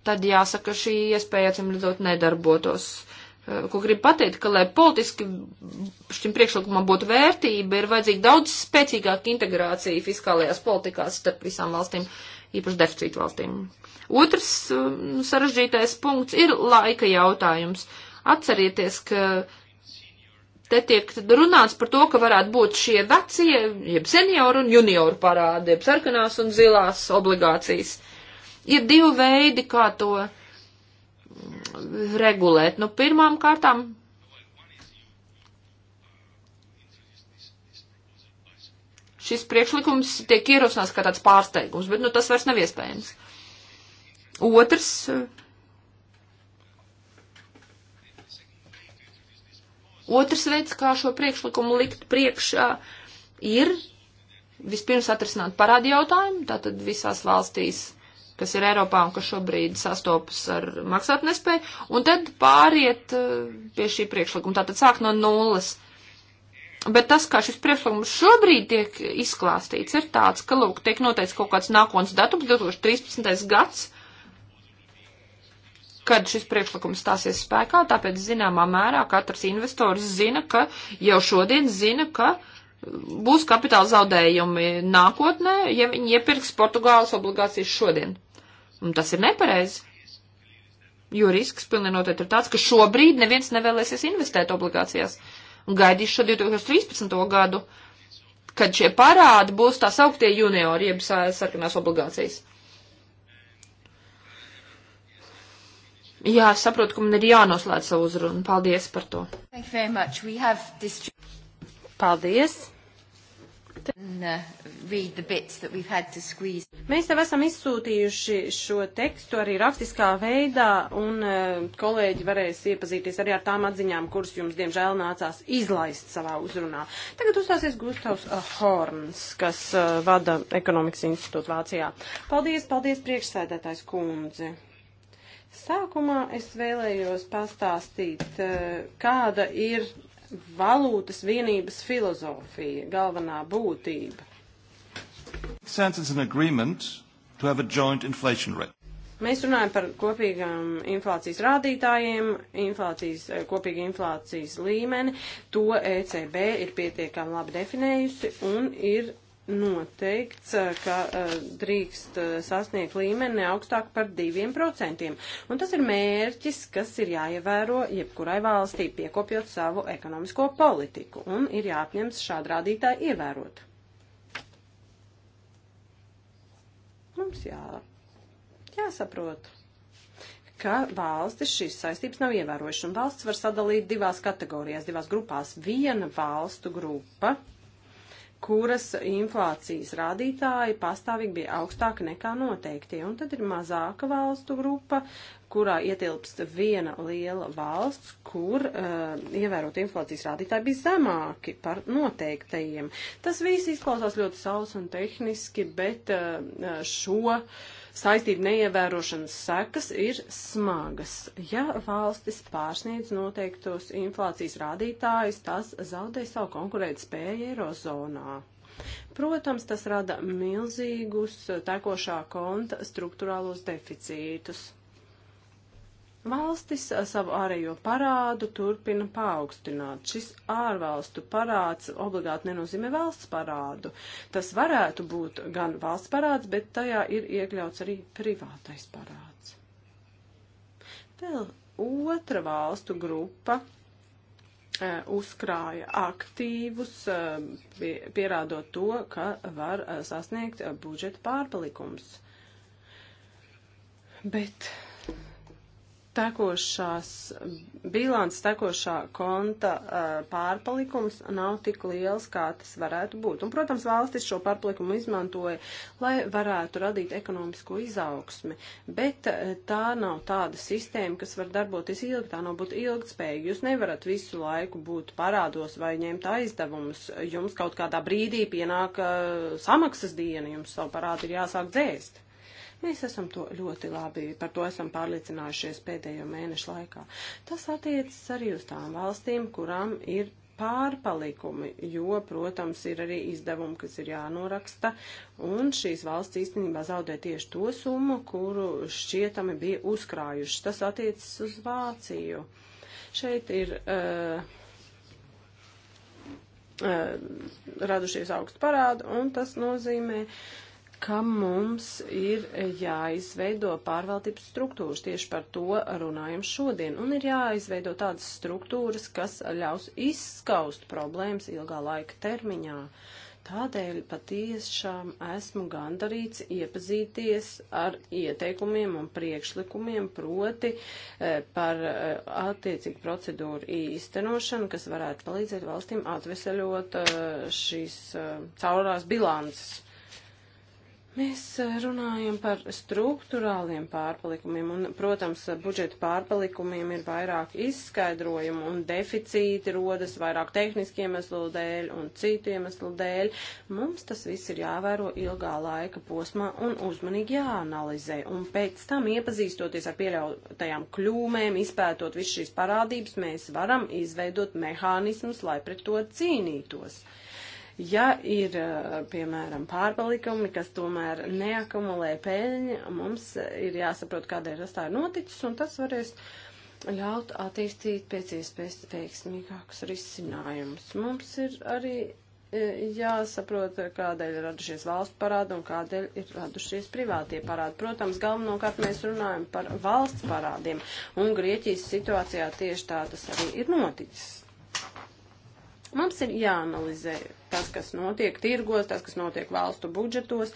tad jāsaka, šī iespēja, acīm redzot, nedarbotos. Eh, ko gribu pateikt, ka, lai politiski šim priekšlikumam būtu vērtība, ir vajadzīga daudz spēcīgāka integrācija fiskālajās politikās starp visām valstīm, īpaši deficītu valstīm. Otrs eh, nu, sarežģītais punkts ir laika jautājums. Atcerieties, ka te tiek runāts par to, ka varētu būt šie vecie, jeb senioru un junioru parādi, jeb sarkanās un zilās obligācijas. Ir divi veidi, kā to regulēt. Nu, pirmām kārtām šis priekšlikums tiek ierosināts kā tāds pārsteigums, bet nu, tas vairs nav iespējams. Otrs. Otrs veids, kā šo priekšlikumu likt priekšā, ir vispirms atrisināt parādi jautājumu, tātad visās valstīs kas ir Eiropā un kas šobrīd sastopas ar maksātnespēju, un tad pāriet uh, pie šī priekšlikuma, tātad sāk no nulles. Bet tas, kā šis priekšlikums šobrīd tiek izklāstīts, ir tāds, ka, lūk, tiek noteikts kaut kāds nākotnes datums, 2013. gads, kad šis priekšlikums stāsies spēkā, tāpēc zināmā mērā katrs investors zina, ka jau šodien zina, ka uh, būs kapitāla zaudējumi nākotnē, ja viņi iepirks Portugāles obligācijas šodien. Un tas ir nepareizi. Jo risks pilnīgi noteikti ir tāds, ka šobrīd neviens nevēlēsies investēt obligācijās. Un gaidīs šo 2013. gadu, kad šie parādi būs tā sauktie juniori, jeb sarkanās obligācijas. Jā, es saprotu, ka man ir jānoslēdz savu uzrunu. Paldies par to. Paldies punkti. Uh, Mēs jau esam izsūtījuši šo tekstu arī rakstiskā veidā, un uh, kolēģi varēs iepazīties arī ar tām atziņām, kuras jums, diemžēl, nācās izlaist savā uzrunā. Tagad uzstāsies Gustavs uh, Horns, kas vada ekonomikas institūtu Vācijā. Paldies, paldies, priekšsēdētājs kundze. Sākumā es vēlējos pastāstīt, kāda ir valūtas vienības filozofija, galvenā būtība. Mēs runājam par kopīgām inflācijas rādītājiem, inflācijas, eh, kopīgi inflācijas līmeni. To ECB ir pietiekami labi definējusi un ir noteikts, eh, ka uh, drīkst uh, sasniegt līmeni ne augstāk par 2%. Un tas ir mērķis, kas ir jāievēro jebkurai valstī, piekopjot savu ekonomisko politiku, un ir jāapņems šādu rādītāju ievērot. Mums jā, jāsaprot ka valstis šīs saistības nav ievērojušas, un valsts var sadalīt divās kategorijās, divās grupās. Viena valstu grupa, kuras inflācijas rādītāji pastāvīgi bija augstāki nekā noteiktie. Un tad ir mazāka valstu grupa, kurā ietilpst viena liela valsts, kur uh, ievērot inflācijas rādītāji bija zemāki par noteiktajiem. Tas viss izklausās ļoti saus un tehniski, bet uh, šo. Uh, saistību neievērošanas sekas ir smagas. Ja valstis pārsniedz noteiktos inflācijas rādītājus, tas zaudē savu konkurētspēju Eirozonā. Protams, tas rada milzīgus tekošā konta struktūrālos deficītus. Valstis savu ārējo parādu turpina paaugstināt. Šis ārvalstu parāds obligāti nenozīmē valsts parādu. Tas varētu būt gan valsts parāds, bet tajā ir iekļauts arī privātais parāds. Vēl otra valstu grupa uzkrāja aktīvus, pierādot to, ka var sasniegt budžeta pārpalikums. Bet tekošās bilants, tekošā konta uh, pārpalikums nav tik liels, kā tas varētu būt. Un, protams, valstis šo pārpalikumu izmantoja, lai varētu radīt ekonomisko izaugsmi, bet uh, tā nav tāda sistēma, kas var darboties ilgi, tā nav būt ilgtspējīga. Jūs nevarat visu laiku būt parādos vai ņemt aizdevumus. Jums kaut kādā brīdī pienāk uh, samaksas diena, jums savu parādu ir jāsāk dzēst. Mēs esam to ļoti labi, par to esam pārliecinājušies pēdējo mēnešu laikā. Tas attiecas arī uz tām valstīm, kurām ir pārpalikumi, jo, protams, ir arī izdevumi, kas ir jānoraksta, un šīs valsts īstenībā zaudē tieši to summu, kuru šķietami bija uzkrājuši. Tas attiecas uz Vāciju. Šeit ir uh, uh, radušies augstu parādu, un tas nozīmē, uh, ka mums ir jāizveido pārvaldības struktūras. Tieši par to runājam šodien. Un ir jāizveido tādas struktūras, kas ļaus izskaust problēmas ilgā laika termiņā. Tādēļ patiešām esmu gandarīts iepazīties ar ieteikumiem un priekšlikumiem proti e, par e, attiecīgu procedūru īstenošanu, kas varētu palīdzēt valstīm atveseļot e, šīs caurās bilances. Mēs eh, runājam par struktūrāliem pārpalikumiem, un, protams, budžeta pārpalikumiem ir vairāk izskaidrojumu, un deficīti rodas vairāk tehniski iemeslu dēļ un citu iemeslu dēļ. Mums tas viss ir jāvēro ilgā laika posmā un uzmanīgi jāanalizē, un pēc tam iepazīstoties ar pieļautajām kļūmēm, izpētot visu šīs parādības, mēs varam izveidot mehānismus, lai pret to cīnītos. Ja ir, eh, piemēram, pārpalikumi, kas tomēr neakumulē peļņu, mums ir jāsaprot, kādēļ tas tā ir noticis, un tas varēs ļaut attīstīt pēc iespējas veiksmīgākus risinājumus. Mums ir arī eh, jāsaprot, kādēļ ir radušies valsts parādi un kādēļ ir radušies privātie parādi. Protams, galvenokārt mēs runājam par valsts parādiem, un Grieķijas situācijā tieši tā tas arī ir noticis. Mums ir jāanalizē tas, kas notiek tirgos, tas, kas notiek valstu budžetos,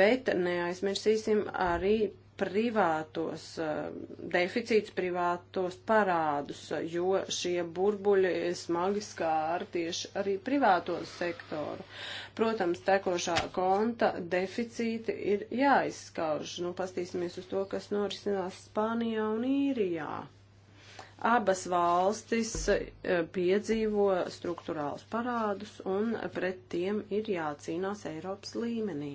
bet neaizmirsīsim arī privātos uh, deficīts, privātos parādus, jo šie burbuļi smagi skāra tieši arī privātos sektoru. Protams, tekošā konta deficīti ir jāizskauž. Nu, pastīsimies uz to, kas norisinās Spānijā un Īrijā. Abas valstis e, piedzīvo struktūrāls parādus un pret tiem ir jācīnās Eiropas līmenī.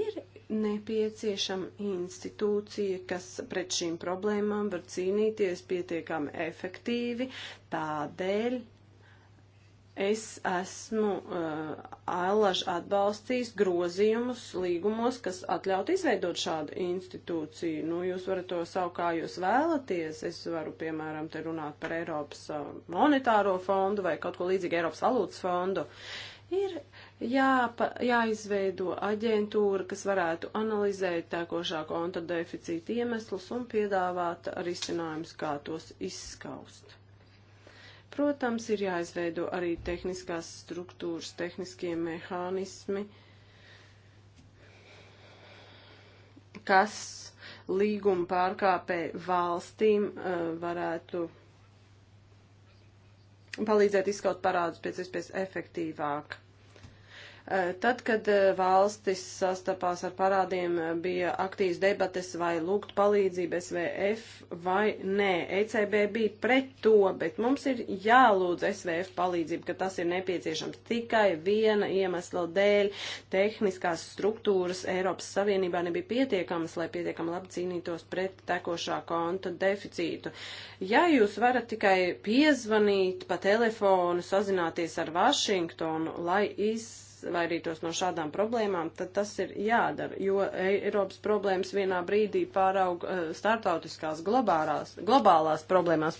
Ir nepieciešama institūcija, kas pret šīm problēmām var cīnīties pietiekami efektīvi, tādēļ es esmu uh, eh, allaž atbalstījis grozījumus līgumos, kas atļaut izveidot šādu institūciju. Nu, jūs varat to savu kā jūs vēlaties. Es varu, piemēram, te runāt par Eiropas eh, monetāro fondu vai kaut ko līdzīgu Eiropas valūtas fondu. Ir jāpa, jāizveido aģentūra, kas varētu analizēt tēkošā konta deficīta iemeslus un piedāvāt risinājumus, kā tos izskaust. Protams, ir jāizveido arī tehniskās struktūras, tehniskie mehānismi, kas līguma pārkāpēju valstīm uh, varētu palīdzēt izskaut parādus pēc iespējas efektīvāk. Tad, kad eh, valstis sastapās ar parādiem, bija aktīvas debates vai lūgt palīdzību SVF vai nē. ECB bija pret to, bet mums ir jālūdz SVF palīdzību, ka tas ir nepieciešams tikai viena iemesla dēļ. Tehniskās struktūras Eiropas Savienībā nebija pietiekamas, lai pietiekami labi cīnītos pret tekošā konta deficītu. Ja jūs varat tikai piezvanīt pa telefonu, sazināties ar Vašingtonu, lai iz izvairītos no šādām problēmām, tad tas ir jādara, jo e- Eiropas problēmas vienā brīdī pāraug e, startautiskās globālās, globālās problēmās.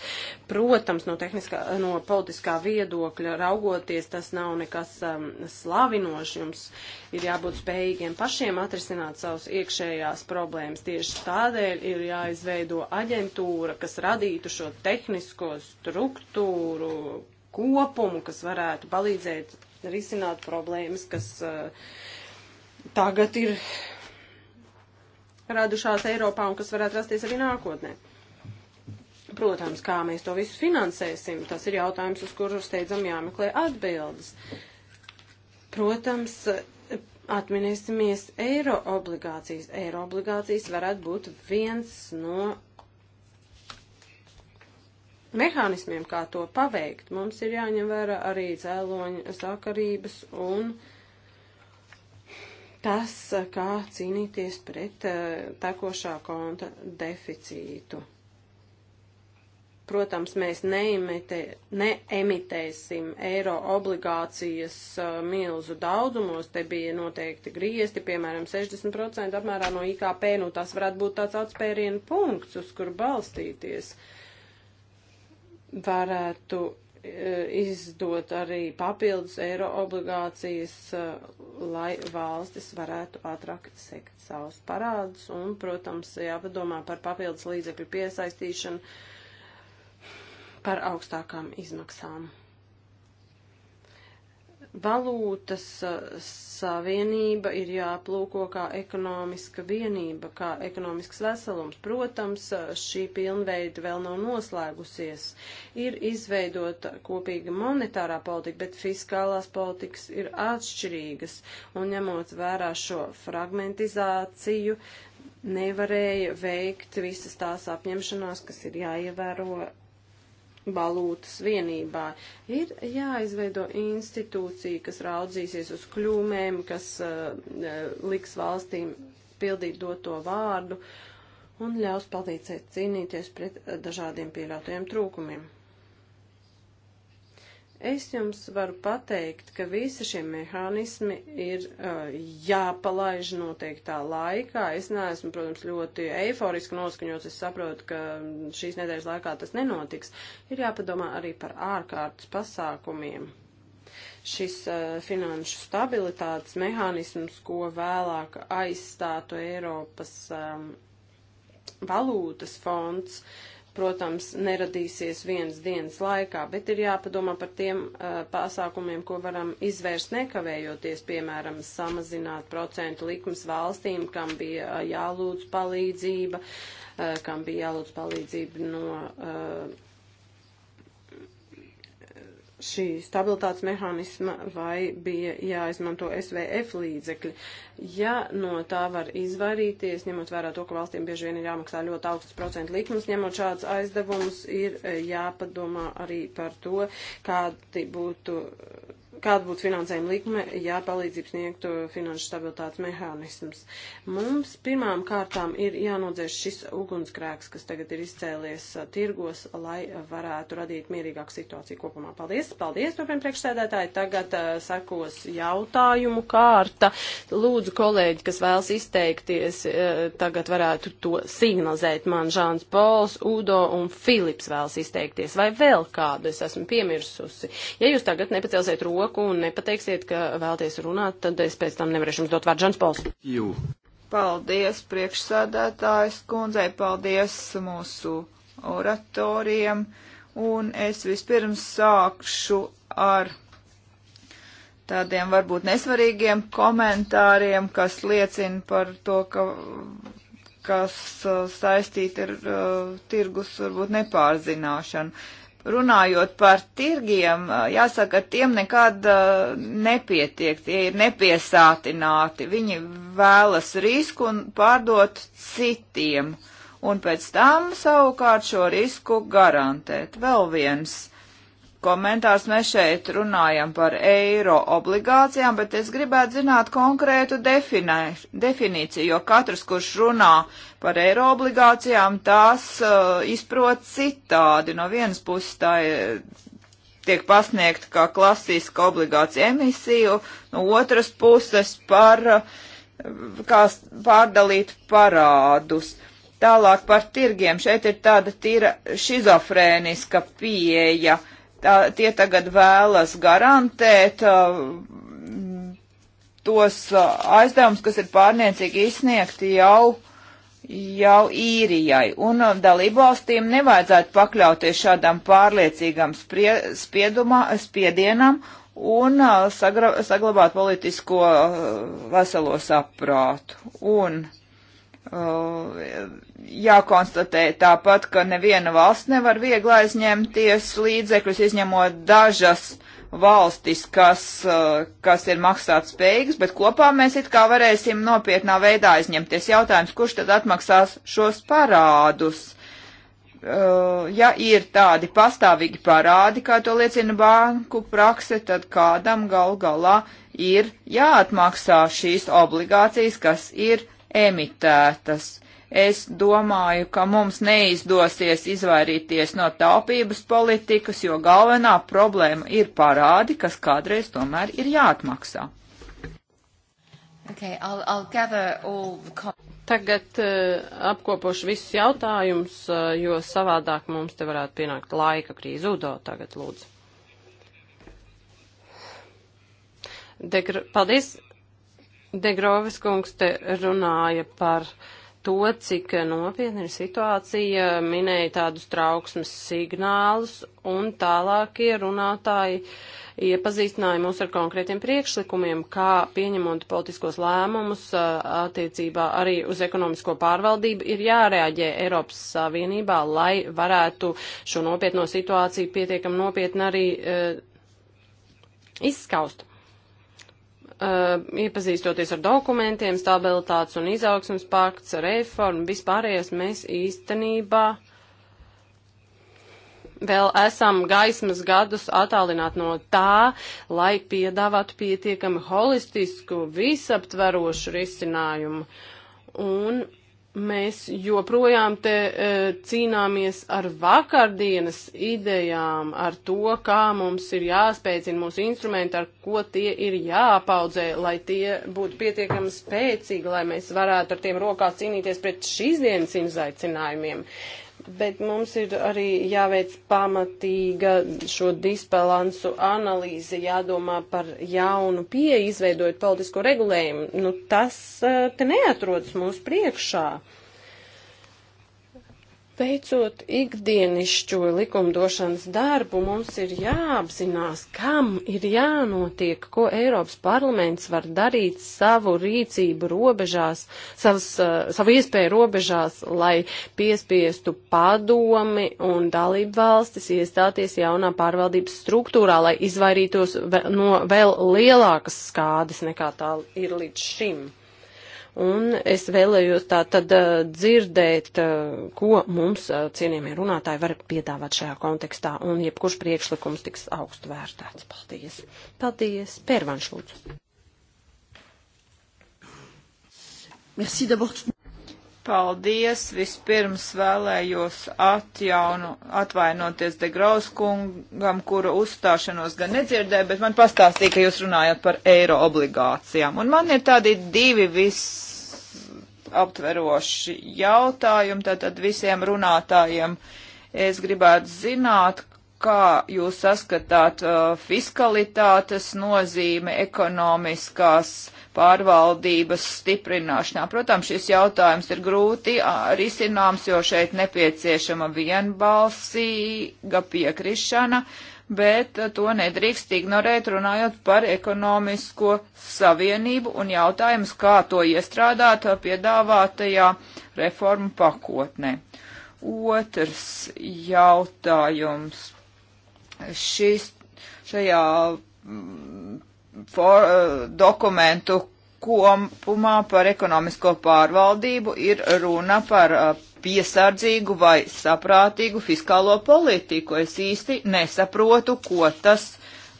Protams, no, tehniskā, no politiskā viedokļa raugoties, tas nav nekas um, slavinošs. Jums ir jābūt spējīgiem pašiem atrisināt savus iekšējās problēmas. Tieši tādēļ ir jāizveido aģentūra, kas radītu šo tehnisko struktūru kopumu, kas varētu palīdzēt risināt problēmas, kas uh, tagad ir radušās Eiropā un kas varētu rasties arī nākotnē. Protams, kā mēs to visu finansēsim, tas ir jautājums, uz kuru steidzam jāmeklē atbildes. Protams, atminēsimies eiro obligācijas. Eiro obligācijas varētu būt viens no mehānismiem, kā to paveikt. Mums ir jāņem vērā arī cēloņa sakarības un tas, kā cīnīties pret eh, tekošā konta deficītu. Protams, mēs neimite, neemitēsim eiro obligācijas eh, milzu daudzumos, te bija noteikti griezti, piemēram, 60% apmērā no IKP, nu tas varētu būt tāds atspērienu punkts, uz kur balstīties. Uh, varētu eh, izdot arī papildus eiro obligācijas, eh, lai valstis varētu ātrāk sekt savus parādus un, protams, jāpadomā par papildus līdzekļu piesaistīšanu par augstākām izmaksām. Valūtas eh, savienība ir jāplūko kā ekonomiska vienība, kā ekonomisks veselums. Protams, eh, šī pilnveida vēl nav noslēgusies. Ir izveidota kopīga monetārā politika, bet fiskālās politikas ir atšķirīgas. Un ņemot vērā šo fragmentizāciju, nevarēja veikt visas tās apņemšanās, kas ir jāievēro valūtas vienībā. Ir jāizveido institūcija, kas raudzīsies uz kļūmēm, kas uh, liks valstīm pildīt doto vārdu un ļaus palīdzēt cīnīties pret eh, dažādiem pieļautajiem trūkumiem. Es jums varu pateikt, ka visi šie mehānismi ir uh, jāpalaiž noteiktā laikā. Es neesmu, protams, ļoti eiforiski noskaņots. Es saprotu, ka šīs nedēļas laikā tas nenotiks. Ir jāpadomā arī par ārkārtas pasākumiem. Šis uh, finanšu stabilitātes mehānisms, ko vēlāk aizstātu Eiropas um, valūtas fonds, uh, protams, neradīsies vienas dienas laikā, bet ir jāpadomā par tiem uh, pasākumiem, ko varam izvērst nekavējoties, piemēram, samazināt procentu likums valstīm, kam bija uh, jālūdz palīdzība, uh, kam bija jālūdz palīdzība no. Uh, šī stabilitātes mehānisma vai bija jāizmanto SVF līdzekļi. Ja no tā var izvairīties, ņemot vērā to, ka valstīm bieži vien ir jāmaksā ļoti augsts procentu likums, ņemot šāds aizdevums, ir jāpadomā arī par to, kādi būtu kāda būtu finansējuma likme, ja palīdzību sniegtu finanšu stabilitātes mehānisms. Mums pirmām kārtām ir jānodzēš šis ugunsgrēks, kas tagad ir izcēlies uh, tirgos, lai varētu radīt mierīgāku situāciju kopumā. Paldies, paldies, turpin priekšsēdētāji. Tagad uh, sekos jautājumu kārta. Lūdzu, kolēģi, kas vēlas izteikties, uh, tagad varētu to signalizēt. Man Žāns Pols, Udo un Filips vēlas izteikties. Vai vēl kādu es esmu piemirsusi? Ja jūs tagad nepacelsiet roku, roku un nepateiksiet, ka vēlties runāt, tad es pēc tam nevarēšu jums dot vārdu Žans Pols. Jū. Paldies priekšsādātājs kundzei, paldies mūsu oratoriem. Un es vispirms sākšu ar tādiem varbūt nesvarīgiem komentāriem, kas liecina par to, ka, kas uh, saistīti ar uh, tirgus varbūt nepārzināšanu. Uh, runājot par tirgiem, jāsaka, tiem nekad nepietiek, tie ir nepiesātināti, viņi vēlas risku un pārdot citiem, un pēc tam savukārt šo risku garantēt. Vēl viens komentārs. Mēs šeit runājam par eiro obligācijām, bet es gribētu zināt konkrētu definē, definīciju, jo katrs, kurš runā par eiro obligācijām, tās uh, izprot citādi. No vienas puses tā ir eh, tiek pasniegta kā klasiska obligācija emisija, no otras puses par, eh, kā pārdalīt parādus. Tālāk par tirgiem. Šeit ir tāda tīra šizofrēniska pieeja. Uh, tā, tie tagad vēlas garantēt uh, tos uh, aizdevumus, kas ir pārniecīgi izsniegti jau, jau īrijai. Un uh, dalībvalstīm nevajadzētu pakļauties šādam pārliecīgam sprie, spiedumā, spiedienam un uh, sagra, saglabāt politisko uh, veselo saprātu. Un, uh, Uh, jākonstatē tāpat, ka neviena valsts nevar viegli aizņemties līdzekļus, izņemot dažas valstis, kas, uh, kas ir maksāt spējīgas, bet kopā mēs it kā varēsim nopietnā veidā aizņemties. Jautājums, kurš tad atmaksās šos parādus? Uh, ja ir tādi pastāvīgi parādi, kā to liecina banku prakse, tad kādam gal galā ir jāatmaksā šīs obligācijas, kas ir emitētas. Es domāju, ka mums neizdosies izvairīties no taupības politikas, jo galvenā problēma ir parādi, kas kādreiz tomēr ir jāatmaksā. Okay, I'll, I'll gather all the Tagad uh, apkopošu visus jautājumus, uh, jo savādāk mums te varētu pienākt laika krīze. Udo, tagad lūdzu. Degr paldies. Degrovis kungs te runāja par to, cik nopietna ir situācija, minēja tādus trauksmes signālus, un tālākie runātāji iepazīstināja mūs ar konkrētiem priekšlikumiem, kā pieņemot politiskos lēmumus attiecībā arī uz ekonomisko pārvaldību ir jārēģē Eiropas Savienībā, lai varētu šo nopietno situāciju pietiekam nopietni arī e, izskaust. Uh, iepazīstoties ar dokumentiem, stabilitātes un izaugsmas pakts, reformu, vispārējais mēs īstenībā vēl esam gaismas gadus attālināt no tā, lai piedāvātu pietiekami holistisku, visaptverošu risinājumu. Un mēs joprojām te e, cīnāmies ar vakardienas idejām, ar to, kā mums ir jāspēcina mūsu instrumenti, ar ko tie ir jāpaudzē, lai tie būtu pietiekami spēcīgi, lai mēs varētu ar tiem rokā cīnīties pret šīs dienas izaicinājumiem bet mums ir arī jāveic pamatīga šo disbalansu analīze, jādomā par jaunu pieeju, izveidojot politisko regulējumu. Nu, tas eh, te neatrodas mūsu priekšā. Uh, Veicot ikdienišķo likumdošanas darbu, mums ir jāapzinās, kam ir jānotiek, ko Eiropas parlaments var darīt savu rīcību robežās, savas, eh, savu iespēju robežās, lai piespiestu padomi un dalību valstis iestāties jaunā pārvaldības struktūrā, lai izvairītos no vēl lielākas skādes nekā tā ir līdz šim. Un es vēlējos tā tad dzirdēt, ko mums cienījamie runātāji var piedāvāt šajā kontekstā, un jebkurš priekšlikums tiks augstu vērtēts. Paldies! Paldies! Pērvanš lūdzu! Merci d'abord. Paldies! Vispirms vēlējos atjaunu, atvainoties Degraus kungam, kuru uzstāšanos gan nedzirdēju, bet man pastāstīja, ka jūs runājat par eiro obligācijām. Un man ir tādi divi visaptveroši jautājumi, tātad visiem runātājiem. Es gribētu zināt, kā jūs saskatāt uh, fiskalitātes nozīme ekonomiskās pārvaldības stiprināšanā. Protams, šis jautājums ir grūti risināms, jo šeit nepieciešama vienbalsīga piekrišana, bet uh, to nedrīkst ignorēt runājot par ekonomisko savienību un jautājums, kā to iestrādāt uh, piedāvātajā reformu pakotnē. Otrs jautājums šis, šajā mm, for, dokumentu kopumā par ekonomisko pārvaldību ir runa par uh, piesardzīgu vai saprātīgu fiskālo politiku. Es īsti nesaprotu, ko tas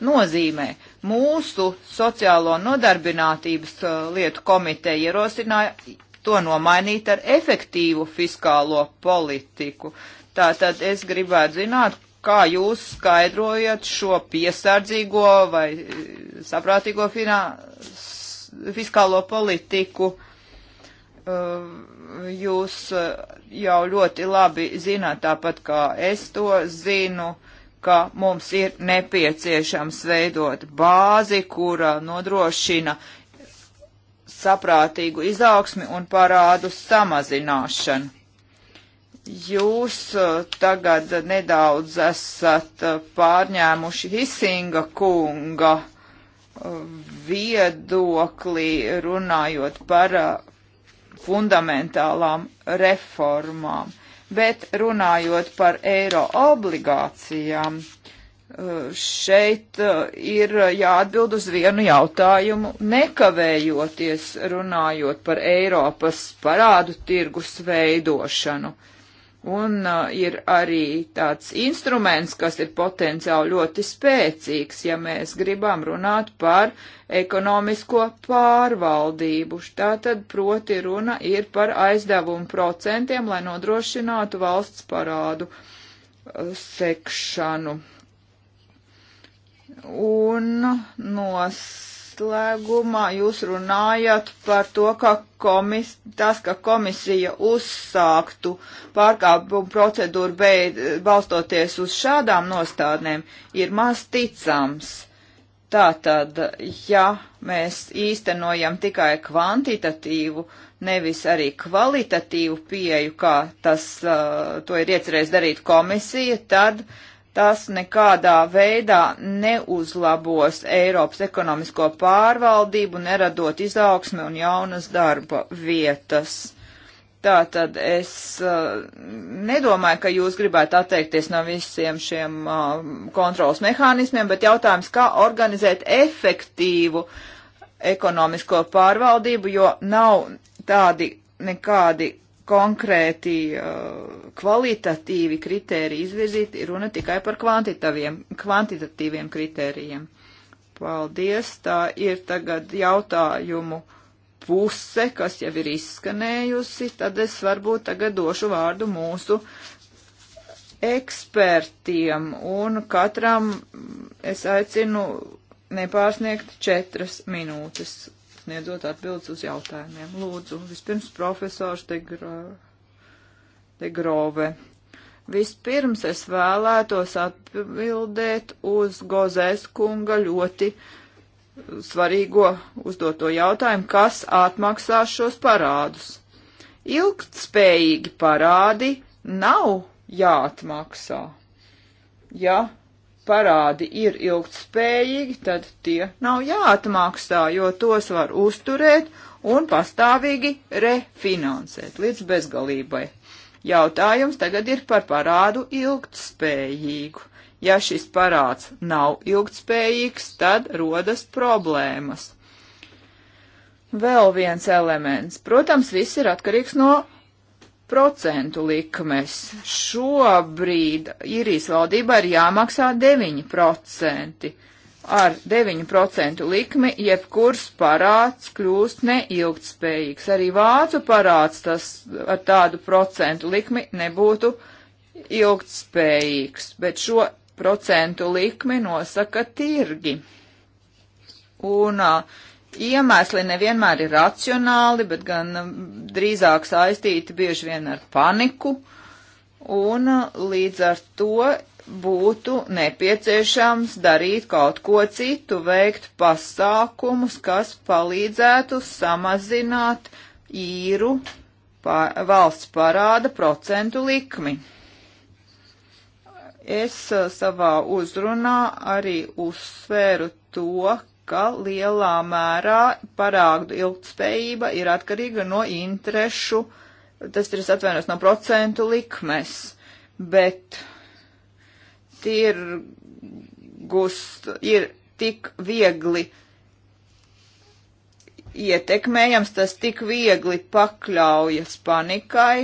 nozīmē. Mūsu sociālo nodarbinātības uh, lietu komiteja ierosināja to nomainīt ar efektīvu fiskālo politiku. Tātad es gribētu zināt, kā jūs skaidrojat šo piesardzīgo vai eh, saprātīgo finans, fiskālo politiku? Eh, jūs eh, jau ļoti labi zināt, tāpat kā es to zinu, ka mums ir nepieciešams veidot bāzi, kura nodrošina saprātīgu izaugsmi un parādu samazināšanu Jūs eh, tagad nedaudz esat eh, pārņēmuši Hisinga kunga eh, viedokli runājot par fundamentālām reformām, bet runājot par eiro obligācijām, šeit ir jāatbild uz vienu jautājumu, nekavējoties runājot par Eiropas parādu tirgus veidošanu. Uh, Un uh, ir arī tāds instruments, kas ir potenciāli ļoti spēcīgs, ja mēs gribam runāt par ekonomisko pārvaldību. Tātad proti runa ir par aizdevumu procentiem, lai nodrošinātu valsts parādu uh, sekšanu. Un nos noslēgumā jūs runājat par to, ka komis, tas, ka komisija uzsāktu pārkāpumu procedūru beid, balstoties uz šādām nostādnēm, ir maz ticams. Tātad, ja mēs īstenojam tikai kvantitatīvu, nevis arī kvalitatīvu pieju, kā tas, uh, to ir iecerējis darīt komisija, tad uh, tas nekādā veidā neuzlabos Eiropas ekonomisko pārvaldību, neradot izaugsmi un jaunas darba vietas. Tātad es uh, nedomāju, ka jūs gribētu atteikties no visiem šiem uh, eh, kontrols mehānismiem, bet jautājums, kā organizēt efektīvu ekonomisko pārvaldību, jo nav tādi nekādi konkrēti uh, kvalitatīvi kritēriji izvirzīti, runa tikai par kvantitatīviem kritērijiem. Paldies, tā ir tagad jautājumu puse, kas jau ir izskanējusi, tad es varbūt tagad došu vārdu mūsu ekspertiem, un katram es aicinu nepārsniegt četras minūtes sniedzot atbildes uz jautājumiem. Lūdzu, vispirms profesors Degrove. De vispirms es vēlētos atbildēt uz Gozēs kunga ļoti svarīgo uzdoto jautājumu, kas atmaksās šos parādus. Ilgtspējīgi parādi nav jāatmaksā. Ja parādi ir ilgtspējīgi, tad tie nav jāatmaksā, jo tos var uzturēt un pastāvīgi refinansēt līdz bezgalībai. Jautājums tagad ir par parādu ilgtspējīgu. Ja šis parāds nav ilgtspējīgs, tad rodas problēmas. Vēl viens elements. Protams, viss ir atkarīgs no procentu likmes. Šobrīd īrijas valdība ir jāmaksā 9%. Ar 9% likmi jebkurs parāds kļūst neilgtspējīgs. Arī vācu parāds tas ar tādu procentu likmi nebūtu ilgtspējīgs, bet šo procentu likmi nosaka tirgi. Un uh, iemesli nevienmēr ir racionāli, bet gan um, drīzāk saistīti bieži vien ar paniku, un uh, līdz ar to būtu nepieciešams darīt kaut ko citu, veikt pasākumus, kas palīdzētu samazināt īru pa valsts parāda procentu likmi. Es uh, savā uzrunā arī uzsvēru to, ka lielā mērā parādu ilgtspējība ir atkarīga no interešu, tas ir atvainojos no procentu likmes, bet tirgus ir tik viegli ietekmējams, tas tik viegli pakļaujas panikai,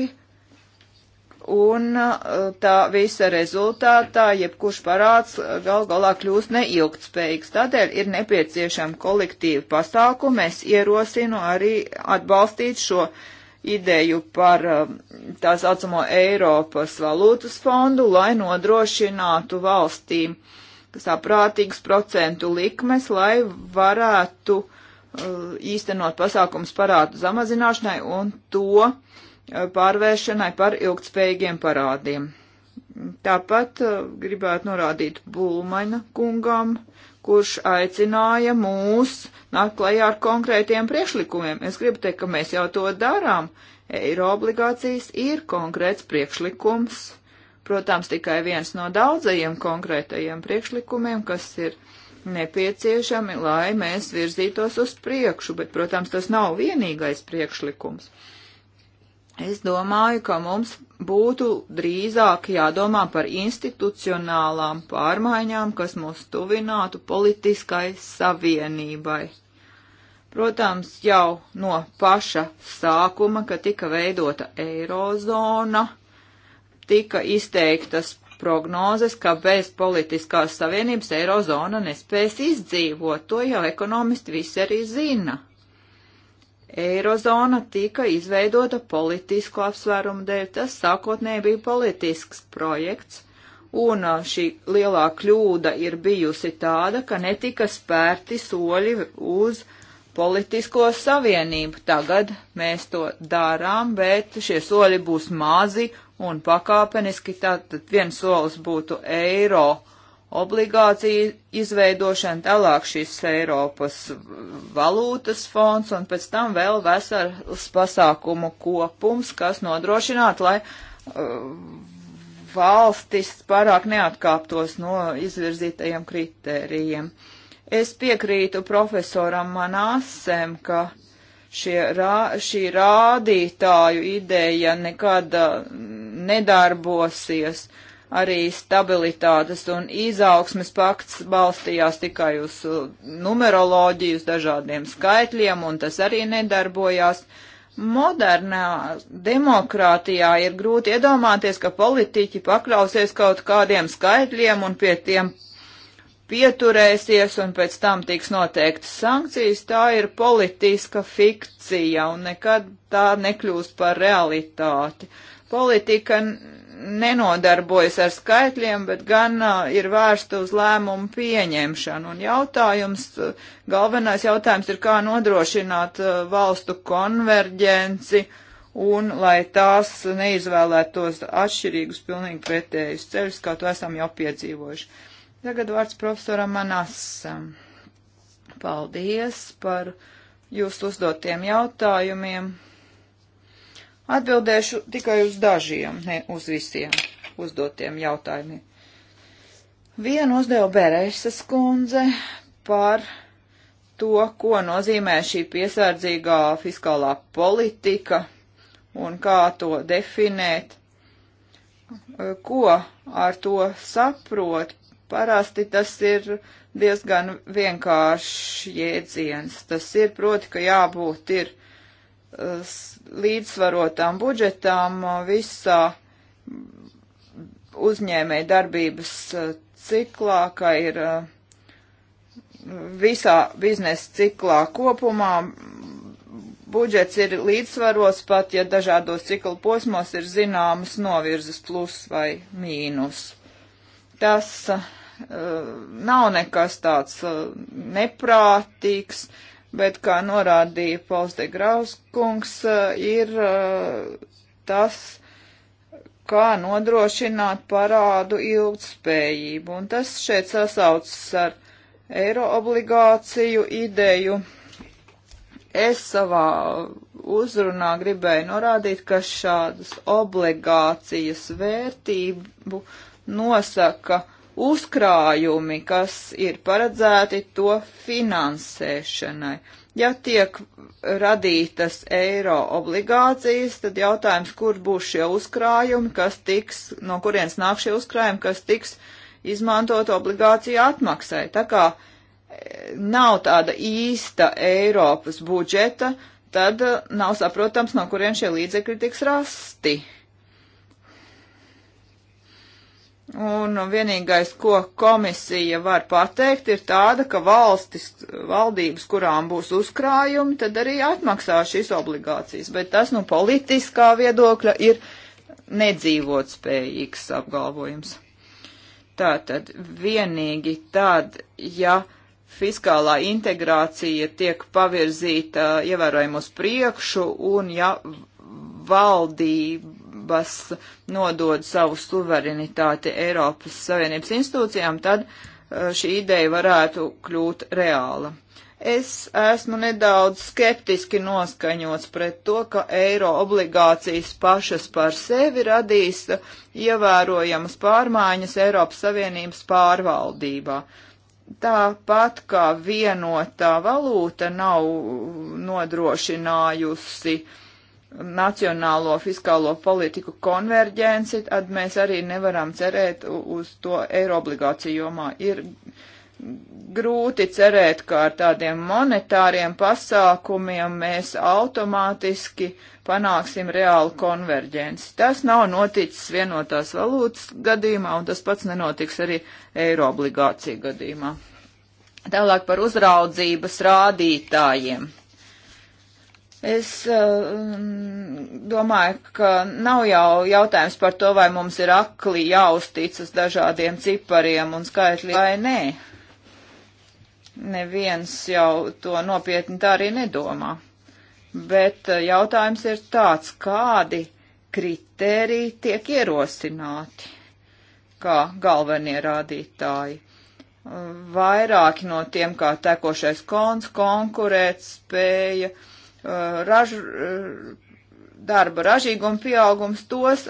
un uh, tā visa rezultātā jebkurš parāds uh, gal galā kļūst neilgtspējīgs. Tādēļ ir nepieciešama kolektīva pasākuma. Es ierosinu arī atbalstīt šo ideju par um, tā saucamo Eiropas valūtas fondu, lai nodrošinātu valstīm saprātīgas procentu likmes, lai varētu uh, īstenot pasākums parādu samazināšanai un to uh, Eh, pārvēršanai par ilgtspējīgiem parādiem. Tāpat eh, gribētu norādīt Bulmaina kungam, kurš aicināja mūs nākt klajā ar konkrētiem priekšlikumiem. Es gribu teikt, ka mēs jau to darām. Eiro obligācijas ir konkrēts priekšlikums, protams, tikai viens no daudzajiem konkrētajiem priekšlikumiem, kas ir nepieciešami, lai mēs virzītos uz priekšu, bet, protams, tas nav vienīgais priekšlikums. Uh, Es domāju, ka mums būtu drīzāk jādomā par institucionālām pārmaiņām, kas mūs tuvinātu politiskai savienībai. Protams, jau no paša sākuma, kad tika veidota eirozona, tika izteiktas prognozes, ka bez politiskās savienības eirozona nespēs izdzīvot. To jau ekonomisti visi arī zina. Eirozona tika izveidota politisku apsvērumu dēļ. Tas sākotnēji bija politisks projekts, un uh, šī lielā kļūda ir bijusi tāda, ka netika spērti soļi uz politisko savienību. Tagad mēs to darām, bet šie soļi būs mazi un pakāpeniski. Tātad viens solis būtu eiro obligāciju izveidošana, tālāk šis Eiropas valūtas fonds un pēc tam vēl vesels pasākumu kopums, kas nodrošinātu, lai uh, valstis pārāk neatkāptos no izvirzītajiem kritērijiem. Es piekrītu profesoram Manasem, ka šie, rā, šī rādītāju ideja nekad uh, nedarbosies. Uh, Arī stabilitātes un izaugsmes pakts balstījās tikai uz uh, numeroloģiju, uz dažādiem skaitļiem, un tas arī nedarbojās. Modernā demokrātijā ir grūti iedomāties, ka politiķi paklausies kaut kādiem skaitļiem un pie tiem pieturēsies un pēc tam tiks noteiktas sankcijas, tā ir politiska fikcija un nekad tā nekļūst par realitāti. Politika nenodarbojas ar skaitļiem, bet gan uh, ir vērsta uz lēmumu pieņemšanu. Un jautājums, galvenais jautājums ir, kā nodrošināt uh, valstu konverģenci un lai tās neizvēlētos atšķirīgus, pilnīgi pretējus ceļus, kā to esam jau piedzīvojuši. Tagad vārds profesoram Manasam. Paldies par jūsu uzdotiem jautājumiem. Atbildēšu tikai uz dažiem, ne uz visiem uzdotiem jautājumiem. Vienu uzdeva Bereisas kundze par to, ko nozīmē šī piesardzīgā fiskālā politika un kā to definēt, ko ar to saprot. Parasti tas ir diezgan vienkāršs jēdziens. Tas ir proti, ka jābūt ir līdzsvarotām budžetām visā uzņēmēja darbības eh, ciklā, kā ir eh, visā biznesa ciklā kopumā. Budžets ir līdzsvaros, pat ja dažādos cikla posmos ir zināmas novirzes plus vai mīnus. Tas uh, nav nekas tāds uh, neprātīgs. Uh, bet, kā norādīja Pauls de Grauskungs, eh, ir eh, tas, kā nodrošināt parādu ilgtspējību. Un tas šeit sasaucas ar eiro obligāciju ideju. Es savā uzrunā gribēju norādīt, ka šādas obligācijas vērtību nosaka uh, uzkrājumi, kas ir paredzēti to finansēšanai. Ja tiek radītas eiro obligācijas, tad jautājums, kur būs šie uzkrājumi, kas tiks, no kurienes nāk šie uzkrājumi, kas tiks izmantot obligāciju atmaksai. Tā kā e, nav tāda īsta Eiropas budžeta, tad e, nav saprotams, no kurien šie līdzekļi tiks rasti. Un vienīgais, ko komisija var pateikt, ir tāda, ka valstis, valdības, kurām būs uzkrājumi, tad arī atmaksā šīs obligācijas. Bet tas no nu, politiskā viedokļa ir nedzīvot spējīgs apgalvojums. Tātad vienīgi tad, ja fiskālā integrācija tiek pavirzīta ievērojami uz priekšu un ja valdība abas nodod savu suverenitāti Eiropas Savienības institūcijām, tad eh, šī ideja varētu kļūt reāla. Es esmu nedaudz skeptiski noskaņots pret to, ka eiro obligācijas pašas par sevi radīs ievērojamas pārmaiņas Eiropas Savienības pārvaldībā tāpat kā vienotā valūta nav nodrošinājusi uh, nacionālo fiskālo politiku konverģenci, tad mēs arī nevaram cerēt uz to eirobligāciju jomā. Ir grūti cerēt, ka ar tādiem monetāriem pasākumiem mēs automātiski panāksim reālu konverģenci. Tas nav noticis vienotās valūtas gadījumā, un tas pats nenotiks arī eirobligāciju gadījumā. Tālāk par uzraudzības rādītājiem. Es um, domāju, ka nav jau jautājums par to, vai mums ir akli jāuzticas dažādiem cipariem un skaitļiem vai nē. Neviens jau to nopietni tā arī nedomā. Bet eh, jautājums ir tāds, kādi kriteriji tiek ierosināti kā galvenie rādītāji vairāki no tiem, kā tekošais kons, konkurēt spēja, ražu, darba ražīguma pieaugums, tos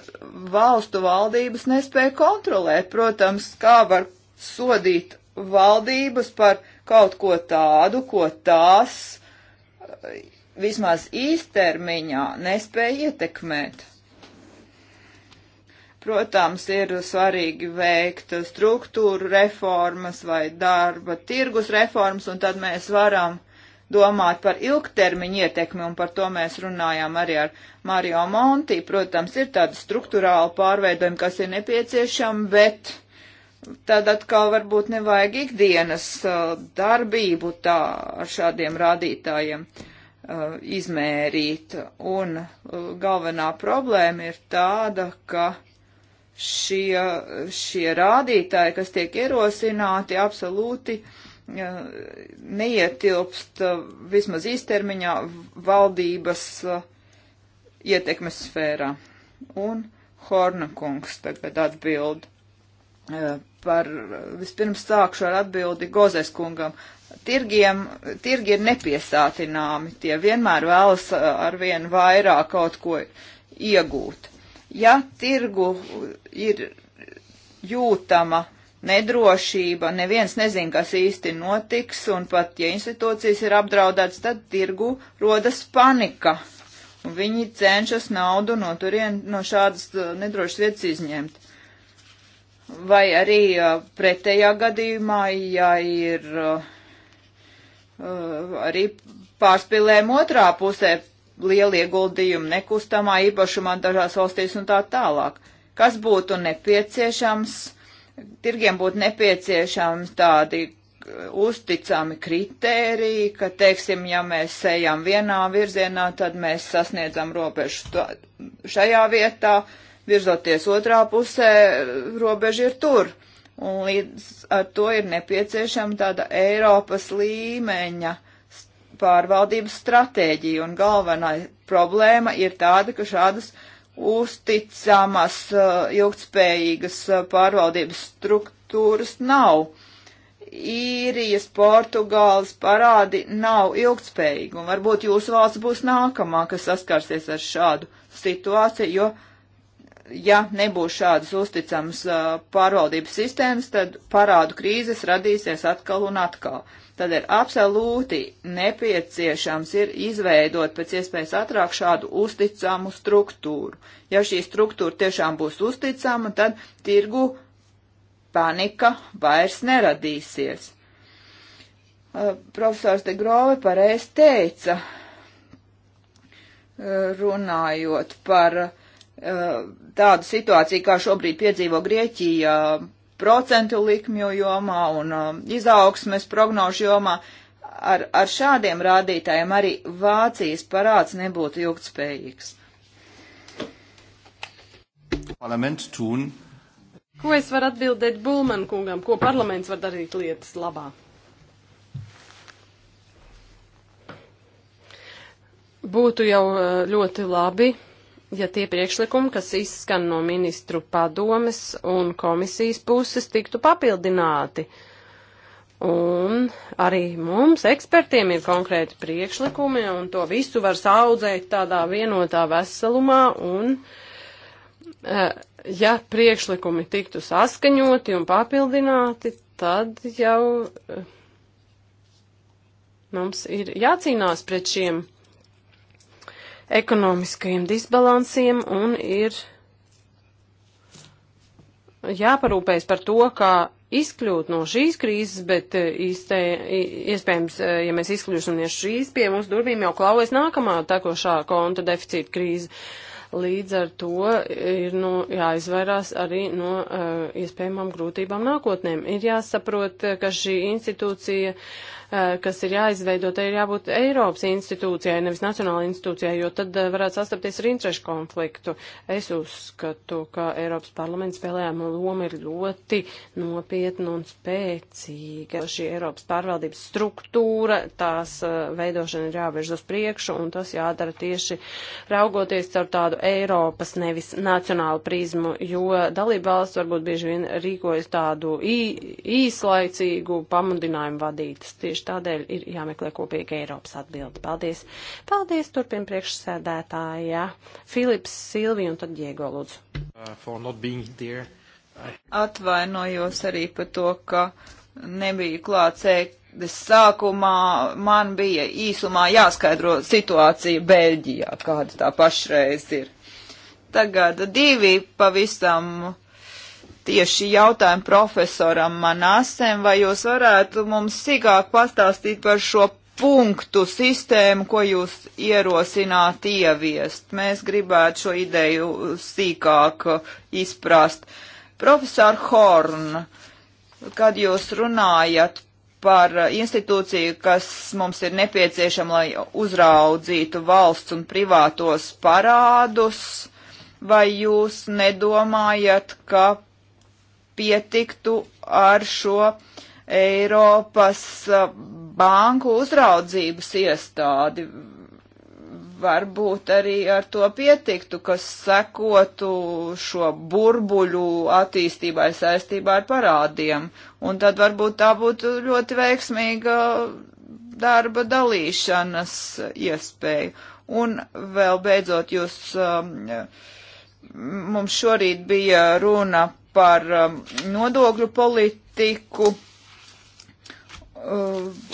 valstu valdības nespēja kontrolēt. Protams, kā var sodīt valdības par kaut ko tādu, ko tās e, vismaz īstermiņā nespēja ietekmēt. Protams, ir svarīgi veikt struktūru reformas vai darba tirgus reformas, un tad mēs varam domāt par ilgtermiņu ietekmi, un par to mēs runājām arī ar Mario Monti. Protams, ir tādi struktūrāli pārveidojumi, kas ir nepieciešami, bet tad atkal varbūt nevajag ikdienas uh, darbību tā ar šādiem rādītājiem uh, izmērīt. Un uh, galvenā problēma ir tāda, ka šie, šie rādītāji, kas tiek ierosināti, absolūti uh, neietilpst uh, vismaz īstermiņā valdības uh, ietekmes sfērā. Un Horna kungs tagad atbild uh, par, vispirms sākšu ar atbildi Gozes kungam. Tirgiem, tirgi ir nepiesātināmi, tie vienmēr vēlas ar vienu vairāk kaut ko iegūt. Ja tirgu ir jūtama nedrošība, neviens nezin, kas īsti notiks, un pat ja institūcijas ir apdraudētas, tad tirgu rodas panika. Un viņi cenšas naudu no turien, no šādas uh, nedrošas vietas izņemt. Vai arī uh, pretējā gadījumā, ja ir uh, uh arī pārspīlēm otrā pusē liela ieguldījuma nekustamā īpašumā dažās valstīs un tā tālāk. Kas būtu nepieciešams? tirgiem būtu nepieciešams tādi uzticami kritēriji, ka, teiksim, ja mēs ejam vienā virzienā, tad mēs sasniedzam robežu šajā vietā, virzoties otrā pusē, robeža ir tur. Un līdz ar to ir nepieciešama tāda Eiropas līmeņa pārvaldības stratēģija, un galvenā problēma ir tāda, ka šādas uh, uzticamas eh, ilgtspējīgas eh, pārvaldības struktūras nav. Īrijas, Portugāles parādi nav ilgtspējīgi, un varbūt jūsu valsts būs nākamā, kas saskarsies ar šādu situāciju, jo ja nebūs šādas uzticamas uh, pārvaldības sistēmas, tad parādu krīzes radīsies atkal un atkal tad ir absolūti nepieciešams ir izveidot pēc iespējas ātrāk šādu uzticamu struktūru. Ja šī struktūra tiešām būs uzticama, tad tirgu panika vairs neradīsies. Uh, profesors de Grove pareiz teica, runājot par uh, tādu situāciju, kā šobrīd piedzīvo Grieķija procentu likmju jomā un um, izaugsmes prognožu jomā. Ar, ar šādiem rādītājiem arī Vācijas parāds nebūtu ilgtspējīgs. Parlaments tun. Ko es varu atbildēt Bulman kungam, ko parlaments var darīt lietas labā? Būtu jau uh, ļoti labi, ja tie priekšlikumi, kas izskan no ministru padomes un komisijas puses, tiktu papildināti. Un arī mums, ekspertiem, ir konkrēti priekšlikumi, un to visu var saudzēt tādā vienotā veselumā un eh, ja priekšlikumi tiktu saskaņoti un papildināti, tad jau eh, mums ir jācīnās pret šiem ekonomiskajiem disbalansiem un ir jāparūpējas par to, kā izkļūt no šīs krīzes, bet eh, īstē, iespējams, eh, ja mēs izkļūsimies šīs, pie mums durvīm jau klaujas nākamā tekošā konta deficīta krīze. Līdz ar to ir nu, jāizvairās arī no uh, iespējamām grūtībām nākotnēm. Ir jāsaprot, ka šī institūcija uh, Eh, kas ir jāizveido, tai ir jābūt Eiropas institūcijai, nevis Nacionāla institūcijai, jo tad eh, varētu sastapties ar interešu konfliktu. Es uzskatu, ka Eiropas parlaments spēlējama loma ir ļoti nopietna un spēcīga. Šī Eiropas pārvaldības struktūra, tās eh, veidošana ir jāvirz uz priekšu, un tas jādara tieši raugoties caur tādu Eiropas, nevis nacionālu prizmu, jo dalībvalsts varbūt bieži vien rīkojas tādu īslaicīgu pamudinājumu vadītas. Tieši Tieši tādēļ ir jāmeklē kopīga Eiropas atbilde. Paldies! Paldies! Turpin priekšsēdētāja Filips Silvi un tad Diego Lūdzu. Uh, Atvainojos arī par to, ka nebija klātsēdes sākumā. Man bija īsumā jāskaidro situācija Beļģijā, kāda tā pašreiz ir. Tagad divi pavisam tieši jautājumu profesoram Manasem, vai jūs varētu mums sīkāk pastāstīt par šo punktu sistēmu, ko jūs ierosināt ieviest. Mēs gribētu šo ideju sīkāk izprast. Profesor Horn, kad jūs runājat par institūciju, kas mums ir nepieciešama, lai uzraudzītu valsts un privātos parādus, vai jūs nedomājat, ka pietiktu ar šo Eiropas uh, banku uzraudzības iestādi. Varbūt arī ar to pietiktu, kas sekotu šo burbuļu attīstībai saistībā ar parādiem. Un tad varbūt tā būtu ļoti veiksmīga darba dalīšanas iespēja. Un vēl beidzot, jūs, um, mums šorīt bija runa par um, nodokļu politiku, uh,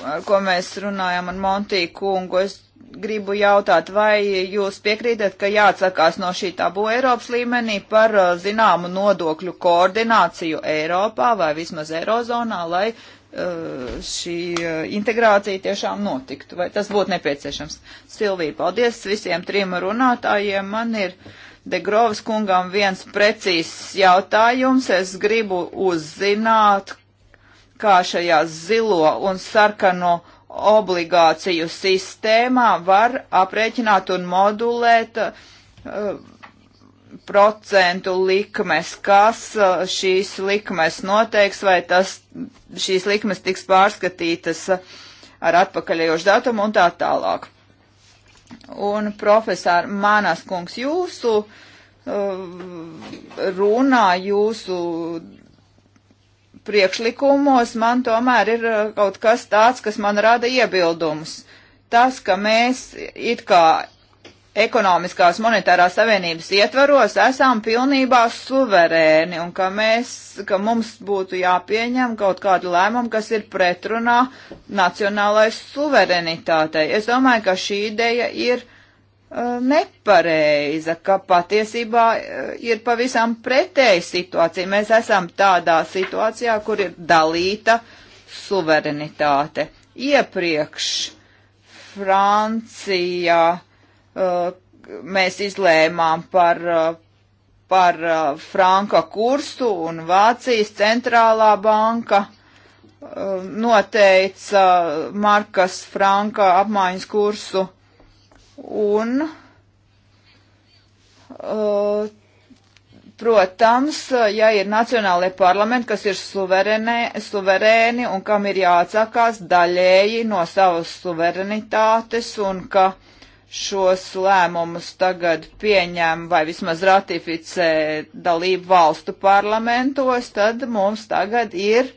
ar ko mēs runājam ar Montī kungu. Es gribu jautāt, vai jūs piekrītat, ka jāatsakās no šī tabu Eiropas līmenī par uh, zināmu nodokļu koordināciju Eiropā vai vismaz Eirozonā, lai uh, šī uh, integrācija tiešām notiktu, vai tas būtu nepieciešams. Silvija, paldies visiem trim runātājiem. Man ir uh, Degrovas kungam viens precīzs jautājums. Es gribu uzzināt, kā šajā zilo un sarkano obligāciju sistēmā var aprēķināt un modulēt uh, procentu likmes, kas uh, šīs likmes noteiks, vai tas, šīs likmes tiks pārskatītas uh, ar atpakaļējošu datumu un tā tālāk. Un profesāri Mānās kungs, jūsu uh, runā, jūsu priekšlikumos man tomēr ir uh, kaut kas tāds, kas man rada iebildumus. Tas, ka mēs it kā ekonomiskās monetārās savienības ietvaros esam pilnībā suverēni un ka, mēs, ka mums būtu jāpieņem kaut kādu lēmumu, kas ir pretrunā nacionālai suverenitātei. Es domāju, ka šī ideja ir uh, nepareiza, ka patiesībā uh, ir pavisam pretēja situācija. Mēs esam tādā situācijā, kur ir dalīta suverenitāte. Iepriekš Francijā mēs izlēmām par, par franka kursu un Vācijas centrālā banka noteica markas franka apmaiņas kursu un, protams, ja ir nacionālajie parlamenti, kas ir suverēni, suverēni un kam ir jāatsakās daļēji no savas suverenitātes un ka uh, šos lēmumus tagad pieņem vai vismaz ratificē dalību valstu parlamentos, tad mums tagad ir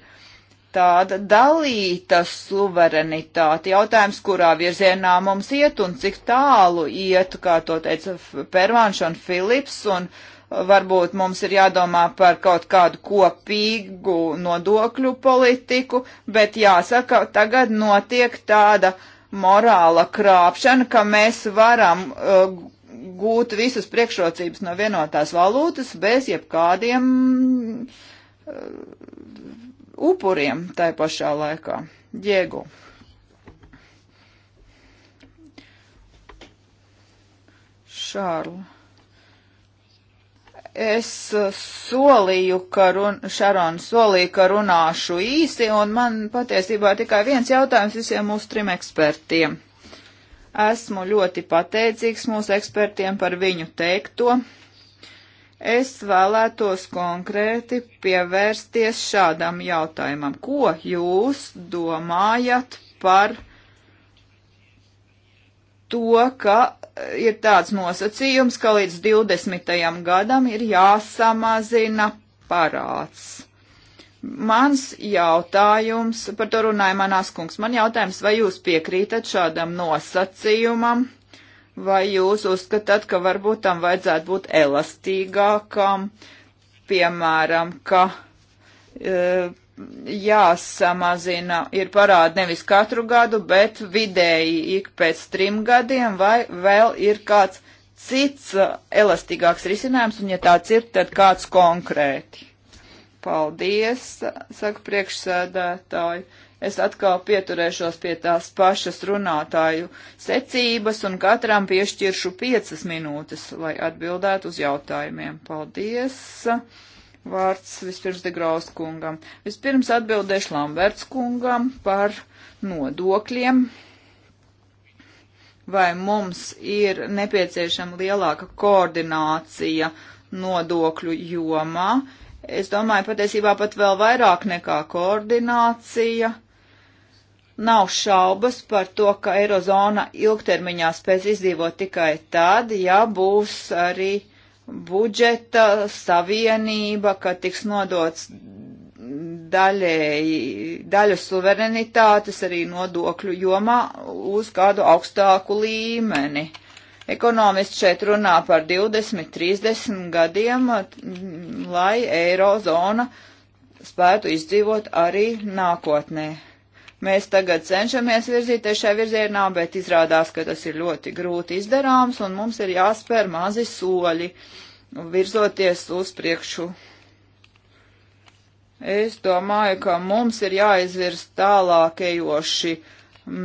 tāda dalīta suverenitāte. Jautājums, kurā virzienā mums iet un cik tālu iet, kā to teica Pervāns un Filips, un varbūt mums ir jādomā par kaut kādu kopīgu nodokļu politiku, bet jāsaka, tagad notiek tāda uh, morāla krāpšana, ka mēs varam uh, gūt visas priekšrocības no vienotās valūtas bez jebkādiem uh, upuriem tai pašā laikā. Diegu. Šārlu. Es uh, solīju, ka run, Šarona solīja, ka runāšu īsi, un man patiesībā ir tikai viens jautājums visiem mūsu trim ekspertiem. Esmu ļoti pateicīgs mūsu ekspertiem par viņu teikto. Es vēlētos konkrēti pievērsties šādam jautājumam. Ko jūs domājat par to, ka ir tāds nosacījums, ka līdz 20. gadam ir jāsamazina parāds. Mans jautājums, par to runāja manās kungs, man jautājums, vai jūs piekrītat šādam nosacījumam, vai jūs uzskatāt, ka varbūt tam vajadzētu būt elastīgākam, piemēram, ka. Uh, e, jāsamazina ir parādi nevis katru gadu, bet vidēji ik pēc trim gadiem, vai vēl ir kāds cits uh, elastīgāks risinājums, un ja tāds ir, tad kāds konkrēti. Paldies, saka priekšsēdētāji. Es atkal pieturēšos pie tās pašas runātāju secības un katram piešķiršu piecas minūtes, lai atbildētu uz jautājumiem. Paldies! Vārds vispirms Degraus kungam. Vispirms atbildēšu Lamberts kungam par nodokļiem. Vai mums ir nepieciešama lielāka koordinācija nodokļu jomā? Es domāju, patiesībā pat vēl vairāk nekā koordinācija. Nav šaubas par to, ka Eirozona ilgtermiņā spēs izdzīvot tikai tad, ja būs arī uh, budžeta savienība, ka tiks nodots daļēji, daļu suverenitātes arī nodokļu jomā uz kādu augstāku līmeni. Ekonomists šeit runā par 20, 30 gadiem, lai eirozona spētu izdzīvot arī nākotnē. Mēs tagad cenšamies virzīties šajā virzienā, bet izrādās, ka tas ir ļoti grūti izdarāms un mums ir jāspēr mazi soļi virzoties uz priekšu. Es domāju, ka mums ir jāizvirs tālākajoši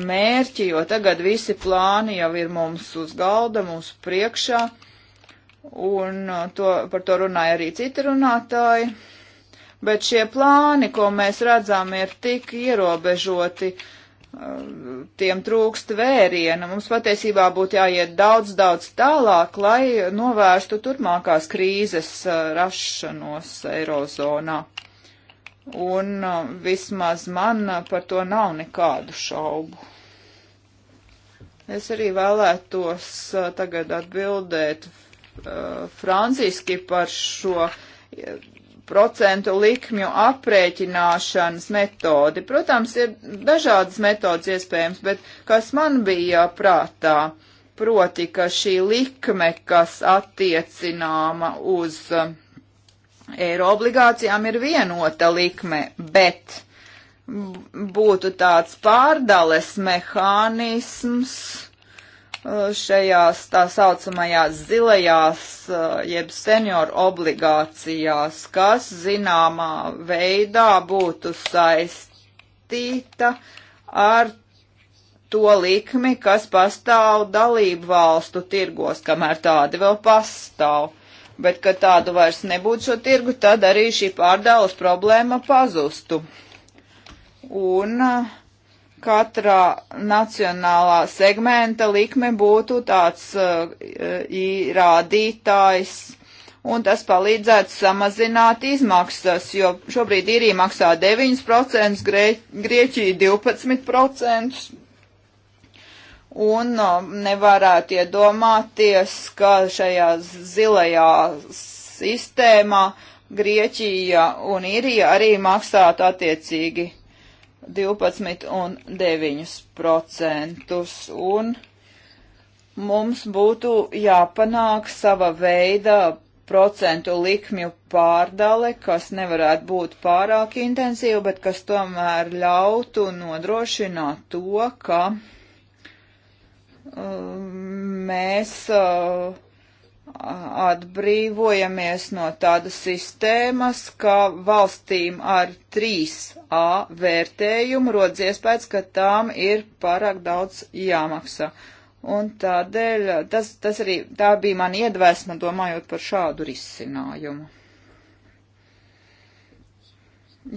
mērķi, jo tagad visi plāni jau ir mums uz galda, mums priekšā, un to, par to runāja arī citi runātāji bet šie plāni, ko mēs redzam, ir tik ierobežoti, tiem trūkst vēriena. Mums patiesībā būtu jāiet daudz, daudz tālāk, lai novērstu turpmākās krīzes uh, rašanos Eirozonā. Un uh, vismaz man uh, par to nav nekādu šaubu. Es arī vēlētos tagad atbildēt uh, franciski par šo procentu likmju aprēķināšanas metodi. Protams, ir dažādas metodas iespējams, bet kas man bija prātā, proti, ka šī likme, kas attiecināma uz uh, eiro obligācijām, ir vienota likme, bet būtu tāds pārdales mehānisms, Uh, šajās tā saucamajās zilajās, uh, jeb senioru obligācijās, kas zināmā veidā būtu saistīta ar to likmi, kas pastāv dalību valstu tirgos, kamēr tādi vēl pastāv. Bet, kad tādu vairs nebūtu šo tirgu, tad arī šī pārdevus problēma pazustu. Un uh, katrā nacionālā segmenta likme būtu tāds uh, rādītājs, un tas palīdzētu samazināt izmaksas, jo šobrīd īrija maksā 9%, Grē, Grieķija 12%. Un uh, nevarētu iedomāties, ka šajā zilajā sistēmā Grieķija un Irija arī maksātu attiecīgi 12 un 9 procentus, un mums būtu jāpanāk sava veida procentu likmju pārdale, kas nevarētu būt pārāk intensīva, bet kas tomēr ļautu nodrošināt to, ka uh, mēs uh, atbrīvojamies no tādas sistēmas, ka valstīm ar 3A vērtējumu rodas iespējas, ka tām ir pārāk daudz jāmaksā. Un tādēļ tas, tas arī tā bija man iedvesma domājot par šādu risinājumu.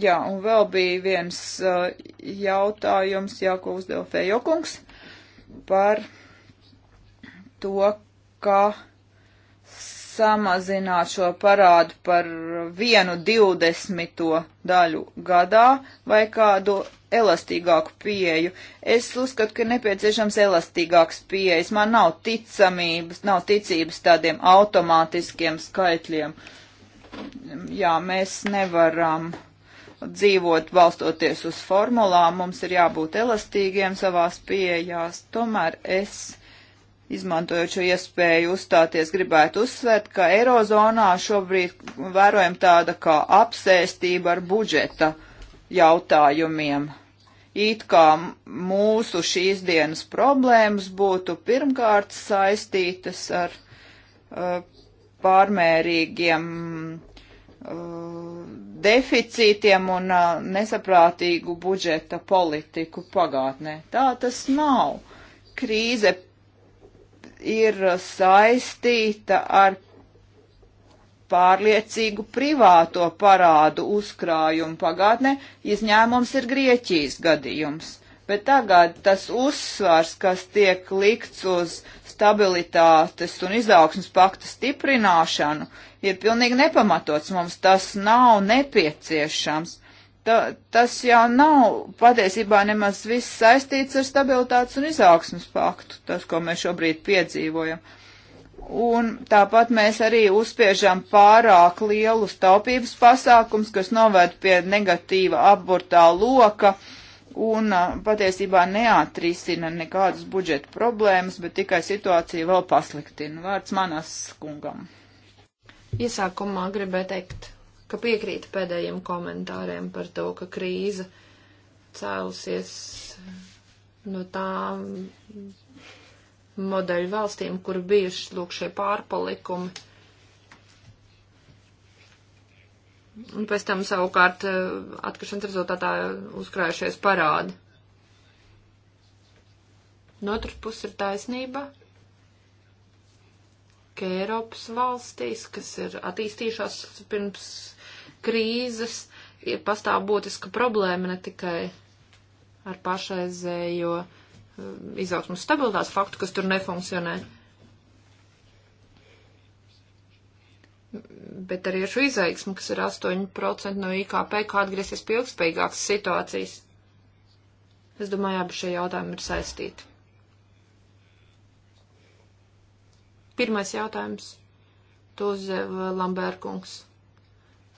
Jā, un vēl bija viens uh, jautājums, Jāko uzdeva Fejokungs, par to, ka uh, samazināt šo parādu par vienu divdesmito daļu gadā vai kādu elastīgāku pieeju. Es uzskatu, ka ir nepieciešams elastīgāks pieejas. Man nav ticamības, nav ticības tādiem automātiskiem skaitļiem. Jā, mēs nevaram dzīvot balstoties uz formulām, mums ir jābūt elastīgiem savās pieejās. Tomēr es Izmantojot šo iespēju uzstāties, gribētu uzsvērt, ka Eirozonā šobrīd vērojam tāda kā apsēstība ar budžeta jautājumiem. It kā mūsu šīs dienas problēmas būtu pirmkārt saistītas ar uh, pārmērīgiem uh, deficītiem un uh, nesaprātīgu budžeta politiku pagātnē. Tā tas nav. Krīze ir saistīta ar pārliecīgu privāto parādu uzkrājumu pagātnē, izņēmums ir Grieķijas gadījums. Bet tagad tas uzsvars, kas tiek likts uz stabilitātes un izaugsmas pakta stiprināšanu, ir pilnīgi nepamatots. Mums tas nav nepieciešams ta, tas jau nav patiesībā nemaz viss saistīts ar stabilitātes un izaugsmas paktu, tas, ko mēs šobrīd piedzīvojam. Un tāpat mēs arī uzspiežam pārāk lielu staupības pasākums, kas noved pie negatīva abortā loka un patiesībā neatrisina nekādas budžeta problēmas, bet tikai situācija vēl pasliktina. Vārds manas kungam. Iesākumā gribēju teikt ka piekrītu pēdējiem komentāriem par to, ka krīze cēlusies no tām modeļu valstīm, kur bijuši lūk šie pārpalikumi. Un pēc tam savukārt eh, atkašanas rezultātā uzkrājušies parādi. No otras puses ir taisnība, ka Eiropas valstīs, kas ir attīstījušās pirms krīzes ja pastāv būtiska problēma ne tikai ar pašreizējo eh, izaugsmu stabilitātes faktu, kas tur nefunkcionē, bet arī ar šo izaugsmu, kas ir 8% no IKP, kā atgriezties pie ilgspējīgākas situācijas. Es domāju, abi šie jautājumi ir saistīti. Pirmais jautājums. Tu uzdev Lambērkungs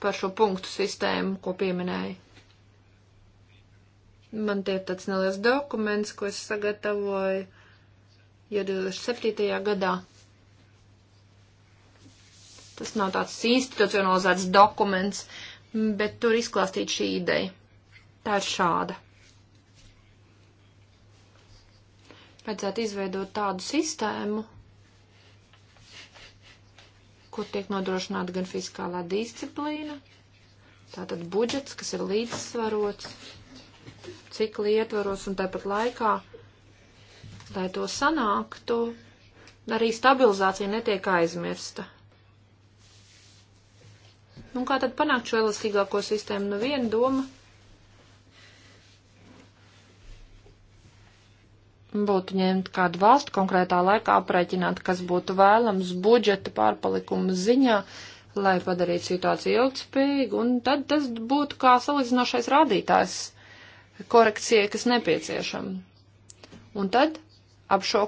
par šo punktu sistēmu, ko pieminēja. Man tie ir tāds neliels dokuments, ko es sagatavoju jau 2007. gadā. Tas nav tāds institucionalizēts dokuments, bet tur izklāstīt šī ideja. Tā ir šāda. Vajadzētu izveidot tādu sistēmu, kur tiek nodrošināta gan fiskālā disciplīna, tātad budžets, kas ir līdzsvarots, cik lietvaros un tāpat laikā, lai to sanāktu, arī stabilizācija netiek aizmirsta. Un nu, kā tad panākt šo elastīgāko sistēmu? Nu, viena doma būtu ņemt kādu valstu konkrētā laikā aprēķināt, kas būtu vēlams budžeta pārpalikuma ziņā, lai padarītu situāciju ilgspīgu, un tad tas būtu kā salīdzinošais rādītājs korekcijai, kas nepieciešama. Un tad ap šo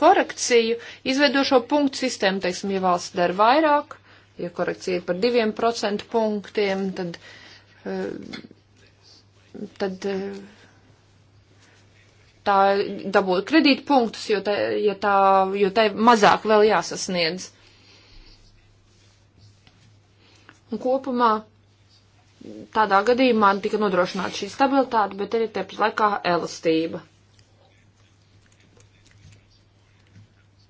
korekciju izveidošo punktu sistēmu, teiksim, ja valsts dara vairāk, ja korekcija ir par diviem procentu punktiem, tad, eh, tad eh, tā dabūt kredītpunktus, jo, te, ja tā, jo tai mazāk vēl jāsasniedz. Un kopumā tādā gadījumā tika nodrošināta šī stabilitāte, bet arī tepat laikā elastība.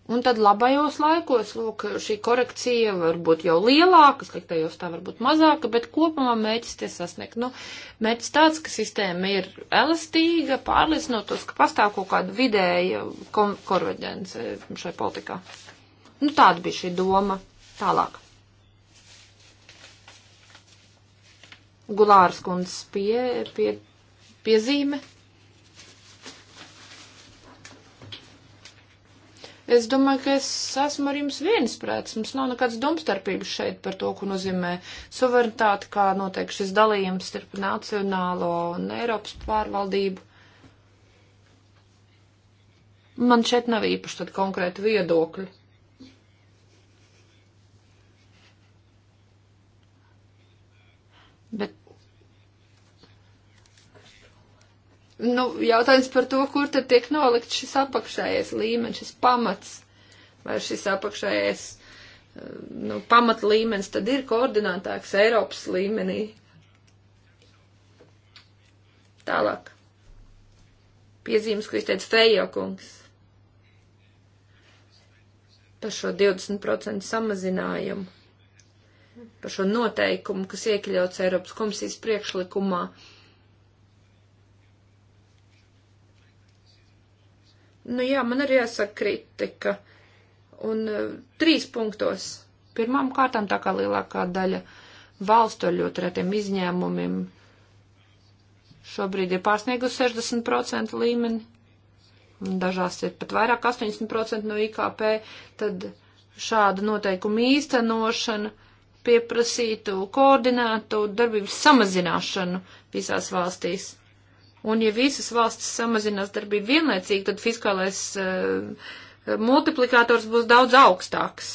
Un tad labajos laikos, lūk, šī korekcija var būt jau lielāka, sliktajos tā var būt mazāka, bet kopumā mēģis tie sasniegt. Nu, mēģis tāds, ka sistēma ir elastīga, pārliecinotos, ka pastāv kaut kāda vidēja konverģence šai politikā. Nu, tāda bija šī doma. Tālāk. Gulāras kundzes pie, pie, piezīme. Pie Es domāju, ka es esmu ar jums viensprāts. Mums nav nekādas domstarpības šeit par to, ko nozīmē suverenitāte, kā notiek šis dalījums starp nacionālo un Eiropas pārvaldību. Man šeit nav īpaši tad konkrēti viedokļi. Bet Nu, jautājums par to, kur tad tiek nolikt šis apakšējais līmenis, šis pamats, vai šis apakšējais, eh, nu, pamat līmenis tad ir koordinātāks Eiropas līmenī. Tālāk. Piezīmes, ko izteica Fejokungs par šo 20% samazinājumu, par šo noteikumu, kas iekļauts Eiropas komisijas priekšlikumā. Uh, Nu jā, man arī jāsaka kritika. Un uh, trīs punktos. Pirmām kārtām tā kā lielākā daļa valstu ar ļoti retiem izņēmumiem šobrīd ir pārsniegusi 60% līmeni, un dažās ir pat vairāk 80% no IKP, tad šāda noteikuma īstenošana pieprasītu koordinētu darbības samazināšanu visās valstīs. Un ja visas valstis samazinās darbību vienlaicīgi, tad fiskālais uh, eh, multiplikators būs daudz augstāks.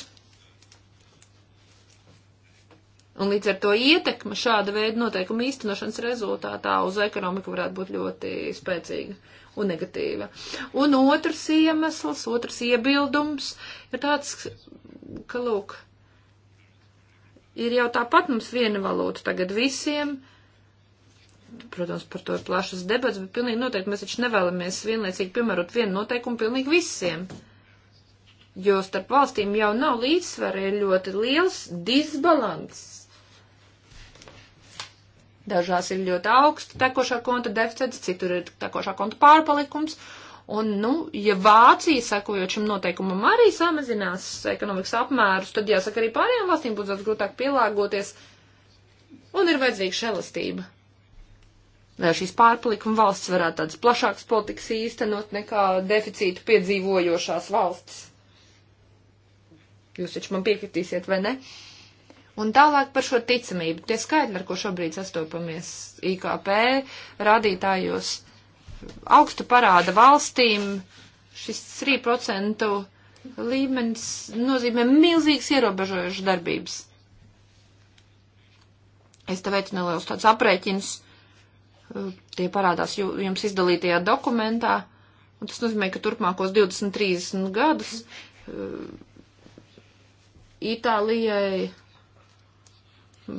Un līdz ar to ietekme šāda veida noteikuma īstenošanas rezultātā uz ekonomiku varētu būt ļoti spēcīga un negatīva. Un otrs iemesls, otrs iebildums ir tāds, ka, lūk, ir jau tāpat mums viena valūta tagad visiem, uh, protams, par to ir plašas debats, bet pilnīgi noteikti mēs taču nevēlamies vienlaicīgi piemērot vienu noteikumu pilnīgi visiem. Jo starp valstīm jau nav līdzsvara, ir ļoti liels disbalans. Dažās ir ļoti augsta tekošā konta deficits, citur ir tekošā konta pārpalikums. Un, nu, ja Vācija, sakojot šim noteikumam, arī samazinās ekonomikas apmērus, tad jāsaka arī pārējām valstīm būs daudz grūtāk pielāgoties. Un ir vajadzīga šelastība lai šīs pārpalikuma valsts varētu tādas plašākas politikas īstenot nekā deficītu piedzīvojošās valsts. Jūs taču man piekritīsiet, vai ne? Un tālāk par šo ticamību. Tie skaitļi, ar ko šobrīd sastopamies IKP rādītājos, augstu parāda valstīm šis 3% līmenis nozīmē milzīgas ierobežojušas darbības. Es te veicu nelielus tādus aprēķinus tie parādās jums izdalītajā dokumentā, un tas nozīmē, ka turpmākos 20-30 gadus uh, Itālijai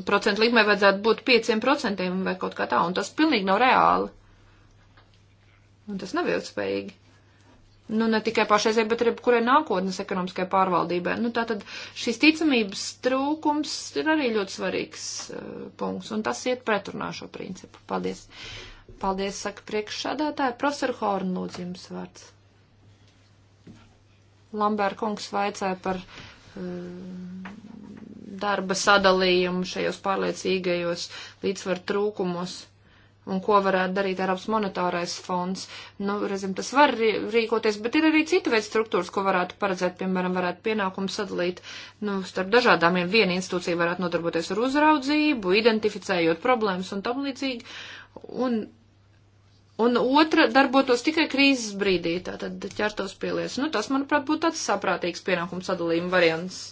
procentu likmē vajadzētu būt 5% vai kaut kā tā, un tas pilnīgi nav reāli. Un tas nav ilgspējīgi nu, ne tikai pašreizē, bet arī kurai nākotnes ekonomiskai pārvaldībai. Nu, tātad šīs ticamības trūkums ir arī ļoti svarīgs uh, punkts, un tas iet pretrunā šo principu. Paldies. Paldies, saka priekšsādātāja. Profesor Horn, lūdzu, jums vārds. Lambēr kungs vaicāja par uh, darba sadalījumu šajos pārliecīgajos līdzsvar trūkumos un ko varētu darīt Eiropas monetārais fonds. Nu, reizēm tas var rīkoties, bet ir arī cita veida struktūras, ko varētu paredzēt, piemēram, varētu pienākumu sadalīt, nu, starp dažādām, ja viena institūcija varētu nodarboties ar uzraudzību, identificējot problēmas un tam līdzīgi, un, un otra darbotos tikai krīzes brīdī, tātad ķertos pie lietas. Nu, tas, manuprāt, būtu tāds saprātīgs pienākumu sadalījuma variants.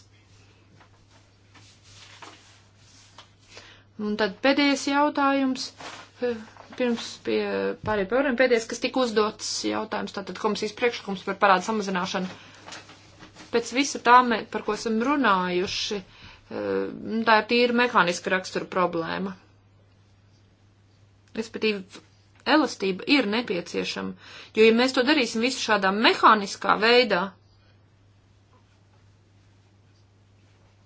Un tad pēdējais jautājums. Uh, pirms pie pārējiem pārējiem pēdējais, kas tika uzdots jautājums, tātad komisijas priekšlikums par parādu samazināšanu. Pēc visa tā, mē, par ko esam runājuši, eh, tā ir tīra mehāniska rakstura problēma. Respektīvi, elastība ir nepieciešama, jo ja mēs to darīsim visu šādā mehāniskā veidā,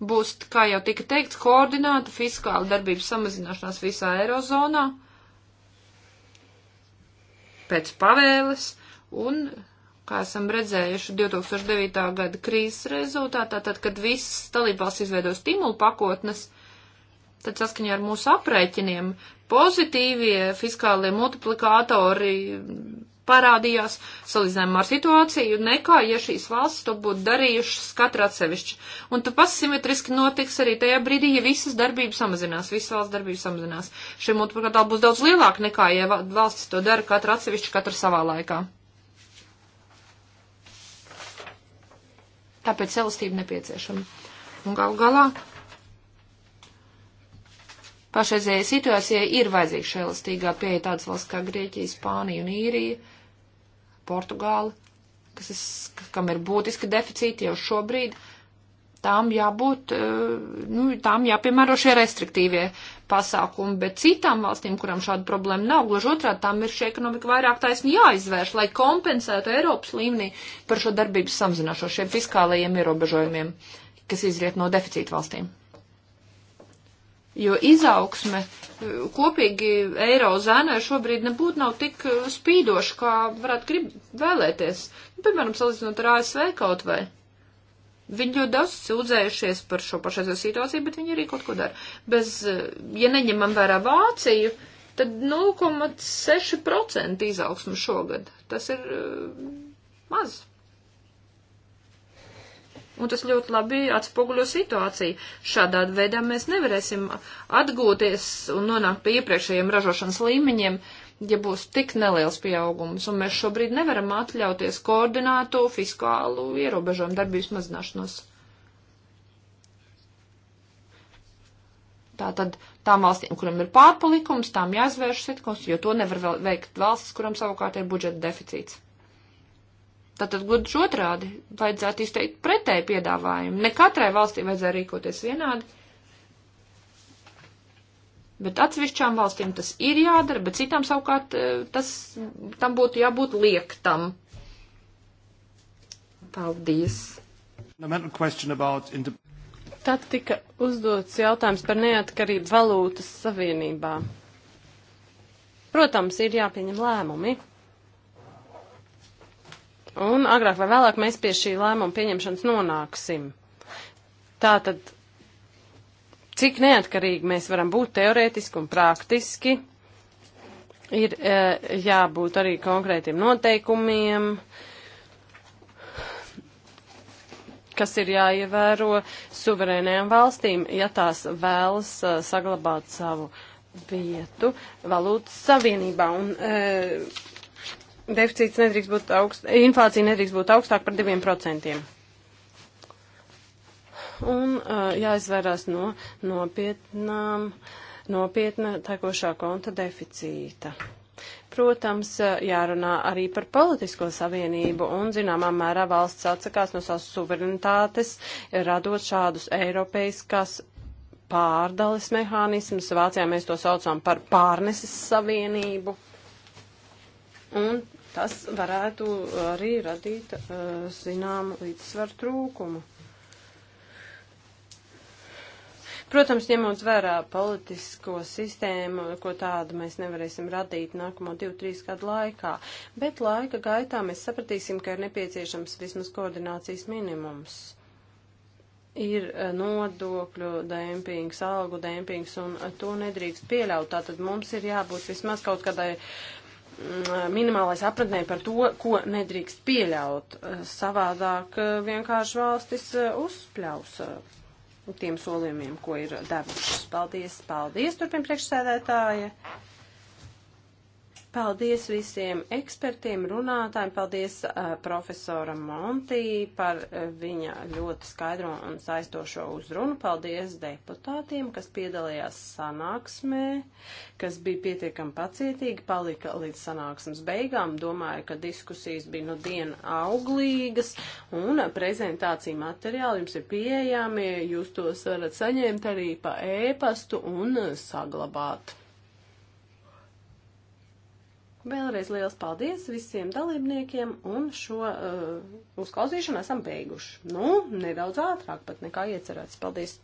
būs, kā jau tika teikts, koordināta fiskāla darbības samazināšanās visā Eirozonā pēc pavēles un, kā esam redzējuši, 2009. gada krīzes rezultātā, tad, kad visas dalībvalsts izveido stimulu pakotnes, tad saskaņā ar mūsu aprēķiniem pozitīvie fiskālie multiplikātori parādījās salīdzinājumā ar situāciju, nekā, ja šīs valsts to būtu darījušas katra atsevišķi. Un tu pasimetriski notiks arī tajā brīdī, ja visas darbības samazinās, visas valsts darbības samazinās. Šie multiplikātāli būs daudz lielāki nekā, ja valstis to dara katra atsevišķi, katra savā laikā. Tāpēc elastība nepieciešama. Un gal galā pašreizējai situācijai ir vajadzīga šī elastīgā pieeja tādas valsts kā Grieķija, Spānija un Īrija. Portugāli, kas es, kam ir būtiski deficīti jau šobrīd, tām jābūt, eh, nu, tām jāpiemēro šie restriktīvie pasākumi, bet citām valstīm, kurām šāda problēma nav, gluži otrādi, tām ir šī ekonomika vairāk taisni jāizvērš, lai kompensētu Eiropas līmenī par šo darbības samazināšanu, šiem fiskālajiem ierobežojumiem, kas izriet no deficīta valstīm. Jo izaugsme kopīgi eirozēnai šobrīd nebūtu nav tik uh, spīdoša, kā varētu grib vēlēties. Nu, piemēram, salīdzinot ar ASV kaut vai. Viņi ļoti daudz sūdzējušies par šo pašreizējo situāciju, bet viņi arī kaut ko dara. Bez, uh, ja neņemam vērā Vāciju, tad 0,6% izaugsmu šogad. Tas ir uh, maz. Un tas ļoti labi atspoguļo situāciju. Šādā veidā mēs nevarēsim atgūties un nonākt pie iepriekšējiem ražošanas līmeņiem, ja būs tik neliels pieaugums. Un mēs šobrīd nevaram atļauties koordinātu fiskālu ierobežojumu darbības mazināšanos. Tātad tām valstīm, kurām ir pārpalikums, tām jāizvērš sitkoms, jo to nevar veikt valstis, kurām savukārt ir budžeta deficīts. Tātad gluži otrādi vajadzētu izteikt pretēju piedāvājumu. Ne katrai valstī vajadzēja rīkoties vienādi, bet atsevišķām valstīm tas ir jādara, bet citām savukārt e, tas, tam būtu jābūt liektam. Paldies! Tad tika uzdots jautājums par neatkarību valūtas savienībā. Protams, ir jāpieņem lēmumi. Un agrāk vai vēlāk mēs pie šī lēmuma pieņemšanas nonāksim. Tātad, cik neatkarīgi mēs varam būt teorētiski un praktiski, ir e, jābūt arī konkrētiem noteikumiem, kas ir jāievēro suverēnajām valstīm, ja tās vēlas e, saglabāt savu vietu valūtas savienībā. Un, e, deficīts nedrīkst būt augst, inflācija nedrīkst būt augstāk par 2%. Un uh, jāizvairās no nopietnām, nopietna tekošā konta deficīta. Protams, uh, jārunā arī par politisko savienību un, zināmā mērā, valsts atsakās no savas suverenitātes, radot šādus eiropeiskās pārdales mehānismus. Vācijā mēs to saucam par pārneses savienību. Un tas varētu arī radīt uh, eh, zināmu līdzsvaru trūkumu. Protams, ņemot vērā politisko sistēmu, ko tādu mēs nevarēsim radīt nākamo 2-3 gadu laikā, bet laika gaitā mēs sapratīsim, ka ir nepieciešams vismaz koordinācijas minimums. Ir eh, nodokļu dēmpings, algu dēmpings, un to nedrīkst pieļaut. Tātad mums ir jābūt vismaz kaut kādai uh, Mm, minimālais apradnē par to, ko nedrīkst pieļaut. Eh, savādāk eh, vienkārši valstis eh, uzspļaus tiem solījumiem, ko ir devušas. Paldies, paldies, turpin priekšsēdētāja. Paldies visiem ekspertiem, runātājiem, paldies uh, profesoram Montī par uh, viņa ļoti skaidro un saistošo uzrunu. Paldies deputātiem, kas piedalījās sanāksmē, kas bija pietiekami pacietīgi, palika līdz sanāksmes beigām. Domāju, ka diskusijas bija no nu diena auglīgas un prezentācija materiāli jums ir pieejami. Jūs tos varat saņemt arī pa ēpastu e un saglabāt. Vēlreiz liels paldies visiem dalībniekiem un šo uh, uzklausīšanu esam beiguši. Nu, nedaudz ātrāk pat nekā iecerēts. Paldies!